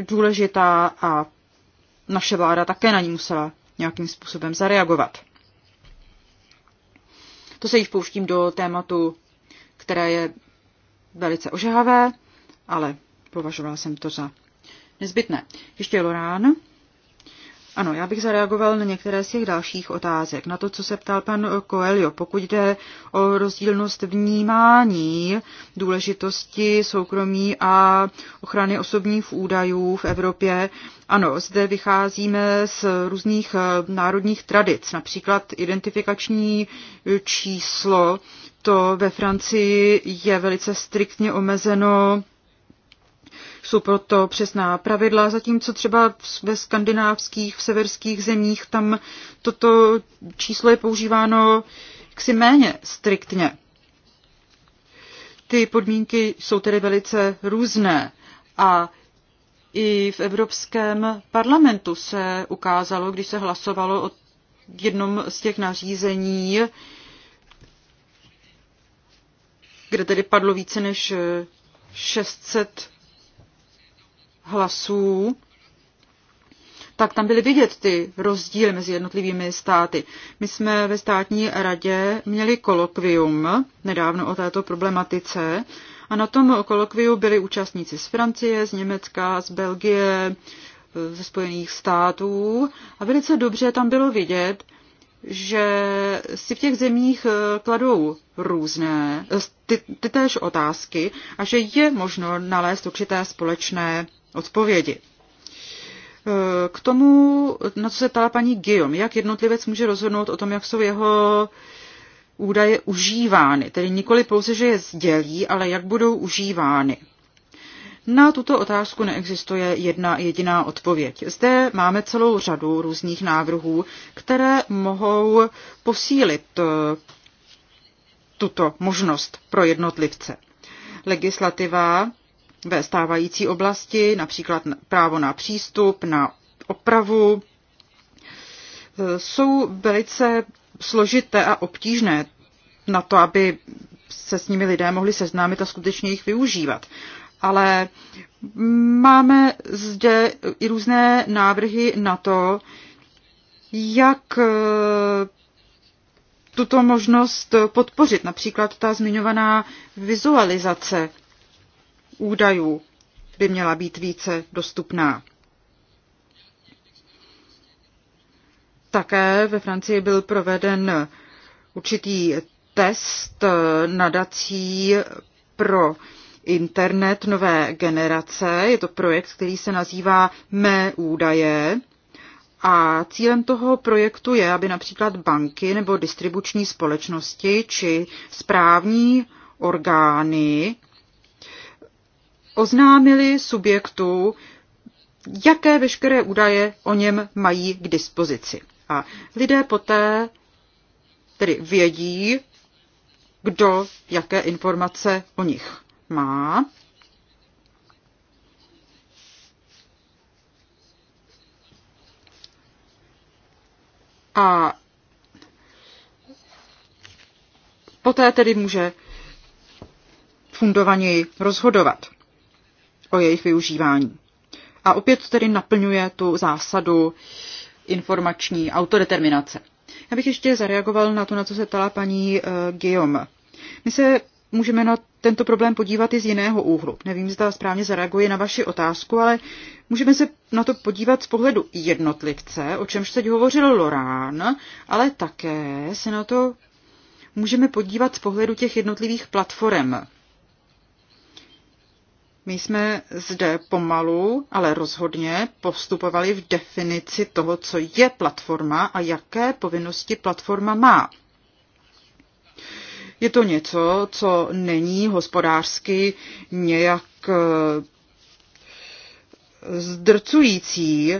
důležitá a naše vláda také na ní musela nějakým způsobem zareagovat. To se již pouštím do tématu, které je velice ožehavé, ale považovala jsem to za nezbytné. Ještě Lorán. Ano, já bych zareagoval na některé z těch dalších otázek. Na to, co se ptal pan Coelho, pokud jde o rozdílnost vnímání důležitosti soukromí a ochrany osobních údajů v Evropě, ano, zde vycházíme z různých eh, národních tradic, například identifikační číslo, to ve Francii je velice striktně omezeno jsou proto přesná pravidla, zatímco třeba ve skandinávských, v severských zemích tam toto číslo je používáno jaksi méně striktně. Ty podmínky jsou tedy velice různé a i v Evropském parlamentu se ukázalo, když se hlasovalo o jednom z těch nařízení, kde tedy padlo více než 600 hlasů, tak tam byly vidět ty rozdíly mezi jednotlivými státy. My jsme ve státní radě měli kolokvium nedávno o této problematice a na tom kolokviu byli účastníci z Francie, z Německa, z Belgie, ze Spojených států a velice dobře tam bylo vidět, že si v těch zemích eh, kladou různé eh, ty, ty též otázky a že je možno nalézt určité společné odpovědi. E, k tomu, na co se ptala paní Guillaume, jak jednotlivec může rozhodnout o tom, jak jsou jeho údaje užívány, tedy nikoli pouze, že je sdělí, ale jak budou užívány. Na tuto otázku neexistuje jedna jediná odpověď. Zde máme celou řadu různých návrhů, které mohou posílit e, tuto možnost pro jednotlivce. Legislativa ve stávající oblasti, například právo na přístup, na opravu, e, jsou velice složité a obtížné na to, aby se s nimi lidé mohli seznámit a skutečně jich využívat. Ale máme zde i různé návrhy na to, jak e, tuto možnost podpořit. Například ta zmiňovaná vizualizace údajů by měla být více dostupná. Také ve Francii byl proveden určitý test nadací pro internet nové generace. Je to projekt, který se nazývá Mé údaje. A cílem toho projektu je, aby například banky nebo distribuční společnosti či správní orgány oznámili subjektu, jaké veškeré údaje o něm mají k dispozici. A lidé poté tedy vědí, kdo jaké informace o nich má. A poté tedy může fundovaněji rozhodovat o jejich využívání. A opět tedy naplňuje tu zásadu informační autodeterminace. Já bych ještě zareagoval na to, na co se ptala paní uh, Guillaume. My se můžeme na tento problém podívat i z jiného úhlu. Nevím, zda správně zareaguje na vaši otázku, ale můžeme se na to podívat z pohledu jednotlivce, o čemž teď hovořil Lorán, ale také se na to můžeme podívat z pohledu těch jednotlivých platform. My jsme zde pomalu, ale rozhodně postupovali v definici toho, co je platforma a jaké povinnosti platforma má. Je to něco, co není hospodářsky nějak eh, zdrcující,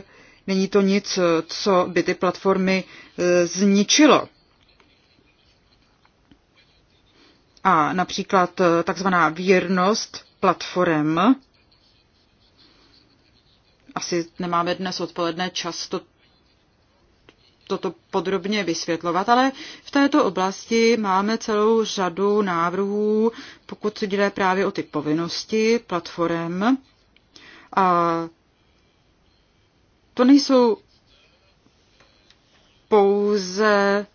není to nic, co by ty platformy eh, zničilo. A například eh, takzvaná věrnost platform. Asi nemáme dnes odpoledne čas to, toto podrobně vysvětlovat, ale v této oblasti máme celou řadu návrhů, pokud se jde právě o ty povinnosti platform. A to nejsou pouze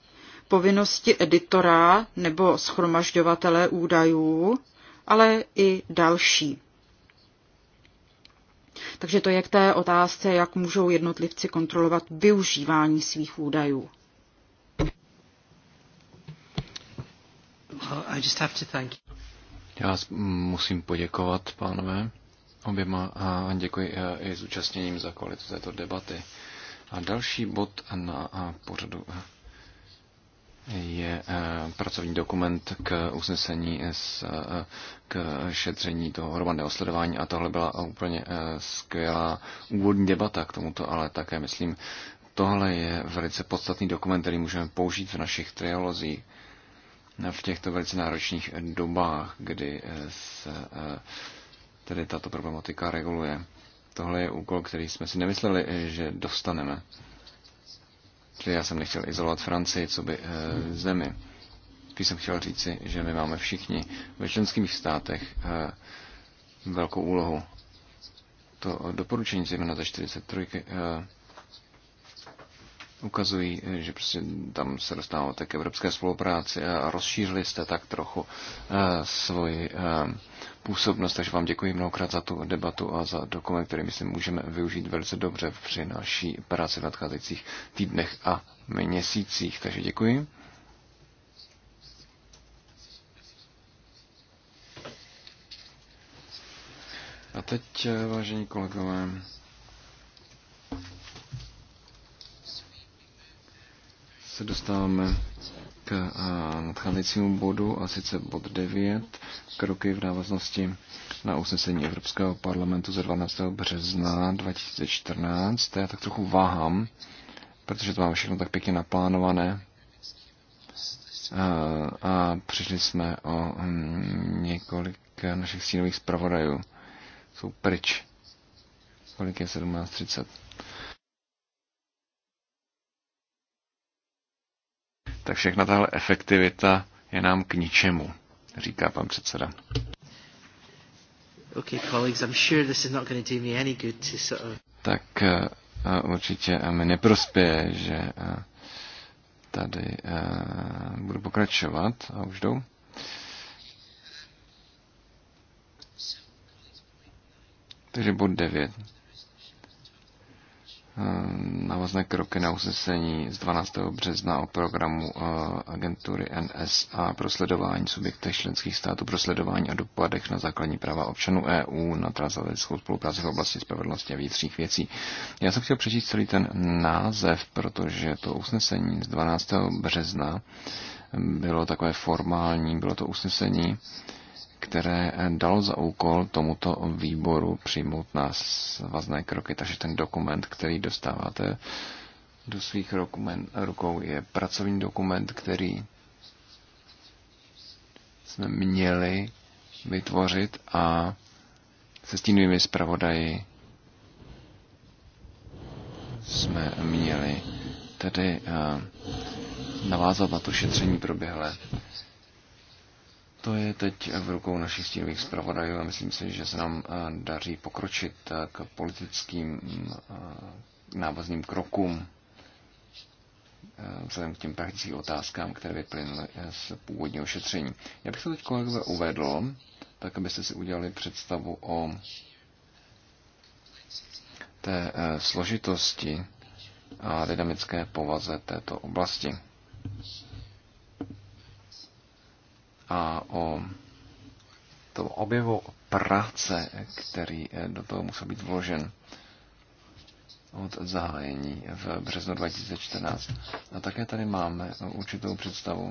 povinnosti editora nebo schromažďovatele údajů, ale i další. Takže to je k té otázce, jak můžou jednotlivci kontrolovat využívání svých údajů. Já musím poděkovat, pánové, oběma a děkuji eh, i zúčastněním za kvalitu této debaty. A další bod na eh, pořadu eh, je eh, pracovní dokument k usnesení s, eh, k šetření toho hromadného sledování a tohle byla úplně eh, skvělá úvodní debata k tomuto, ale také myslím, tohle je velice podstatný dokument, který můžeme použít v našich triolozích v těchto velice náročných dobách, kdy se tedy tato problematika reguluje. Tohle je úkol, který jsme si nemysleli, že dostaneme. Čili já jsem nechtěl izolovat Francii, co by e, zemi. Když jsem chtěl říci, že my máme všichni ve členských státech e, velkou úlohu. To doporučení zejména ze 43 e, ukazují, že prostě tam se dostáváte také evropské spolupráci a rozšířili jste tak trochu eh, svoji eh, působnost, takže vám děkuji mnohokrát za tu debatu a za dokument, který myslím můžeme využít velice dobře při naší práci v nadcházejících týdnech a měsících, takže děkuji. A teď, eh, vážení kolegové, se dostáváme k eh, nadcházejícímu bodu, a sice bod 9, kroky v návaznosti na usnesení Evropského parlamentu ze 12. března 2014. Já tak trochu váhám, protože to máme všechno tak pěkně naplánované. A, eh, a přišli jsme o hm, několik našich stínových zpravodajů. Jsou pryč. Kolik je 17.30? tak všechna tahle efektivita je nám k ničemu, říká pan předseda. Okay, colleagues, I'm sure this is not going to do me any good to sort of... Tak uh, určitě uh, mi neprospěje, že uh, tady uh, budu pokračovat a už jdou. Takže bod 9. Eh, návazné kroky na usnesení z 12. března o programu eh, agentury NSA pro sledování subjektech členských států pro sledování a dopadech na základní práva občanů EU na transatlantickou spolupráci v oblasti spravedlnosti a vnitřních věcí. Já jsem chtěl přečíst celý ten název, protože to usnesení z 12. března bylo takové formální, bylo to usnesení, které eh, dal za úkol tomuto výboru přijmout svazné kroky. Takže ten dokument, který dostáváte do svých rukou, je pracovní dokument, který jsme měli vytvořit a se stínovými zpravodaji jsme měli tedy eh, navázat na to šetření proběhlé to je teď v rukou našich stínových zpravodajů a myslím si, že se nám eh, daří pokročit eh, k politickým eh, návazným krokům vzhledem k těm praktickým otázkám, které vyplynuly z původního šetření. Já bych to teď kolegové uvedl, tak abyste si udělali představu o té složitosti a dynamické povaze této oblasti a o to objevu práce, který eh, do toho musel být vložen od zahájení v březnu 2014. A také tady máme určitou představu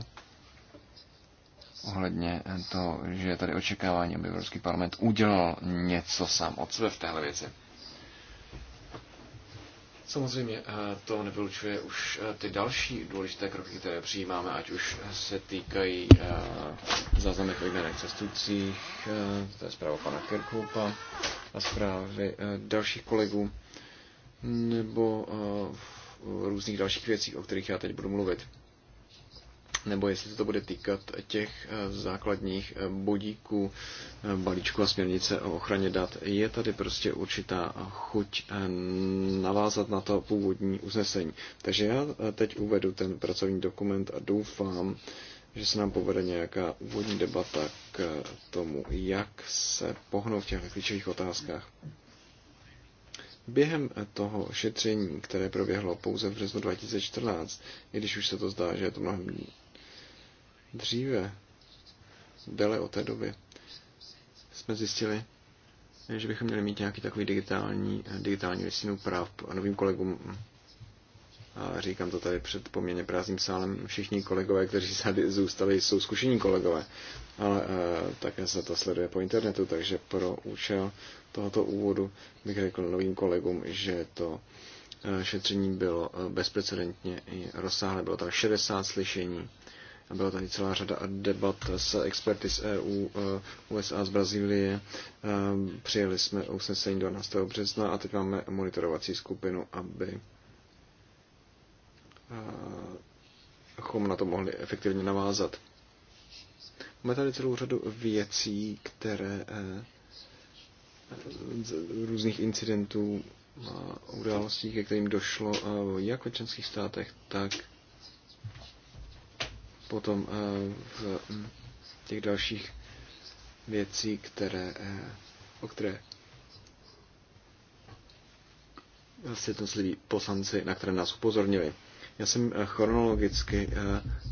ohledně eh, toho, že je tady očekávání, aby Evropský parlament udělal něco sám od sebe v téhle věci. Samozřejmě eh, to nevylučuje už eh, ty další důležité kroky, které přijímáme, ať už se týkají eh, záznamy o jménech cestujících, to je zpráva pana Kirkhopa a zprávy dalších kolegů, nebo různých dalších věcí, o kterých já teď budu mluvit nebo jestli se to bude týkat těch eh, základních eh, bodíků eh, balíčku a směrnice o ochraně dat. Je tady prostě určitá chuť navázat na to původní usnesení. Takže já teď uvedu ten pracovní dokument a doufám, že se nám povede nějaká úvodní debata k tomu, jak se pohnout v těch klíčových otázkách. Během toho šetření, které proběhlo pouze v březnu 2014, i když už se to zdá, že je to mnohem dříve, déle o té doby, jsme zjistili, že bychom měli mít nějaký takový digitální, digitální listinu práv a novým kolegům. A říkám to tady před poměrně prázdným sálem. Všichni kolegové, kteří tady zůstali, jsou zkušení kolegové, ale e, také se to sleduje po internetu, takže pro účel tohoto úvodu bych řekl novým kolegům, že to eh, šetření bylo eh, bezprecedentně i rozsáhlé. Bylo tam 60 slyšení byla tady celá řada debat s experty z EU, eh, USA, z Brazílie. Eh, přijeli jsme usnesení 12. března a teď máme monitorovací skupinu, aby eh, na to mohli efektivně navázat. Máme tady celou řadu věcí, které z různých incidentů a událostí, ke kterým došlo jak v členských státech, tak potom z eh, těch dalších věcí, které, eh, o které se jednotliví poslanci, na které nás upozornili. Já jsem eh, chronologicky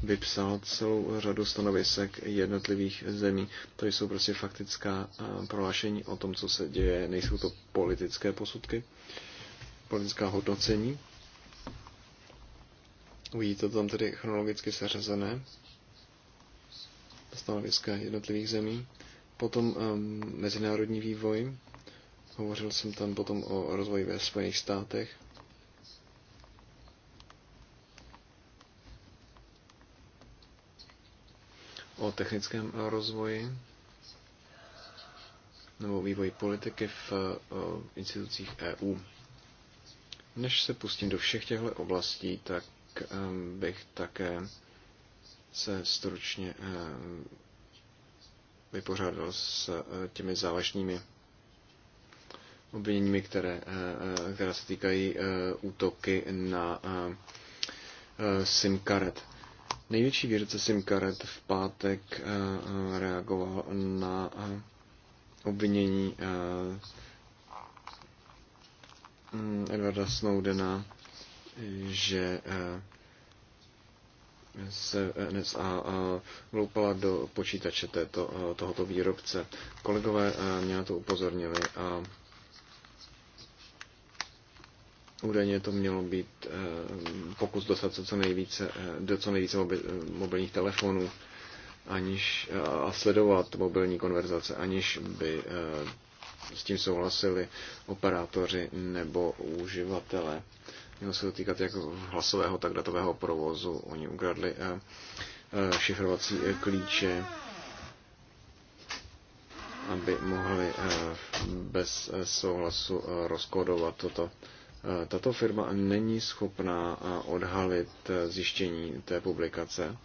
vypsal celou řadu stanovisek jednotlivých zemí. To jsou prostě faktická prohlášení o tom, co se děje. Nejsou to politické posudky, politická hodnocení. Uvidíte to tam tedy chronologicky seřazené stanoviska jednotlivých zemí. Potom um, mezinárodní vývoj. Hovořil jsem tam potom o rozvoji ve Spojených státech. O technickém rozvoji nebo vývoji politiky v eh, institucích EU. Než se pustím do všech těchto oblastí, tak Ehm, bych také se stručně ehm, vypořádal s eh, těmi závažnými obviněními, které, eh, eh, které se týkají útoky na SIM karet. Největší výrobce SIM karet v pátek reagoval na obvinění Edwarda Snowdena že eh, se NSA eh, vloupala do počítače této, eh, tohoto výrobce. Kolegové mě na to upozornili a údajně to mělo být pokus dostat se co nejvíce, do co nejvíce mobilních telefonů aniž, a sledovat mobilní konverzace, aniž by s tím souhlasili operátoři nebo uživatelé mělo se to týkat jak hlasového, tak datového provozu. Oni ukradli eh, eh, šifrovací eh, klíče, aby mohli bez souhlasu rozkodovat toto. Tato firma není schopná odhalit zjištění té publikace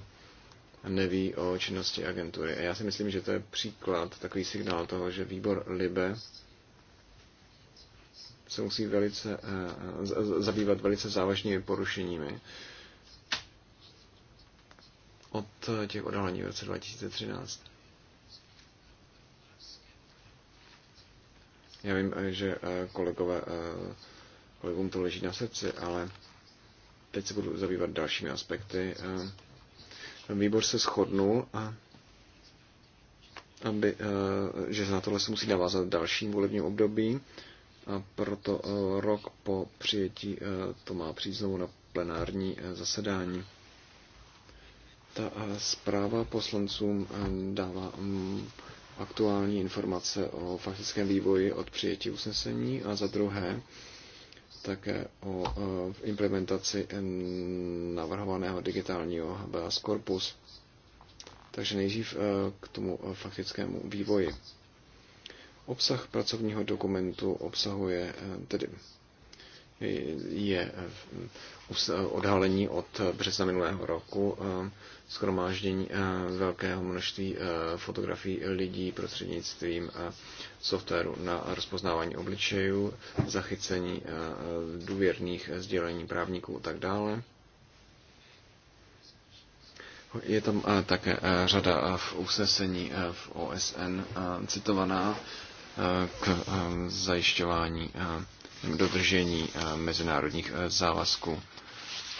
neví o činnosti agentury. A já si myslím, že to je příklad, takový signál toho, že výbor LIBE se musí velice, eh, zabývat velice závažnými porušeními od eh, těch odhalení v roce 2013. Já vím, eh, že kolegové, kolegům to leží na srdci, ale teď se budu zabývat dalšími aspekty. Výbor se shodnul, a aby, že na tohle se musí navázat dalším volebním období a proto eh, rok po přijetí eh, to má přijít znovu na plenární eh, zasedání. Ta zpráva poslancům dává mm, aktuální informace o faktickém vývoji od přijetí usnesení a za druhé také o implementaci navrhovaného digitálního habeas corpus. Takže nejdřív k tomu faktickému vývoji. Obsah pracovního dokumentu obsahuje eh, tedy je odhalení od března minulého roku eh, schromáždění eh, velkého množství fotografií lidí prostřednictvím softwaru na rozpoznávání obličejů, zachycení důvěrných sdělení právníků a tak dále. Je tam také řada v usnesení v OSN citovaná k eh, zajišťování eh, dodržení eh, mezinárodních závazků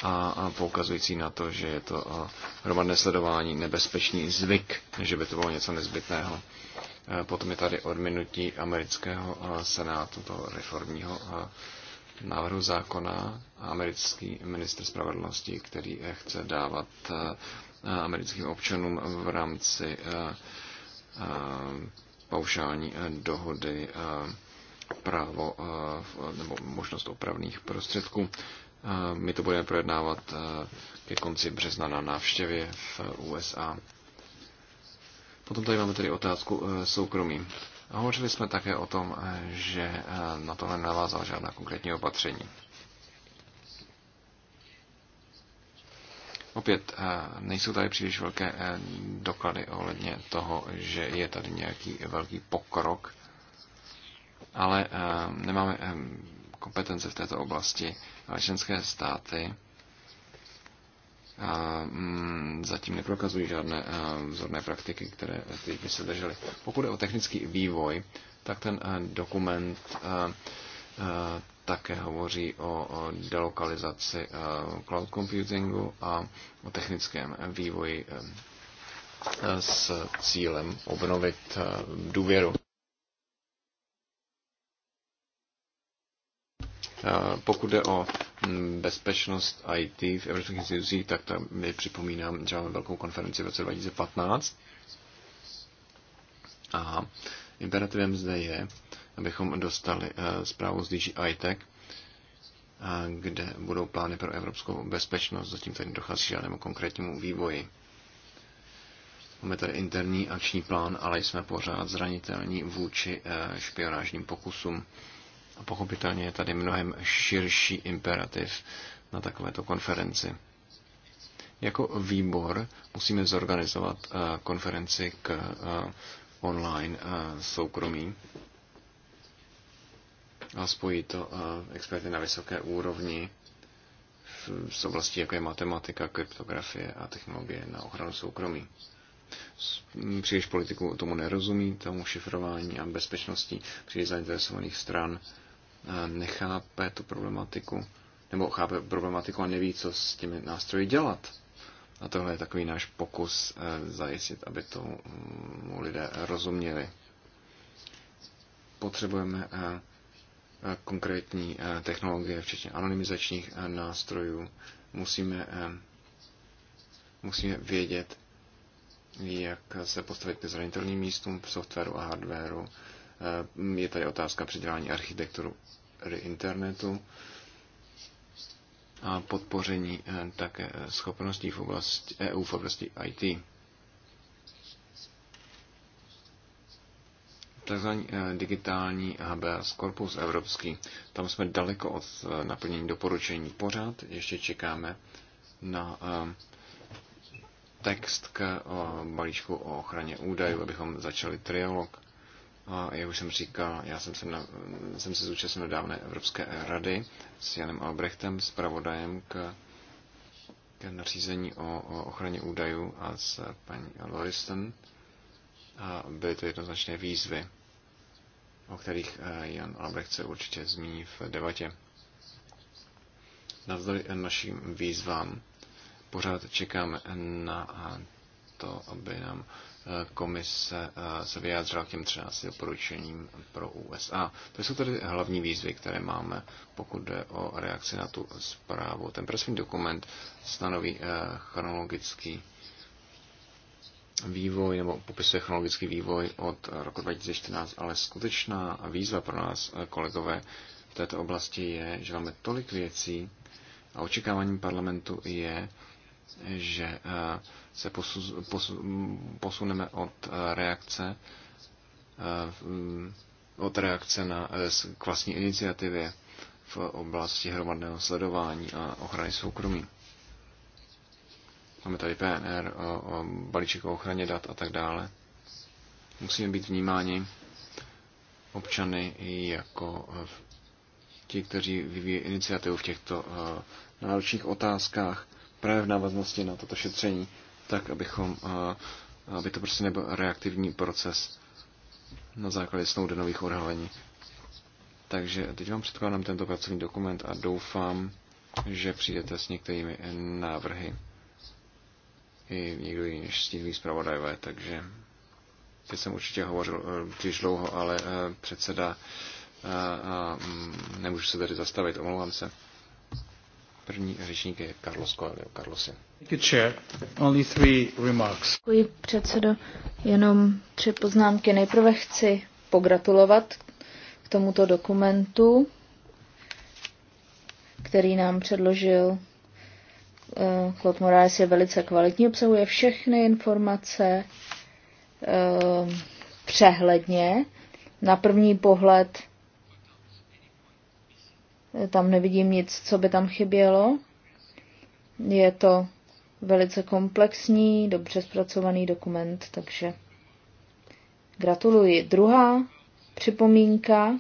a poukazující na to, že je to hromadné sledování nebezpečný zvyk, že by to bylo něco nezbytného. Potom je tady odminutí amerického senátu, toho reformního návrhu zákona, americký minister spravedlnosti, který chce dávat americkým občanům v rámci paušální eh, dohody eh, právo eh, nebo možnost opravných prostředků. My to budeme projednávat ke konci března na návštěvě v USA. Potom tady máme tedy otázku soukromí. A hovořili jsme také o tom, že na tohle nevázal žádná konkrétní opatření. Opět eh, nejsou tady příliš velké eh, doklady ohledně toho, že je tady nějaký velký pokrok, ale eh, nemáme kompetence v této oblasti, ale členské státy mm, zatím neprokazují žádné vzorné praktiky, které teď by se držely. Pokud je o technický vývoj, tak ten dokument také hovoří o delokalizaci eh, cloud computingu a o technickém vývoji eh, s cílem obnovit eh, důvěru. Pokud jde o mm, bezpečnost IT v evropských institucích, tak tam mi připomínám, že máme velkou konferenci v roce 2015. A imperativem zde je abychom dostali eh, zprávu z DG ITEC, eh, kde budou plány pro evropskou bezpečnost. Zatím tady dochází žádnému konkrétnímu vývoji. Máme tady interní akční plán, ale jsme pořád zranitelní vůči eh, špionážním pokusům. A pochopitelně je tady mnohem širší imperativ na takovéto konferenci. Jako výbor musíme zorganizovat konferenci k online soukromí a spojí to eh, experty na vysoké úrovni v oblasti, jako je matematika, kryptografie a technologie na ochranu soukromí. Mm, příliš politiku tomu nerozumí, tomu šifrování a bezpečnosti příliš zainteresovaných stran eh, nechápe tu problematiku, nebo chápe problematiku a neví, co s těmi nástroji dělat. A tohle je takový náš pokus eh, zajistit, aby tomu mm, lidé rozuměli. Potřebujeme konkrétní eh, technologie, včetně anonymizačních eh, nástrojů. Musíme, eh, musíme vědět, jak se postavit ke zranitelným místům v softwaru a hardwaru. Je tady otázka předělání architekturu internetu a podpoření také schopností v oblasti EU v oblasti IT. tzv. Eh, digitální habeas corpus evropský. Tam jsme daleko od eh, naplnění doporučení. Pořád ještě čekáme na eh, text k balíčku o ochraně údajů, abychom začali trialog. A jak už jsem říkal, já jsem se, na, jsem se zúčastnil dávné Evropské rady s Janem Albrechtem, s pravodajem k, k nařízení o, o ochraně údajů a s paní Loristen a byly to jednoznačné výzvy, o kterých eh, Jan Albrecht se určitě zmíní v debatě. Navzdory našim výzvám pořád čekáme na eh, to, aby nám eh, komise se vyjádřila k těm 13 doporučením pro USA. To jsou tedy hlavní výzvy, které máme, pokud jde o reakci na tu zprávu. Ten pracovní dokument stanoví chronologický vývoj nebo popisuje chronologický vývoj od roku 2014, ale skutečná výzva pro nás, eh, kolegové, v této oblasti je, že máme tolik věcí a očekáváním parlamentu je, že eh, se posu, posu, posuneme od eh, reakce od reakce na, k vlastní iniciativě v oblasti hromadného sledování a ochrany soukromí. Máme tady PNR, o, o balíček o ochraně dat a tak dále. Musíme být vnímáni občany jako e, ti, kteří vyvíjí iniciativu v těchto e, náročných otázkách právě v návaznosti na toto šetření, tak abychom, e, aby to prostě nebyl reaktivní proces na základě Snowdenových odhalení. Takže teď vám předkládám tento pracovní dokument a doufám, že přijdete s některými návrhy i někdo jiný než stínový zpravodajové, takže teď jsem určitě hovořil eh, příliš dlouho, ale eh, předseda eh, a mm, nemůžu se tady zastavit, omlouvám se. První řečník je Carlos Coelho. Carlosi. Děkuji, předsedo. Jenom tři poznámky. Nejprve chci pogratulovat k tomuto dokumentu, který nám předložil Eh, Claude Morales je velice kvalitní, obsahuje všechny informace eh, přehledně. Na první pohled eh, tam nevidím nic, co by tam chybělo. Je to velice komplexní, dobře zpracovaný dokument, takže gratuluji. Druhá připomínka,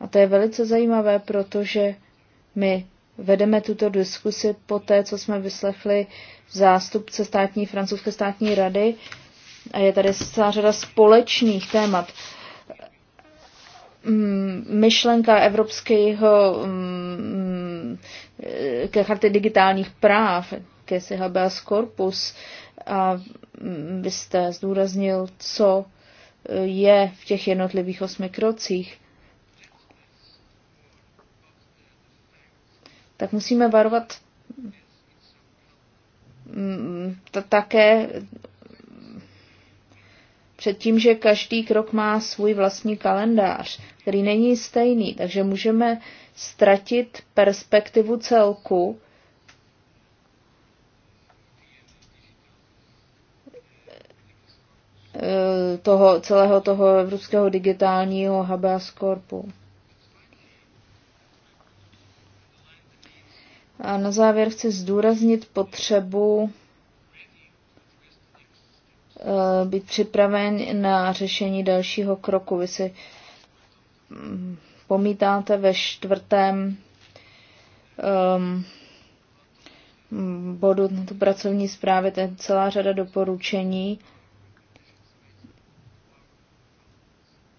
a to je velice zajímavé, protože my Vedeme tuto diskusi po té, co jsme vyslechli zástupce státní francouzské státní rady a je tady celá řada společných témat. Mm, myšlenka evropského mm, ke charty digitálních práv, ke si habeas corpus, a mm, vy jste zdůraznil, co je v těch jednotlivých osmi krocích. tak musíme varovat mm, také před tím, že každý krok má svůj vlastní kalendář, který není stejný, takže můžeme ztratit perspektivu celku. Eh, toho, celého toho evropského digitálního habeas corpus. A na závěr chci zdůraznit potřebu eh, být připraven na řešení dalšího kroku. Vy si mm, pomítáte ve čtvrtém um, bodu na tu pracovní zprávě, to je celá řada doporučení.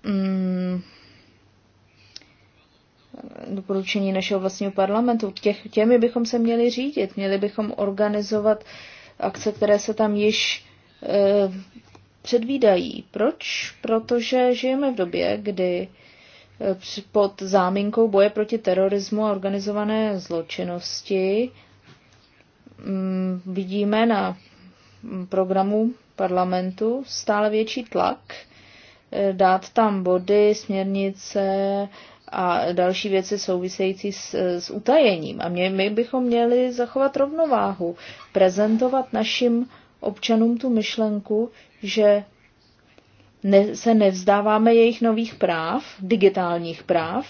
Um, doporučení našeho vlastního parlamentu. Těch, těmi bychom se měli řídit. Měli bychom organizovat akce, které se tam již e, předvídají. Proč? Protože žijeme v době, kdy eh, pod záminkou boje proti terorismu a organizované zločinnosti mm, vidíme na programu parlamentu stále větší tlak eh, dát tam body, směrnice, a další věci související s, s utajením. A mě, my bychom měli zachovat rovnováhu, prezentovat našim občanům tu myšlenku, že ne, se nevzdáváme jejich nových práv, digitálních práv,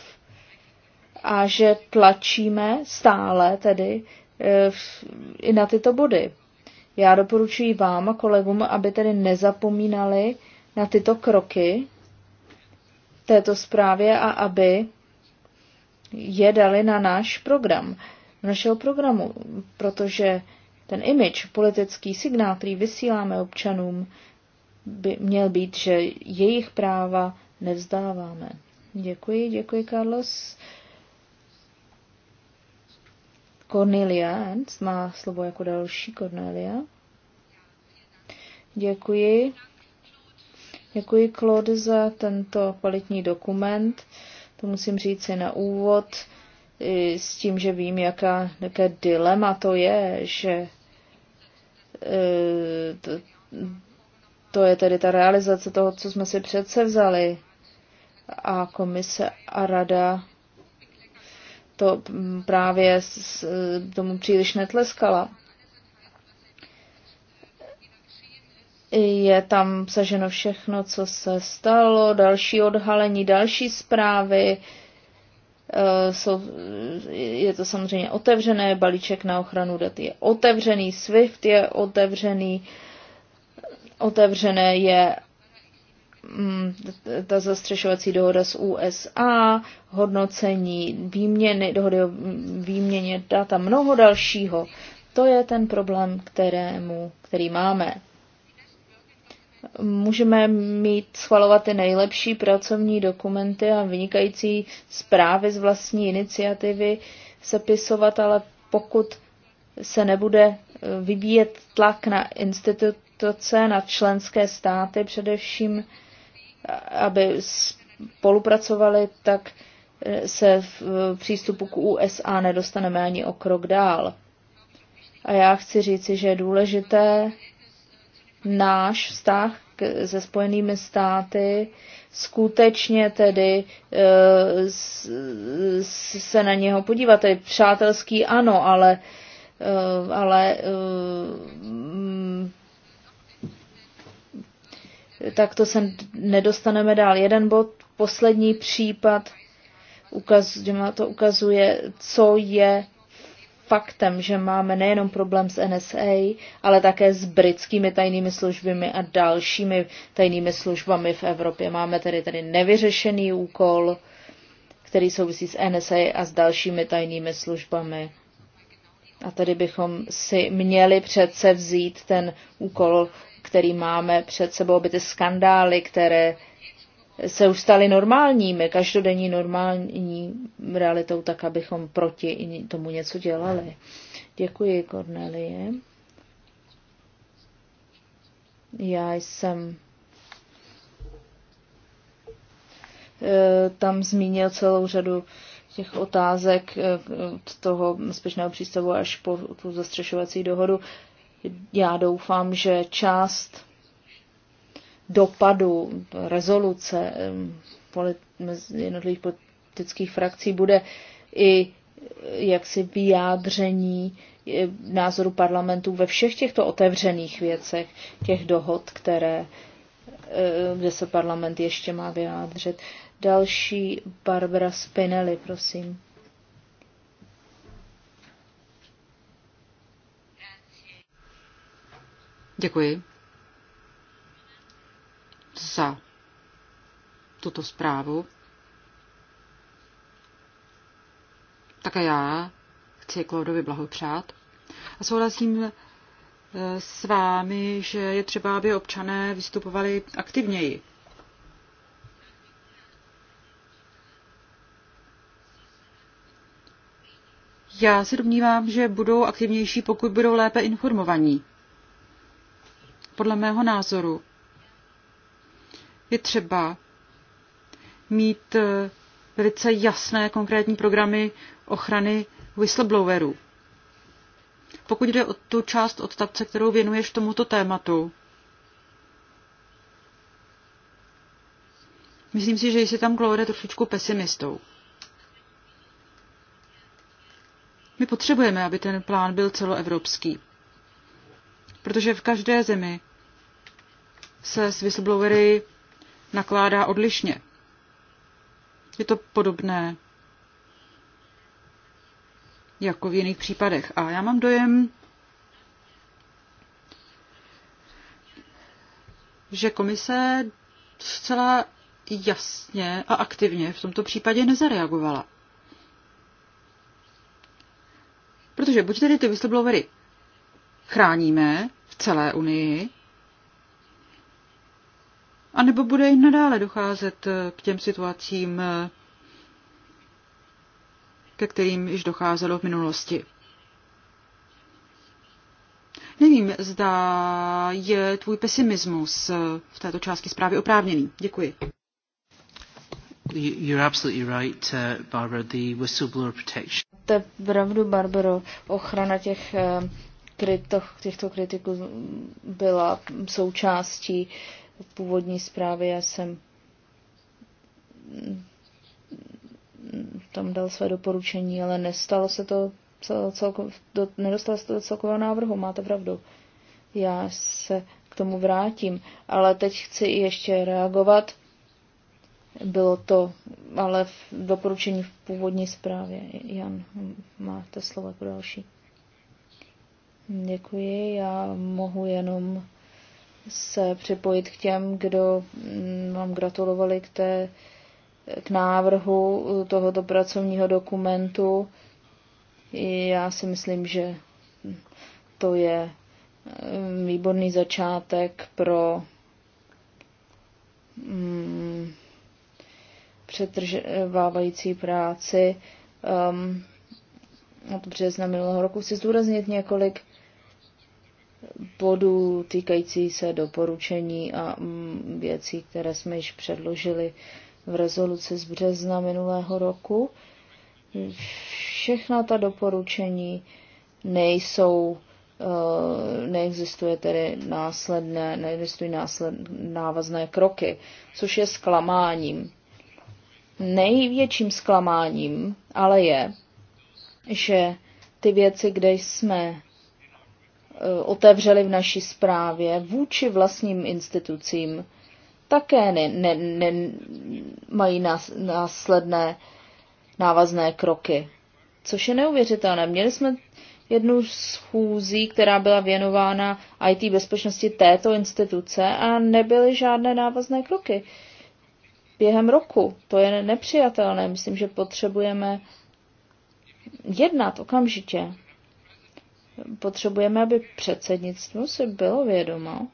a že tlačíme stále tedy e, v, i na tyto body. Já doporučuji vám a kolegům, aby tedy nezapomínali na tyto kroky, této zprávě a aby je dali na náš program, našeho programu, protože ten image, politický signál, který vysíláme občanům, by měl být, že jejich práva nevzdáváme. Děkuji, děkuji, Carlos. Cornelia má slovo jako další Cornelia. Děkuji. Děkuji, Claude, za tento kvalitní dokument. To musím říct si na úvod s tím, že vím, jaká, jaké dilema to je, že e, to, to je tedy ta realizace toho, co jsme si přece vzali. A komise a rada to právě s, tomu příliš netleskala. Je tam obsaženo všechno, co se stalo, další odhalení, další zprávy. Eh, jsou, je to samozřejmě otevřené, balíček na ochranu dat je otevřený, SWIFT je otevřený, otevřené je mm, ta zastřešovací dohoda s USA, hodnocení výměny, dohody o výměně data, mnoho dalšího. To je ten problém, kterému, který máme můžeme mít schvalovat ty nejlepší pracovní dokumenty a vynikající zprávy z vlastní iniciativy sepisovat, ale pokud se nebude eh, vybíjet tlak na instituce, na členské státy především, aby spolupracovali, tak eh, se v eh, přístupu k USA nedostaneme ani o krok dál. A já chci říci, že je důležité náš vztah se Spojenými státy skutečně tedy e, se na něho podívat. Je přátelský ano, ale, e, ale e, mm, tak to se nedostaneme dál. Jeden bod, poslední případ, ukaz, to ukazuje, co je faktem, že máme nejenom problém s NSA, ale také s britskými tajnými službami a dalšími tajnými službami v Evropě. Máme tedy tady nevyřešený úkol, který souvisí s NSA a s dalšími tajnými službami. A tady bychom si měli přece vzít ten úkol, který máme před sebou, aby ty skandály, které se už staly normálními, každodenní normální realitou, tak abychom proti tomu něco dělali. Děkuji, Cornelie. Já jsem e, tam zmínil celou řadu těch otázek e, od toho bezpečného přístavu až po tu zastřešovací dohodu. Já doufám, že část dopadu rezoluce polit, jednotlivých politických frakcí bude i eh, jaksi vyjádření eh, názoru parlamentu ve všech těchto otevřených věcech, těch dohod, které, eh, kde se parlament ještě má vyjádřit. Další Barbara Spinelli, prosím. Děkuji za tuto zprávu. Také já chci Klaudovi blahopřát. A souhlasím eh, s vámi, že je třeba, aby občané vystupovali aktivněji. Já se domnívám, že budou aktivnější, pokud budou lépe informovaní. Podle mého názoru je třeba mít eh, velice jasné konkrétní programy ochrany whistleblowerů. Pokud jde o tu část odstavce, kterou věnuješ tomuto tématu, myslím si, že jsi tam, Claude, trošičku pesimistou. My potřebujeme, aby ten plán byl celoevropský. Protože v každé zemi se s whistleblowery nakládá odlišně. Je to podobné jako v jiných případech. A já mám dojem, že komise zcela jasně a aktivně v tomto případě nezareagovala. Protože buď tedy ty whistleblowery chráníme v celé Unii, a nebo bude i nadále docházet eh, k těm situacím, eh, ke kterým již docházelo v minulosti. Nevím, zda je tvůj pesimismus eh, v této části zprávy oprávněný. Děkuji. You're absolutely right, Barbara, the whistleblower protection. To je pravdu, Barbaro. Ochrana těch, kryto, těchto kritiků byla součástí původní zprávy. já jsem tam dal své doporučení, ale nestalo se to celko, do, nedostalo se to do celkového návrhu, máte pravdu. Já se k tomu vrátím, ale teď chci ještě reagovat. Bylo to, ale v doporučení v původní zprávě. Jan, máte slovo pro jako další. Děkuji, já mohu jenom se připojit k těm, kdo mm, vám gratulovali k, té, k návrhu tohoto pracovního dokumentu. Já si myslím, že to je mm, výborný začátek pro mm, přetrvávající práci. Um, od března minulého roku chci zdůraznit několik bodů týkající se doporučení a mm, věcí, které jsme již předložili v rezoluci z března minulého roku. Všechna ta doporučení nejsou, eh, neexistuje tedy následné, neexistují následné, návazné kroky, což je zklamáním. Největším zklamáním ale je, že ty věci, kde jsme Eh, otevřeli v naší zprávě vůči vlastním institucím, také ne, ne, ne, mají následné návazné kroky. Což je neuvěřitelné. Měli jsme jednu schůzí, která byla věnována IT bezpečnosti této instituce a nebyly žádné návazné kroky během roku. To je nepřijatelné. Myslím, že potřebujeme jednat okamžitě potřebujeme, aby předsednictvo si bylo vědomo,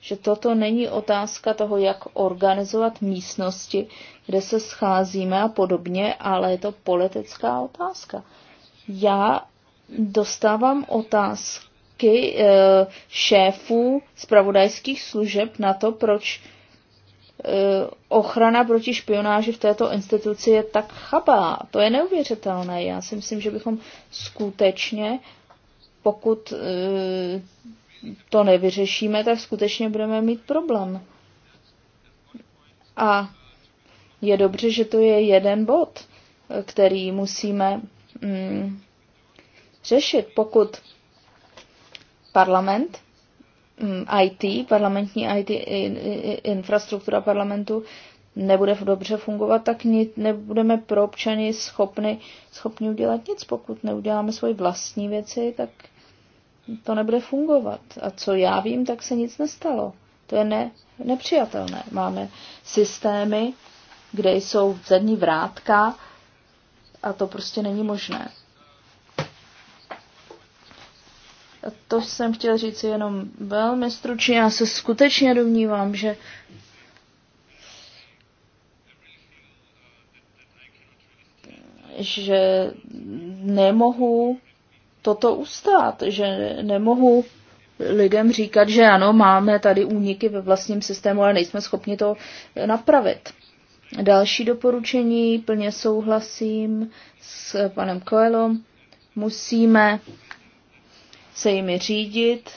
že toto není otázka toho, jak organizovat místnosti, kde se scházíme a podobně, ale je to politická otázka. Já dostávám otázky eh, šéfů zpravodajských služeb na to, proč eh, ochrana proti špionáži v této instituci je tak chabá. To je neuvěřitelné. Já si myslím, že bychom skutečně pokud e, to nevyřešíme, tak skutečně budeme mít problém. A je dobře, že to je jeden bod, který musíme mm, řešit. Pokud parlament, mm, IT, parlamentní IT infrastruktura parlamentu nebude dobře fungovat, tak nebudeme pro občany schopni, schopni udělat nic. Pokud neuděláme svoji vlastní věci, tak to nebude fungovat. A co já vím, tak se nic nestalo. To je ne, nepřijatelné. Máme systémy, kde jsou zadní vrátka a to prostě není možné. A to jsem chtěl říct jenom velmi stručně. Já se skutečně domnívám, že že nemohu toto ustát, že nemohu lidem říkat, že ano, máme tady úniky ve vlastním systému, ale nejsme schopni to napravit. Další doporučení, plně souhlasím s panem Coelho, musíme se jimi řídit,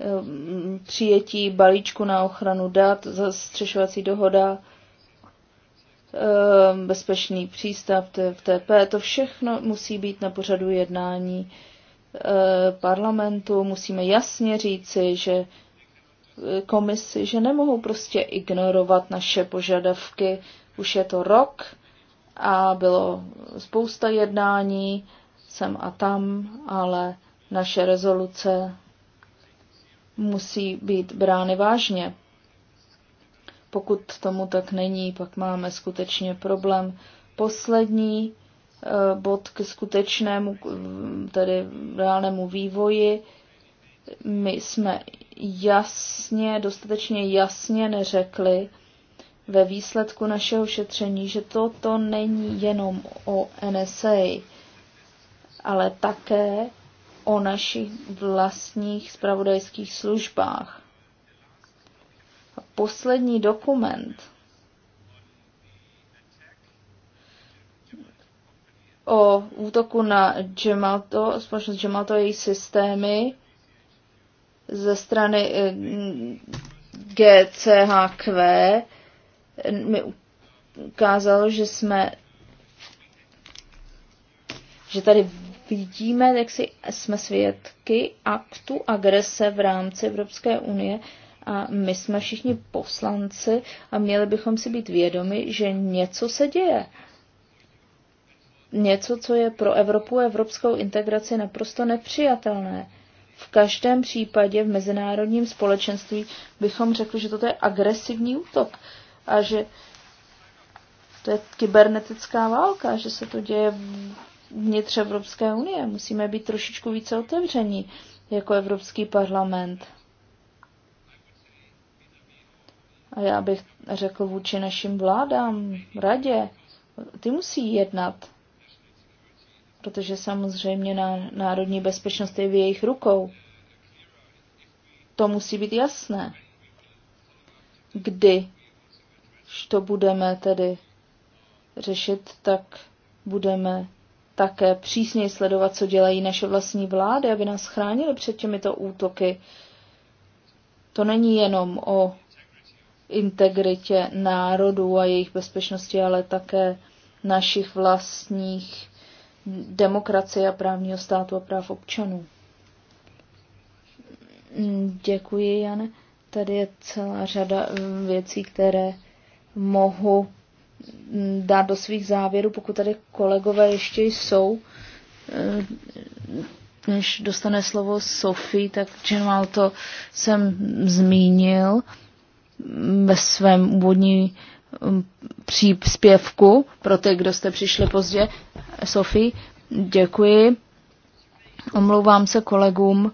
ehm, přijetí balíčku na ochranu dat, zastřešovací dohoda, ehm, bezpečný přístav, TFTP, to všechno musí být na pořadu jednání Eh, parlamentu musíme jasně říci, že eh, komisi, že nemohou prostě ignorovat naše požadavky. Už je to rok a bylo spousta jednání sem a tam, ale naše rezoluce musí být brány vážně. Pokud tomu tak není, pak máme skutečně problém. Poslední Eh, bod k skutečnému, tedy reálnému vývoji. My jsme jasně, dostatečně jasně neřekli ve výsledku našeho šetření, že toto není jenom o NSA, ale také o našich vlastních spravodajských službách. A poslední dokument, o útoku na Gemalto, společnost Gemalto a její systémy ze strany eh, GCHQ mi ukázalo, že jsme že tady vidíme, jak si jsme svědky aktu agrese v rámci Evropské unie a my jsme všichni poslanci a měli bychom si být vědomi, že něco se děje něco, co je pro Evropu a evropskou integraci naprosto nepřijatelné. V každém případě v mezinárodním společenství bychom řekli, že toto je agresivní útok a že to je kybernetická válka, že se to děje vnitř Evropské unie. Musíme být trošičku více otevření jako Evropský parlament. A já bych řekl vůči našim vládám, radě, ty musí jednat protože samozřejmě na národní bezpečnost je v jejich rukou. To musí být jasné. Kdy to budeme tedy řešit, tak budeme také přísněji sledovat, co dělají naše vlastní vlády, aby nás chránili před těmito útoky. To není jenom o integritě národů a jejich bezpečnosti, ale také našich vlastních demokracie a právního státu a práv občanů. Mm, děkuji, Jan. Tady je celá řada eh, věcí, které mohu mm, dát do svých závěrů, pokud tady kolegové ještě jsou. Eh, než dostane slovo Sophie, tak Jenval to jsem zmínil mm, ve svém úvodním Um, příspěvku pro ty, kdo jste přišli pozdě. Sofie, děkuji. Omlouvám se kolegům,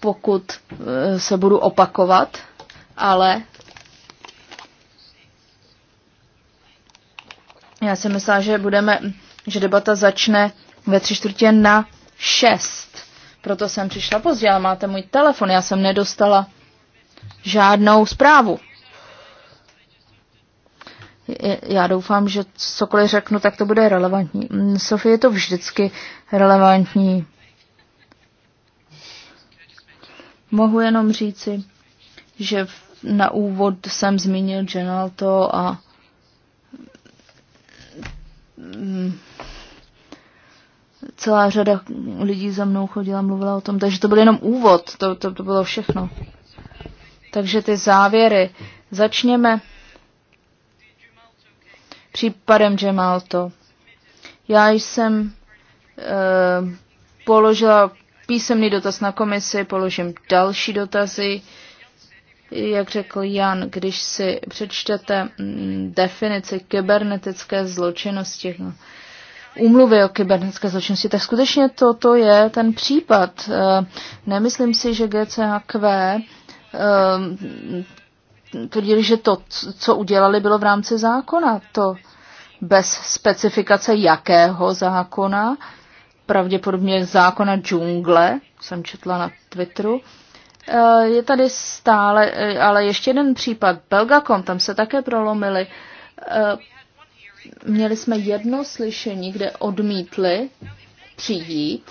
pokud eh, se budu opakovat, ale já si myslím, že budeme, že debata začne ve tři čtvrtě na šest. Proto jsem přišla pozdě, ale máte můj telefon, já jsem nedostala žádnou zprávu já doufám, že cokoliv řeknu, tak to bude relevantní. Mm, Sofie je to vždycky relevantní. Mohu jenom říci, že na úvod jsem zmínil Genalto a mm, celá řada lidí za mnou chodila, mluvila o tom, takže to byl jenom úvod, to, to, to bylo všechno. Takže ty závěry. Začněme případem Gemalto. Já jsem e, položila písemný dotaz na komisi, položím další dotazy. Jak řekl Jan, když si přečtete mm, definici kybernetické zločinnosti, no, umluvy o kybernetické zločinnosti, tak skutečně toto je ten případ. Eh, nemyslím si, že GCHQ eh, tvrdili, že to, co udělali, bylo v rámci zákona. To bez specifikace jakého zákona, pravděpodobně zákona džungle, jsem četla na Twitteru. E, je tady stále, e, ale ještě jeden případ, Belgacom, tam se také prolomili. E, měli jsme jedno slyšení, kde odmítli přijít.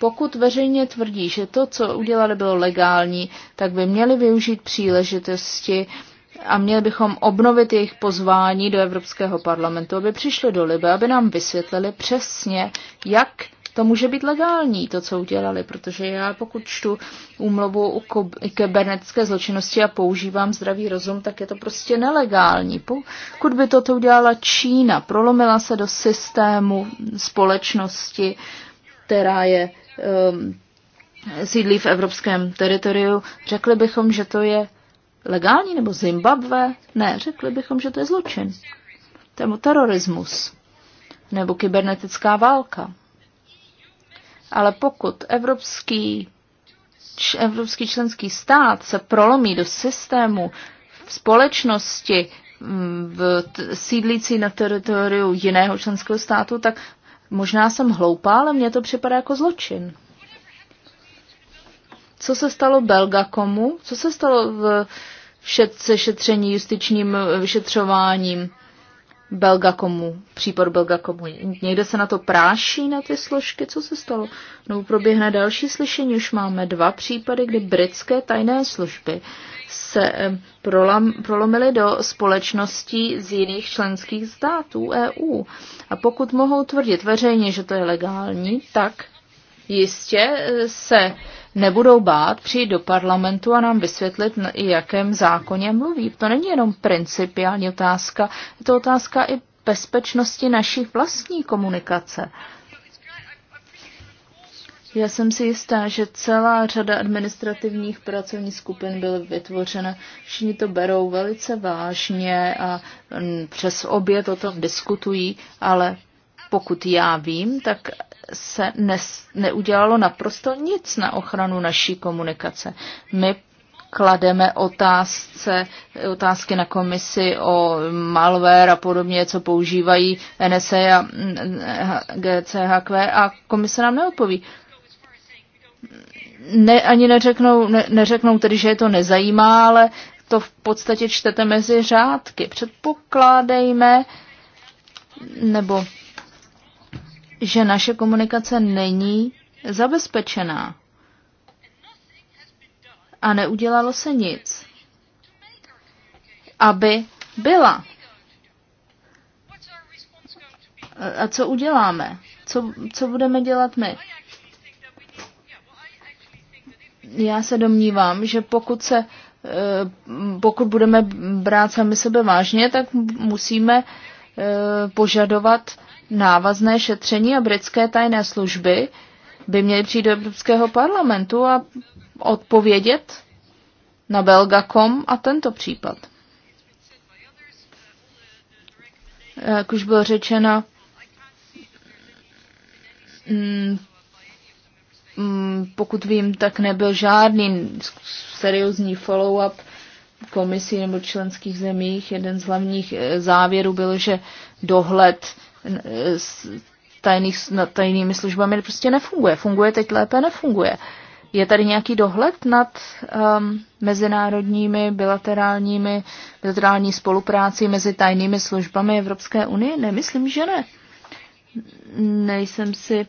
Pokud veřejně tvrdí, že to, co udělali, bylo legální, tak by měli využít příležitosti a měli bychom obnovit jejich pozvání do Evropského parlamentu, aby přišli do Libe, aby nám vysvětlili přesně, jak to může být legální, to, co udělali, protože já pokud čtu úmluvu o kybernetické zločinnosti a používám zdravý rozum, tak je to prostě nelegální. Pokud by toto udělala Čína, prolomila se do systému společnosti, která je um, sídlí v evropském teritoriu, řekli bychom, že to je legální, nebo Zimbabwe? Ne, řekli bychom, že to je zločin. je terorismus. Nebo kybernetická válka. Ale pokud evropský, evropský členský stát se prolomí do systému mm, v společnosti v sídlící na teritoriu jiného členského státu, tak možná jsem hloupá, ale mně to připadá jako zločin co se stalo Belgakomu, co se stalo v se šetření justičním eh, vyšetřováním Belgakomu, případ Belgakomu. Někde se na to práší, na ty složky, co se stalo? No, proběhne další slyšení, už máme dva případy, kdy britské tajné služby se eh, prolam, prolomily do společností z jiných členských států EU. A pokud mohou tvrdit veřejně, že to je legální, tak jistě eh, se nebudou bát přijít do parlamentu a nám vysvětlit, jakém zákoně mluví. To není jenom principiální otázka, je to otázka i bezpečnosti naší vlastní komunikace. Já jsem si jistá, že celá řada administrativních pracovních skupin byly vytvořena. Všichni to berou velice vážně a mm, přes obě o tom diskutují, ale pokud já vím, tak se ne, neudělalo naprosto nic na ochranu naší komunikace. My klademe otázce, otázky na komisi o malware a podobně, co používají NSA a mm, GCHQ a komise nám neodpoví. Ne, ani neřeknou, ne, neřeknou tedy, že je to nezajímá, ale to v podstatě čtete mezi řádky. Předpokládejme, nebo že naše komunikace není zabezpečená a neudělalo se nic, aby byla. A co uděláme? Co, co budeme dělat my? Já se domnívám, že pokud se eh, pokud budeme brát sami sebe vážně, tak musíme eh, požadovat návazné šetření a britské tajné služby by měly přijít do Evropského parlamentu a odpovědět na Belgacom a tento případ. Jak už bylo řečeno, mm, mm, pokud vím, tak nebyl žádný seriózní follow-up komisí nebo členských zemích. Jeden z hlavních eh, závěrů byl, že dohled tajných, nad tajnými službami prostě nefunguje. Funguje teď lépe, nefunguje. Je tady nějaký dohled nad um, mezinárodními bilaterálními, bilaterální spolupráci mezi tajnými službami Evropské unie? Nemyslím, že ne. Nejsem si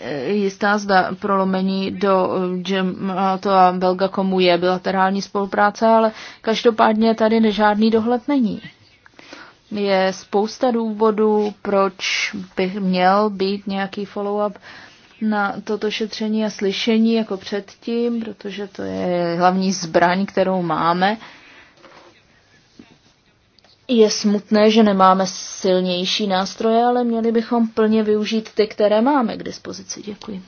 eh, jistá zda prolomení do eh, to a Belga komu je bilaterální spolupráce, ale každopádně tady žádný dohled není je spousta důvodů, proč by měl být nějaký follow-up na toto šetření a slyšení jako předtím, protože to je hlavní zbraň, kterou máme. Je smutné, že nemáme silnější nástroje, ale měli bychom plně využít ty, které máme k dispozici. Děkuji.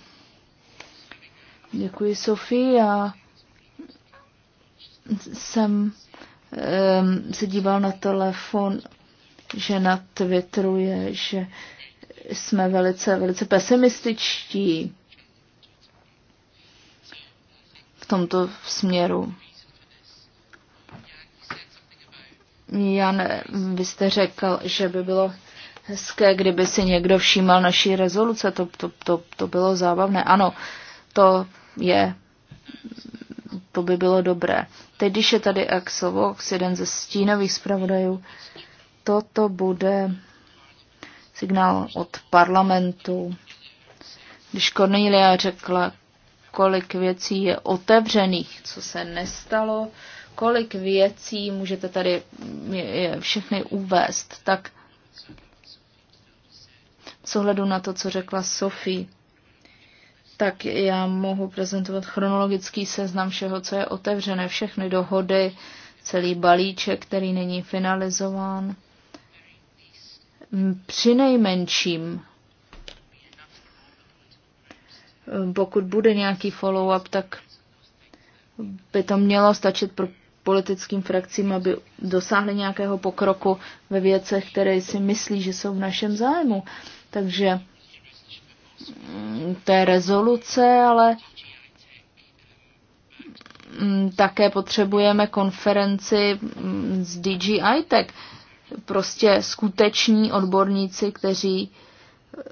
Děkuji, Sofie. Já jsem um, se díval na telefon že na Twitteru je, že jsme velice, velice pesimističtí v tomto směru. Jan, vy jste řekl, že by bylo hezké, kdyby si někdo všímal naší rezoluce. To, to, to, to bylo zábavné. Ano, to je, to by bylo dobré. Teď, když je tady Axel Vox, jeden ze stínových zpravodajů, toto bude signál od parlamentu. Když Cornelia řekla, kolik věcí je otevřených, co se nestalo, kolik věcí můžete tady všechny uvést, tak s ohledu na to, co řekla Sophie, tak já mohu prezentovat chronologický seznam všeho, co je otevřené, všechny dohody, celý balíček, který není finalizován při nejmenším, pokud bude nějaký follow-up, tak by to mělo stačit pro politickým frakcím, aby dosáhli nějakého pokroku ve věcech, které si myslí, že jsou v našem zájmu. Takže mm, té rezoluce, ale mm, také potřebujeme konferenci z mm, DG ITEC prostě skuteční odborníci, kteří eh,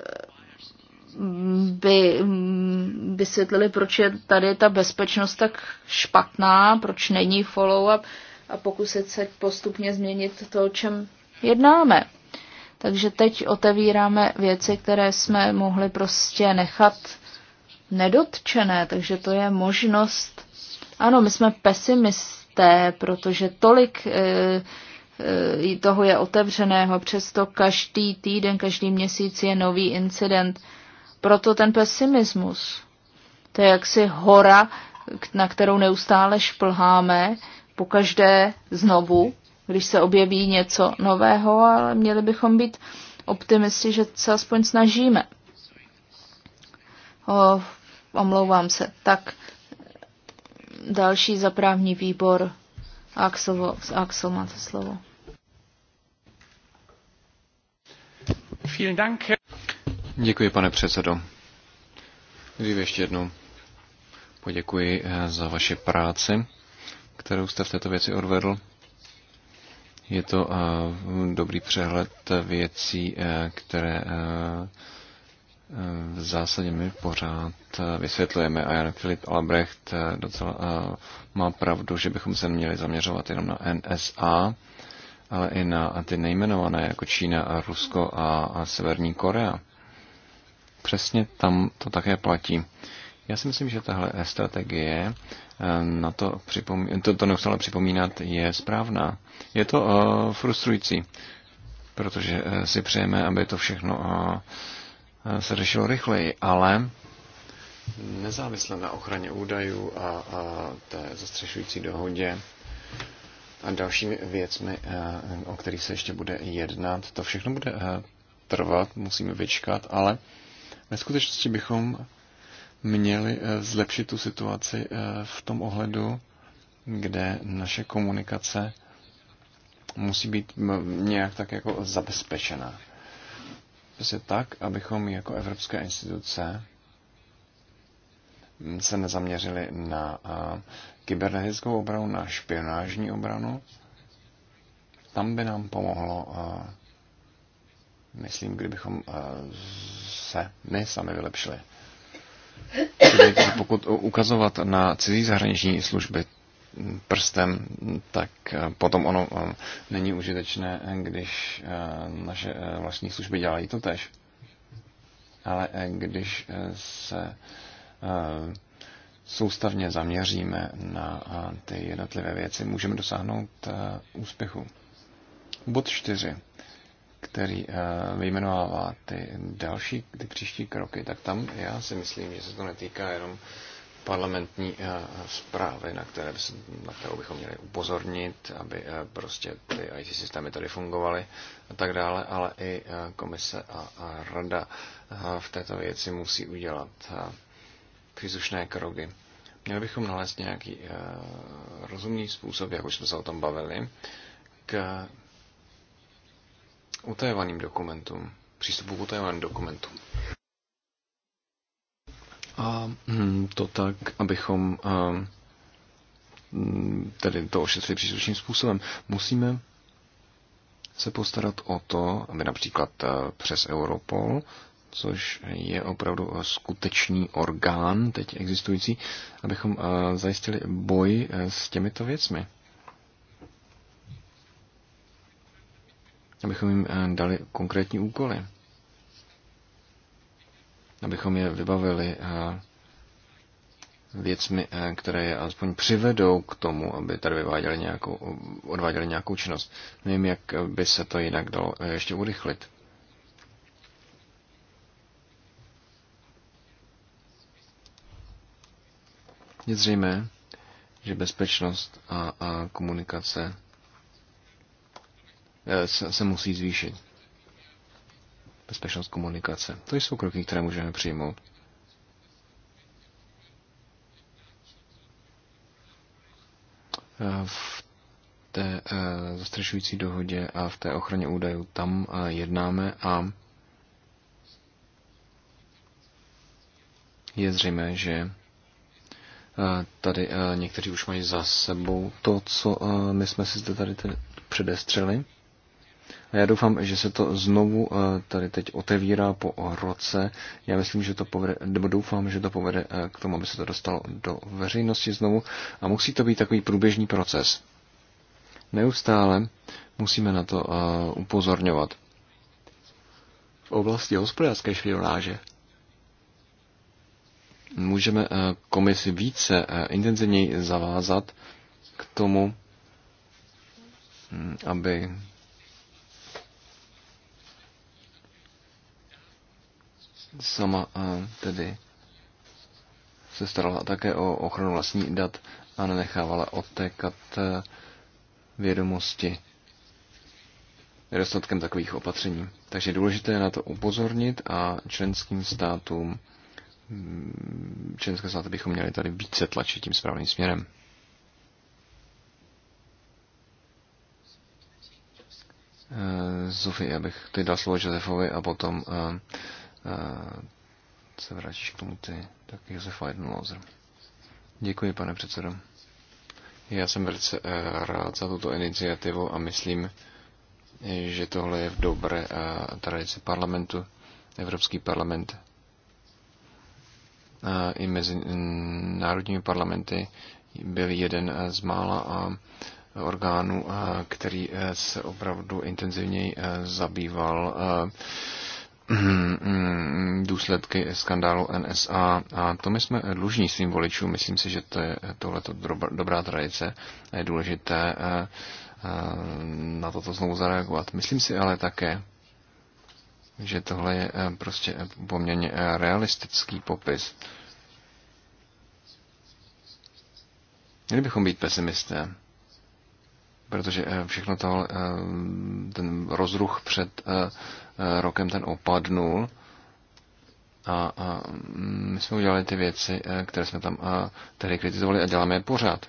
by mm, vysvětlili, proč je tady ta bezpečnost tak špatná, proč není follow-up a pokusit se postupně změnit to, o čem jednáme. Takže teď otevíráme věci, které jsme mohli prostě nechat nedotčené, takže to je možnost. Ano, my jsme pesimisté, protože tolik e, E, toho je otevřeného, přesto každý týden, každý měsíc je nový incident. Proto ten pesimismus. To je jaksi hora, na kterou neustále šplháme, po každé znovu, když se objeví něco nového, ale měli bychom být optimisti, že se aspoň snažíme. O, omlouvám se. Tak, další zaprávní výbor Axel, Axel máte slovo. Děkuji, pane předsedo. Dřív ještě jednou poděkuji eh, za vaši práci, kterou jste v této věci odvedl. Je to eh, dobrý přehled věcí, eh, které v zásadě my pořád eh, vysvětlujeme a Jan Filip Albrecht eh, docela eh, má pravdu, že bychom se měli zaměřovat jenom na NSA, ale i na ty nejmenované jako Čína a Rusko a, a Severní Korea. Přesně tam to také platí. Já si myslím, že tahle strategie na to, připomí, to, to neustále připomínat je správná. Je to uh, frustrující, protože si přejeme, aby to všechno uh, se řešilo rychleji, ale nezávisle na ochraně údajů a, a té zastřešující dohodě a dalšími věcmi, eh, o kterých se ještě bude jednat, to všechno bude eh, trvat, musíme vyčkat, ale ve skutečnosti bychom měli eh, zlepšit tu situaci v tom ohledu, kde naše komunikace musí být nějak tak jako zabezpečená prostě tak, abychom jako evropské instituce se nezaměřili na kybernetickou obranu, na špionážní obranu. Tam by nám pomohlo, myslím, kdybychom se my sami vylepšili. pokud ukazovat na cizí zahraniční služby, prstem, tak eh, potom ono eh, není užitečné, eh, když naše vlastní služby dělají to tež. Ale když se soustavně zaměříme na ty jednotlivé věci, můžeme dosáhnout úspěchu. Bod čtyři, který vyjmenovává ty další, ty příští kroky, tak tam já si myslím, že se to netýká jenom parlamentní eh, zprávy, na, které, na kterou bychom měli upozornit, aby eh, prostě ty IT systémy tady fungovaly a tak dále, ale i eh, komise a rada v této věci musí udělat příslušné kroky. Měli bychom nalézt nějaký rozumný způsob, jak už jsme se o tom bavili, k utajovaným dokumentům, přístupu k utajovaným dokumentům. A hm, to tak, abychom hm, tedy to ošetřili příslušným způsobem. Musíme se postarat o to, aby například přes Europol, což je opravdu skutečný orgán teď existující, abychom zajistili boj s těmito věcmi. Abychom jim dali konkrétní úkoly abychom je vybavili eh, věcmi, eh, které je alespoň přivedou k tomu, aby tady vyváděli nějakou, odváděli nějakou činnost. Nevím, jak by se to jinak dalo eh, ještě urychlit. Je zřejmé, že bezpečnost a, a komunikace se, se musí zvýšit bezpečnost komunikace. To jsou kroky, které můžeme přijmout. V té e, zastřešující dohodě a v té ochraně údajů tam e, jednáme a je zřejmé, že e, tady někteří už mají za sebou to, co my jsme si zde tady předestřeli. A já doufám, že se to znovu eh, tady teď otevírá po roce. Já myslím, že to povede, nebo doufám, že to povede eh, k tomu, aby se to dostalo do veřejnosti znovu. A musí to být takový průběžný proces. Neustále musíme na to eh, upozorňovat. V oblasti hospodářské špionáže můžeme komisi více intenzivněji zavázat k tomu, mm, aby sama eh, tedy se starala také o ochranu vlastní dat a nenechávala odtékat eh, vědomosti nedostatkem takových opatření. Takže je důležité na to upozornit a členským státům, mm, členské státy bychom měli tady více tlačit tím správným směrem. Eh, Zofie, já bych teď dal slovo Josefovi a potom Eh, se vrátíš k tomu ty, tak Josef Weidenloser. Děkuji, pane předsedo. Já jsem velice eh, rád za tuto iniciativu a myslím, že tohle je v dobré eh, tradici parlamentu, Evropský parlament a i mezi národními parlamenty byl jeden z mála orgánů, který se opravdu intenzivněji zabýval Mm-hmm. důsledky skandálu NSA a to my jsme dlužní svým voličům. Myslím si, že to je tohleto dobrá tradice a je důležité eh, eh, na toto znovu zareagovat. Myslím si ale také, že tohle je eh, prostě poměrně realistický popis. Měli bychom být pesimisté, protože všechno tohle, ten rozruch před Eh, rokem ten opadnul. A, a my jsme udělali ty věci, eh, které jsme tam a, eh, tehdy kritizovali a děláme je pořád.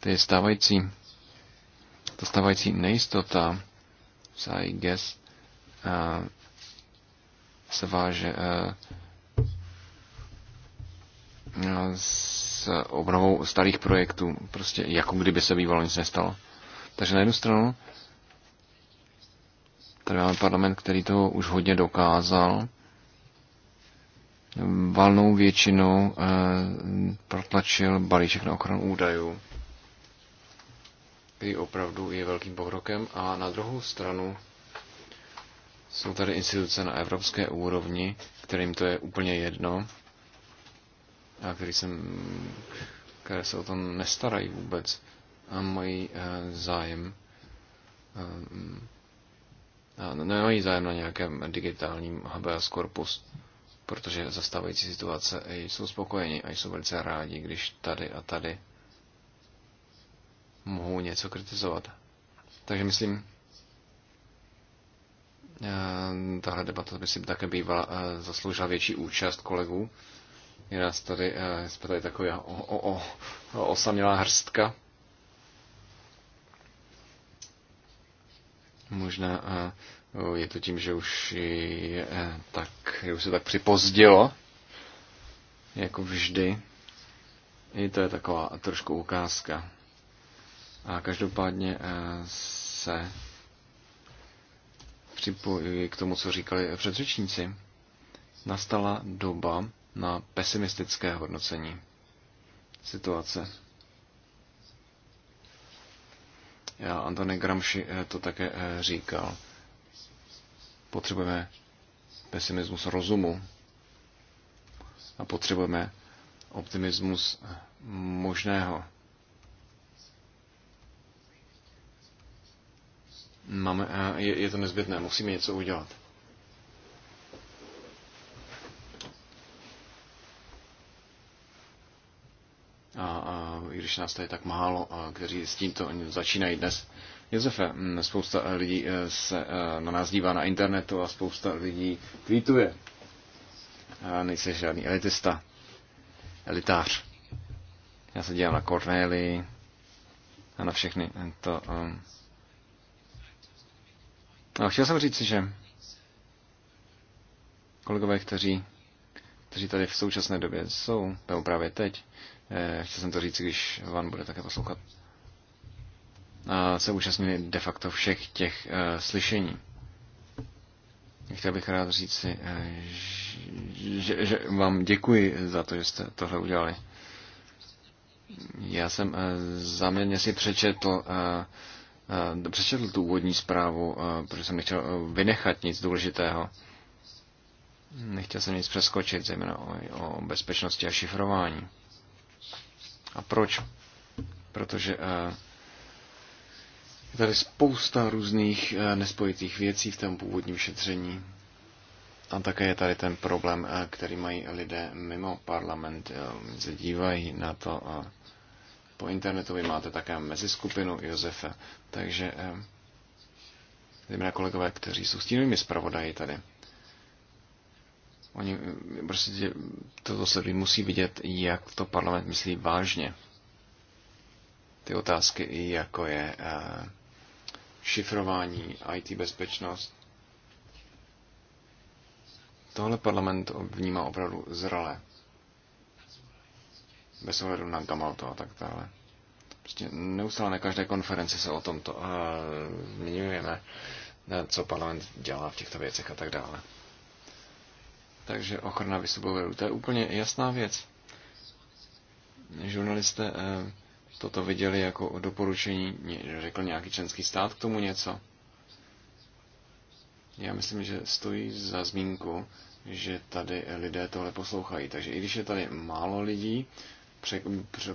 Ty stávající, ta stávající nejistota, I guess, a, se váže a, s obnovou starých projektů, prostě jako kdyby se bývalo nic nestalo. Takže na jednu stranu Tady máme parlament, který to už hodně dokázal. Valnou většinou e, protlačil balíček na ochranu údajů, který opravdu je velkým pohrokem. A na druhou stranu jsou tady instituce na evropské úrovni, kterým to je úplně jedno a který jsem, které se o to nestarají vůbec a mají e, zájem e, nemají zájem na nějakém digitálním habeas corpus, protože zastávající situace jsou spokojeni a jsou velice rádi, když tady a tady mohou něco kritizovat. Takže myslím, eh, tahle debata by si také bývala eh, zasloužila větší účast kolegů. Je nás tady, eh, jsme tady taková o, o, o, osamělá hrstka. Možná je to tím, že už, je, tak, že už se tak připozdilo, jako vždy. I to je taková trošku ukázka. A každopádně e, se připojuji k tomu, co říkali předřečníci. Nastala doba na pesimistické hodnocení situace. Já Antony Gramsci eh, to také eh, říkal. Potřebujeme pesimismus rozumu a potřebujeme optimismus eh, možného. Máme, je, je to nezbytné, musíme něco udělat. A, a Eh, i když nás tady tak málo, eh, kteří s tímto začínají dnes. Josefe, hm, spousta lidí eh, se na nás dívá na internetu a spousta lidí tweetuje. A nejsi žádný elitista, elitář. Já se dívám na Cornely a na všechny to. Um... A chtěl jsem říct, že kolegové, kteří, kteří tady v současné době jsou, nebo právě teď, Eh, chtěl jsem to říct, když Van bude také poslouchat, se účastnili de facto všech těch eh, slyšení. Chtěl bych rád říct si, eh, že, že vám děkuji za to, že jste tohle udělali. Já jsem záměrně si přečetl, přečetl tu úvodní zprávu, protože jsem nechtěl vynechat nic důležitého. Nechtěl jsem nic přeskočit, zejména o, o bezpečnosti a šifrování. A proč? Protože eh, je tady spousta různých eh, nespojitých věcí v tom původním šetření. A také je tady ten problém, eh, který mají lidé mimo parlament. Se dívají na to a po internetu vy máte také meziskupinu Josefe. Takže zejména kolegové, kteří jsou stínovými zpravodaji tady. Oni eh, prostě toto se musí vidět, jak to parlament myslí vážně. Ty otázky, i jako je eh, šifrování, IT bezpečnost. Tohle parlament vnímá opravdu zralé. Bez ohledu na Gamalto a tak dále. Prostě neustále na každé konferenci se o tomto eh, zmiňujeme, co parlament dělá v těchto věcech a tak dále. Takže ochrana vystupovatelů, to je úplně jasná věc. Žurnalisté eh, toto viděli jako doporučení, řekl nějaký členský stát k tomu něco. Já myslím, že stojí za zmínku, že tady lidé tohle poslouchají. Takže i když je tady málo lidí,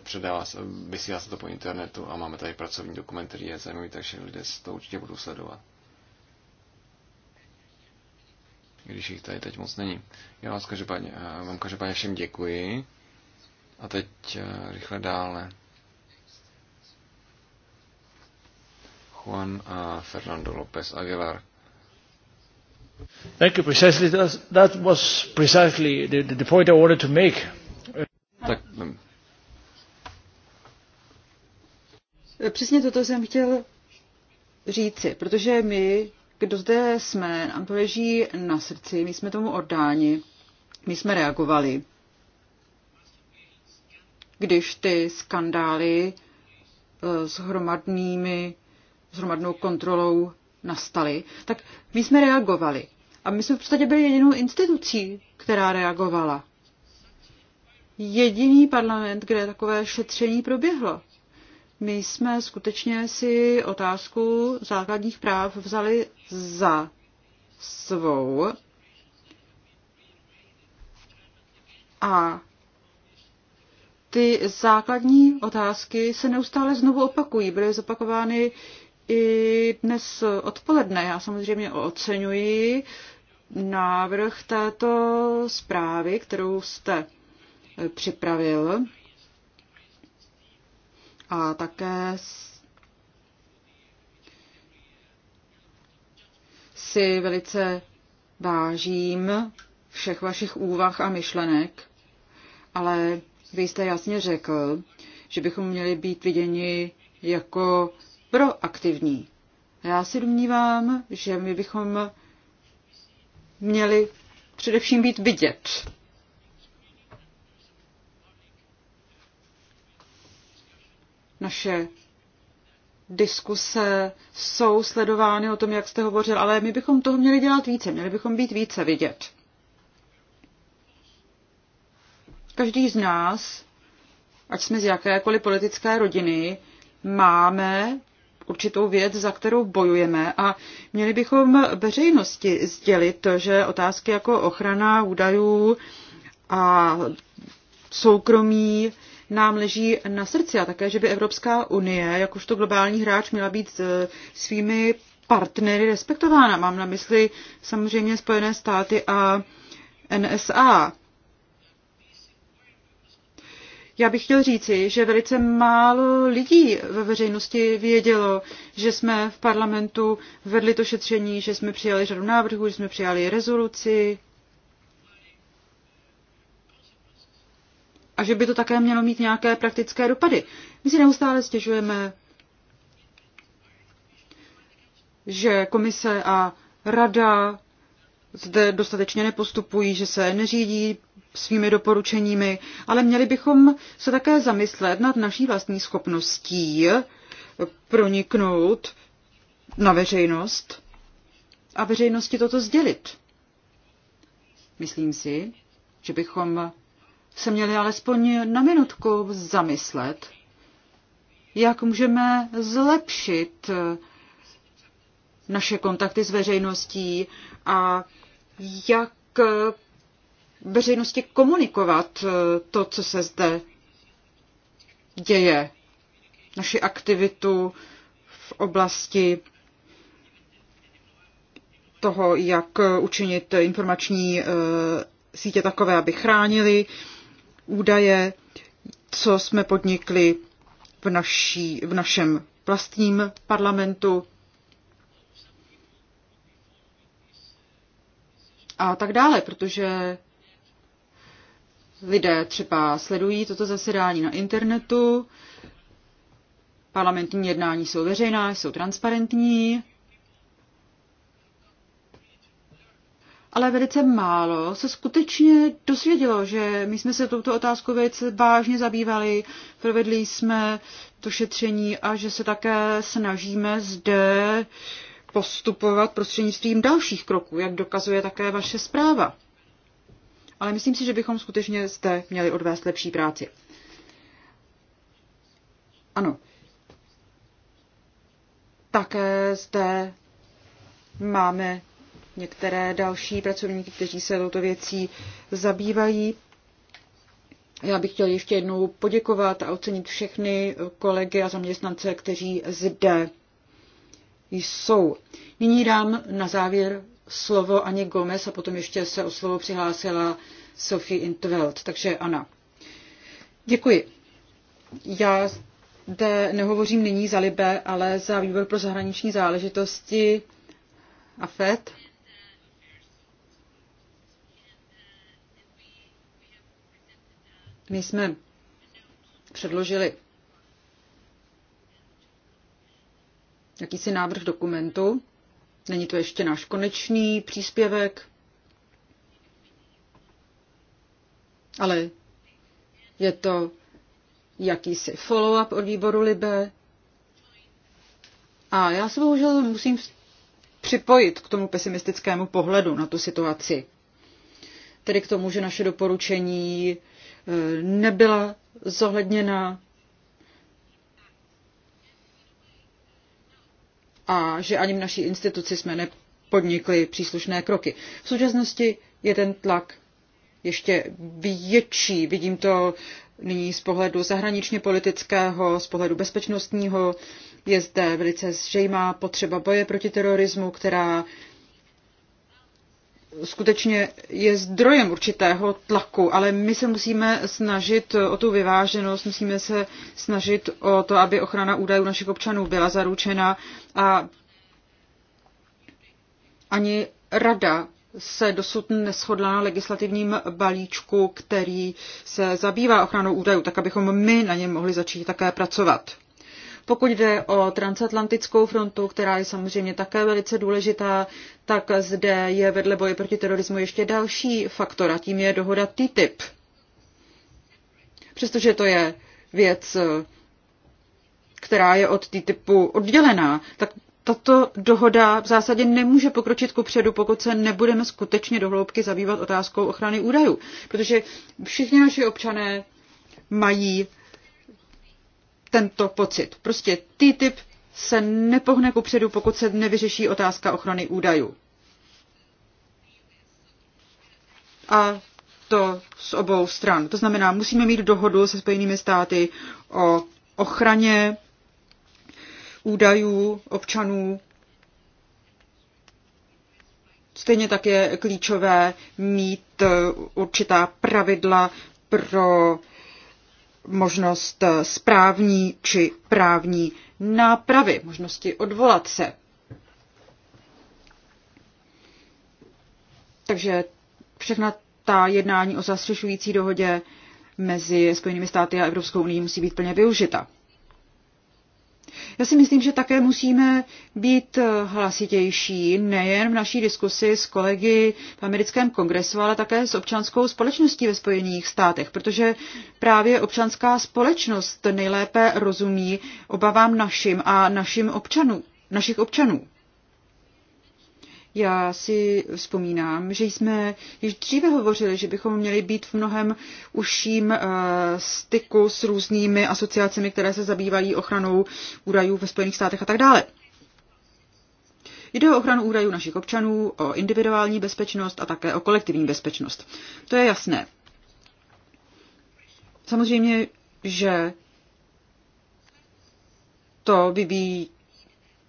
předává se, vysílá se to po internetu a máme tady pracovní dokument, který je zajímavý, takže lidé to určitě budou sledovat. když jich tady teď moc není. Já vás každopádně, eh, vám každopádně všem děkuji. A teď eh, rychle dále. Juan a eh, Fernando López Aguilar. Thank you. Precisely, that was precisely the, the point I wanted to make. Tak, Přesně toto jsem chtěl říci, protože my kdo zde jsme, nám to leží na srdci, my jsme tomu oddáni, my jsme reagovali. Když ty skandály eh, s hromadnými, s hromadnou kontrolou nastaly, tak my jsme reagovali. A my jsme v podstatě byli jedinou institucí, která reagovala. Jediný parlament, kde takové šetření proběhlo. My jsme skutečně si otázku základních práv vzali za svou a ty základní otázky se neustále znovu opakují. Byly zopakovány i dnes odpoledne. Já samozřejmě oceňuji návrh této zprávy, kterou jste připravil a také si velice vážím všech vašich úvah a myšlenek, ale vy jste jasně řekl, že bychom měli být viděni jako proaktivní. Já si domnívám, že my bychom měli především být vidět. naše diskuse jsou sledovány o tom, jak jste hovořil, ale my bychom toho měli dělat více, měli bychom být více vidět. Každý z nás, ať jsme z jakékoliv politické rodiny, máme určitou věc, za kterou bojujeme a měli bychom veřejnosti sdělit, že otázky jako ochrana údajů a soukromí nám leží na srdci a také, že by Evropská unie, jakožto globální hráč, měla být eh, svými partnery respektována. Mám na mysli samozřejmě Spojené státy a NSA. Já bych chtěl říci, že velice málo lidí ve veřejnosti vědělo, že jsme v parlamentu vedli to šetření, že jsme přijali řadu návrhů, že jsme přijali rezoluci, a že by to také mělo mít nějaké praktické dopady. My si neustále stěžujeme, že komise a rada zde dostatečně nepostupují, že se neřídí svými doporučeními, ale měli bychom se také zamyslet nad naší vlastní schopností proniknout na veřejnost a veřejnosti toto sdělit. Myslím si, že bychom se měli alespoň na minutku zamyslet, jak můžeme zlepšit eh, naše kontakty s veřejností a jak eh, veřejnosti komunikovat eh, to, co se zde děje, naši aktivitu v oblasti toho, jak učinit informační sítě takové, aby chránili údaje, co jsme podnikli v, naší, v našem vlastním parlamentu a tak dále, protože lidé třeba sledují toto zasedání na internetu, parlamentní jednání jsou veřejná, jsou transparentní ale velice málo se skutečně dosvědělo, že my jsme se touto otázkou velice vážně zabývali, provedli jsme to šetření a že se také snažíme zde postupovat prostřednictvím dalších kroků, jak dokazuje také vaše zpráva. Ale myslím si, že bychom skutečně zde měli odvést lepší práci. Ano. Také zde máme některé další pracovníky, kteří se touto věcí zabývají. Já bych chtěl ještě jednou poděkovat a ocenit všechny kolegy a zaměstnance, kteří zde jsou. Nyní dám na závěr slovo Ani Gomez a potom ještě se o slovo přihlásila Sophie Intveld. Takže Ana. Děkuji. Já zde nehovořím nyní za Libe, ale za výbor pro zahraniční záležitosti a FED. My jsme předložili jakýsi návrh dokumentu. Není to ještě náš konečný příspěvek, ale je to jakýsi follow-up od výboru Libe. A já se bohužel musím připojit k tomu pesimistickému pohledu na tu situaci. Tedy k tomu, že naše doporučení nebyla zohledněna a že ani v naší instituci jsme nepodnikli příslušné kroky. V současnosti je ten tlak ještě větší. Vidím to nyní z pohledu zahraničně politického, z pohledu bezpečnostního. Je zde velice zřejmá potřeba boje proti terorismu, která skutečně je zdrojem určitého tlaku, ale my se musíme snažit o tu vyváženost, musíme se snažit o to, aby ochrana údajů našich občanů byla zaručena a ani rada se dosud neschodla na legislativním balíčku, který se zabývá ochranou údajů, tak abychom my na něm mohli začít také pracovat. Pokud jde o transatlantickou frontu, která je samozřejmě také velice důležitá, tak zde je vedle boje proti terorismu ještě další faktor a tím je dohoda TTIP. Přestože to je věc, která je od TTIPu oddělená, tak tato dohoda v zásadě nemůže pokročit ku předu, pokud se nebudeme skutečně dohloubky zabývat otázkou ochrany údajů. Protože všichni naši občané mají tento pocit. Prostě TTIP se nepohne kupředu, pokud se nevyřeší otázka ochrany údajů. A to z obou stran. To znamená, musíme mít dohodu se Spojenými státy o ochraně údajů občanů. Stejně tak je klíčové mít eh, určitá pravidla pro možnost eh, správní či právní nápravy, možnosti odvolat se. Takže všechna ta jednání o zastřešující dohodě mezi Spojenými státy a Evropskou unii musí být plně využita. Já si myslím, že také musíme být eh, hlasitější nejen v naší diskusi s kolegy v americkém kongresu, ale také s občanskou společností ve Spojených státech, protože právě občanská společnost nejlépe rozumí obavám našim a našim občanů, našich občanů. Já si vzpomínám, že jsme již dříve hovořili, že bychom měli být v mnohem užším eh, styku s různými asociacemi, které se zabývají ochranou údajů ve Spojených státech a tak dále. Jde o ochranu údajů našich občanů, o individuální bezpečnost a také o kolektivní bezpečnost. To je jasné. Samozřejmě, že to vyvíjí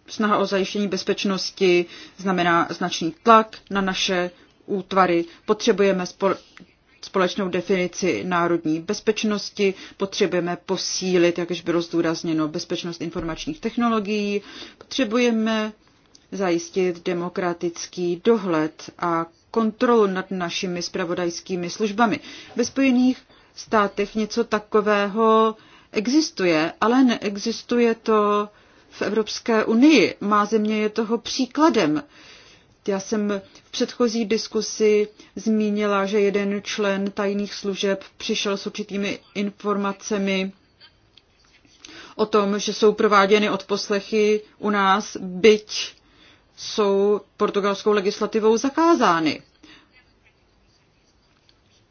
snaha o zajištění bezpečnosti znamená značný tlak na naše útvary. Potřebujeme společnou definici národní bezpečnosti, potřebujeme posílit, jak už bylo zdůrazněno, bezpečnost informačních technologií, potřebujeme zajistit demokratický dohled a kontrolu nad našimi spravodajskými službami. Ve Spojených státech něco takového existuje, ale neexistuje to v Evropské unii. Má země je toho příkladem. Já jsem v předchozí diskusi zmínila, že jeden člen tajných služeb přišel s určitými informacemi o tom, že jsou prováděny odposlechy u nás, byť jsou portugalskou legislativou zakázány.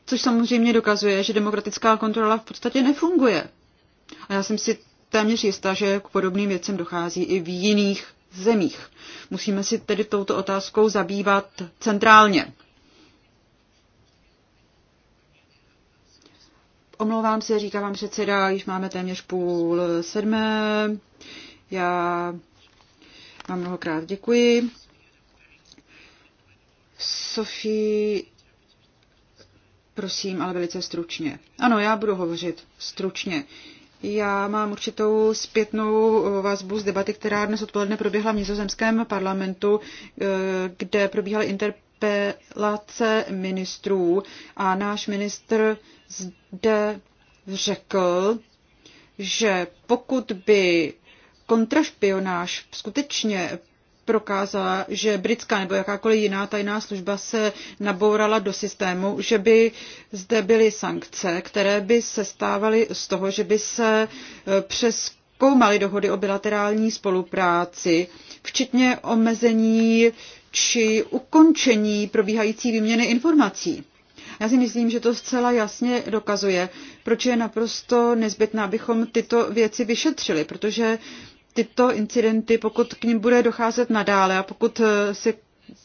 Což samozřejmě dokazuje, že demokratická kontrola v podstatě nefunguje. A já jsem si téměř jistá, že k podobným věcem dochází i v jiných zemích. Musíme si tedy touto otázkou zabývat centrálně. Omlouvám se, říká vám předseda, již máme téměř půl sedmé. Já vám mnohokrát děkuji. Sofie, prosím, ale velice stručně. Ano, já budu hovořit stručně. Já mám určitou zpětnou vazbu z debaty, která dnes odpoledne proběhla v nizozemském parlamentu, eh, kde probíhaly interpelace ministrů a náš ministr zde řekl, že pokud by kontrašpionáž skutečně prokázala, že britská nebo jakákoliv jiná tajná služba se nabourala do systému, že by zde byly sankce, které by se stávaly z toho, že by se e, přeskoumaly dohody o bilaterální spolupráci, včetně omezení či ukončení probíhající výměny informací. Já si myslím, že to zcela jasně dokazuje, proč je naprosto nezbytné, abychom tyto věci vyšetřili, protože tyto incidenty, pokud k ním bude docházet nadále a pokud eh, si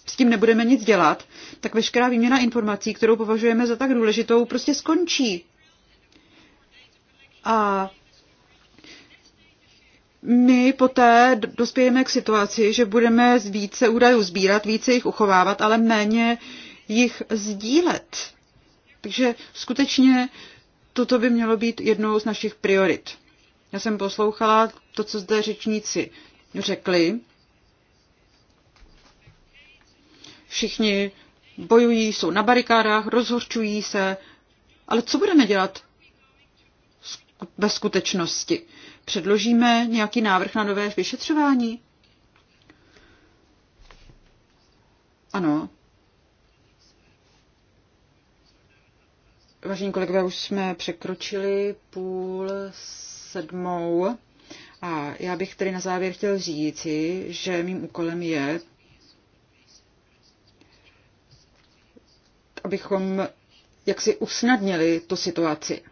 s tím nebudeme nic dělat, tak veškerá výměna informací, kterou považujeme za tak důležitou, prostě skončí. A my poté dospějeme k situaci, že budeme více údajů sbírat, více jich uchovávat, ale méně jich sdílet. Takže skutečně toto by mělo být jednou z našich priorit. Já jsem poslouchala to, co zde řečníci řekli. Všichni bojují, jsou na barikádách, rozhorčují se, ale co budeme dělat ve skutečnosti? Předložíme nějaký návrh na nové vyšetřování? Ano. Vážení kolegové, už jsme překročili půl sedmou. A já bych tedy na závěr chtěl říci, že mým úkolem je, abychom jaksi usnadnili tu situaci.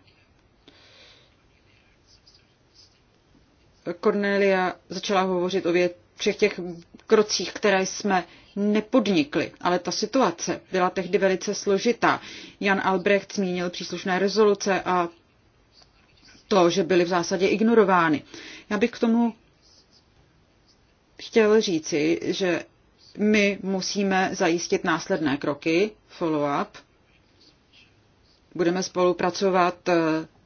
Cornelia začala hovořit o věc, všech těch krocích, které jsme nepodnikli, ale ta situace byla tehdy velice složitá. Jan Albrecht zmínil příslušné rezoluce a to, že byly v zásadě ignorovány. Já bych k tomu chtěl říci, že my musíme zajistit následné kroky, follow-up. Budeme spolupracovat eh,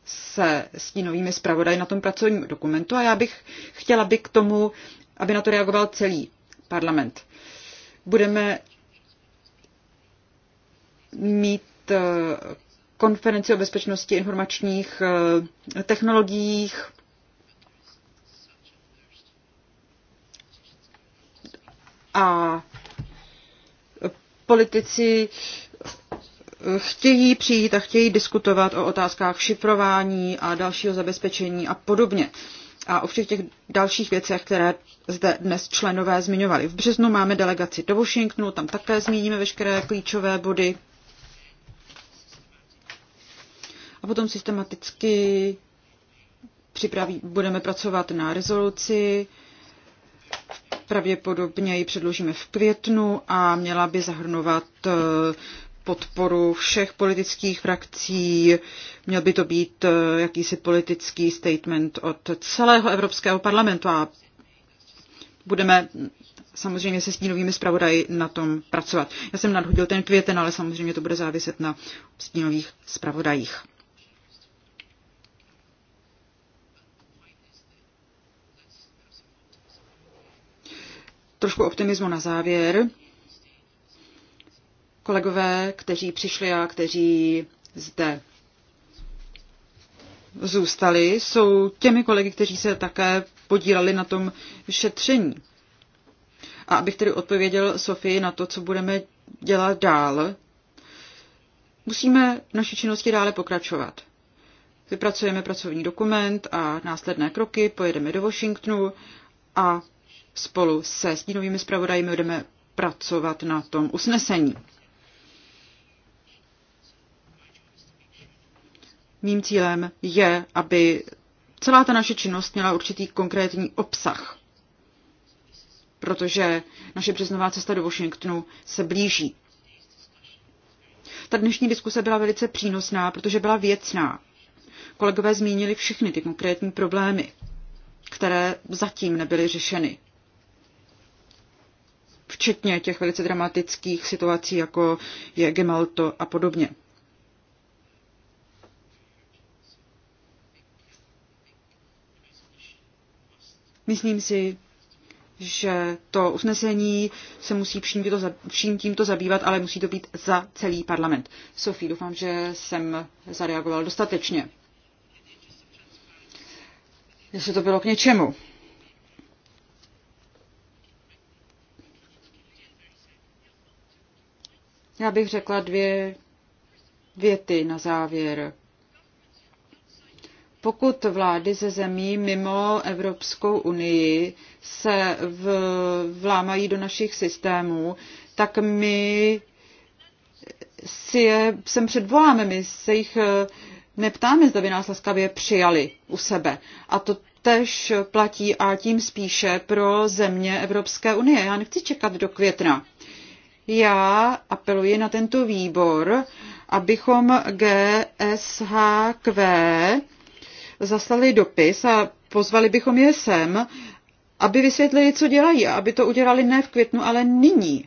se stínovými zpravodaji na tom pracovním dokumentu a já bych chtěla by k tomu, aby na to reagoval celý parlament. Budeme mít eh, konferenci o bezpečnosti informačních eh, technologiích. A politici chtějí přijít a chtějí diskutovat o otázkách šifrování a dalšího zabezpečení a podobně. A o všech těch dalších věcech, které zde dnes členové zmiňovali. V březnu máme delegaci do Washingtonu, tam také zmíníme veškeré klíčové body. A potom systematicky připraví, budeme pracovat na rezoluci, pravděpodobně ji předložíme v květnu a měla by zahrnovat eh, podporu všech politických frakcí. Měl by to být eh, jakýsi politický statement od celého Evropského parlamentu a budeme samozřejmě se stínovými zpravodaji na tom pracovat. Já jsem nadhodil ten květen, ale samozřejmě to bude záviset na stínových zpravodajích. trošku optimismu na závěr. Kolegové, kteří přišli a kteří zde zůstali, jsou těmi kolegy, kteří se také podíleli na tom šetření. A abych tedy odpověděl Sofii na to, co budeme dělat dál, musíme v naší činnosti dále pokračovat. Vypracujeme pracovní dokument a následné kroky, pojedeme do Washingtonu a spolu se stínovými zpravodajmi budeme pracovat na tom usnesení. Mým cílem je, aby celá ta naše činnost měla určitý konkrétní obsah, protože naše březnová cesta do Washingtonu se blíží. Ta dnešní diskuse byla velice přínosná, protože byla věcná. Kolegové zmínili všechny ty konkrétní problémy, které zatím nebyly řešeny včetně těch velice dramatických situací, jako je Gemalto a podobně. Myslím si, že to usnesení se musí vším tímto, vším tímto zabývat, ale musí to být za celý parlament. Sofí, doufám, že jsem zareagoval dostatečně. Jestli to bylo k něčemu. Já bych řekla dvě věty na závěr. Pokud vlády ze zemí mimo Evropskou unii se v, vlámají do našich systémů, tak my si je sem předvoláme, my se jich eh, neptáme, zda by nás laskavě přijali u sebe. A to tež platí a tím spíše pro země Evropské unie. Já nechci čekat do května. Já apeluji na tento výbor, abychom GSHQ zaslali dopis a pozvali bychom je sem, aby vysvětlili, co dělají a aby to udělali ne v květnu, ale nyní.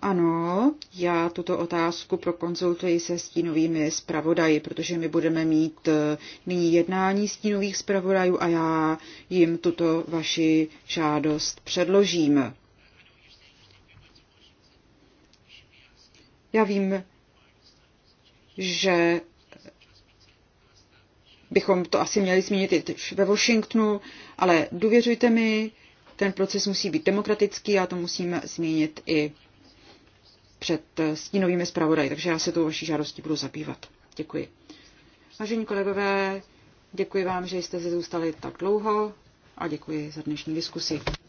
Ano, já tuto otázku prokonzultuji se stínovými zpravodaji, protože my budeme mít eh, nyní jednání stínových zpravodajů a já jim tuto vaši žádost předložím. Já vím, že bychom to asi měli zmínit i ve Washingtonu, ale důvěřujte mi, ten proces musí být demokratický a to musím zmínit i před stínovými zpravodaji, takže já se tou vaší žádostí budu zabývat. Děkuji. Vážení kolegové, děkuji vám, že jste se zůstali tak dlouho a děkuji za dnešní diskusi.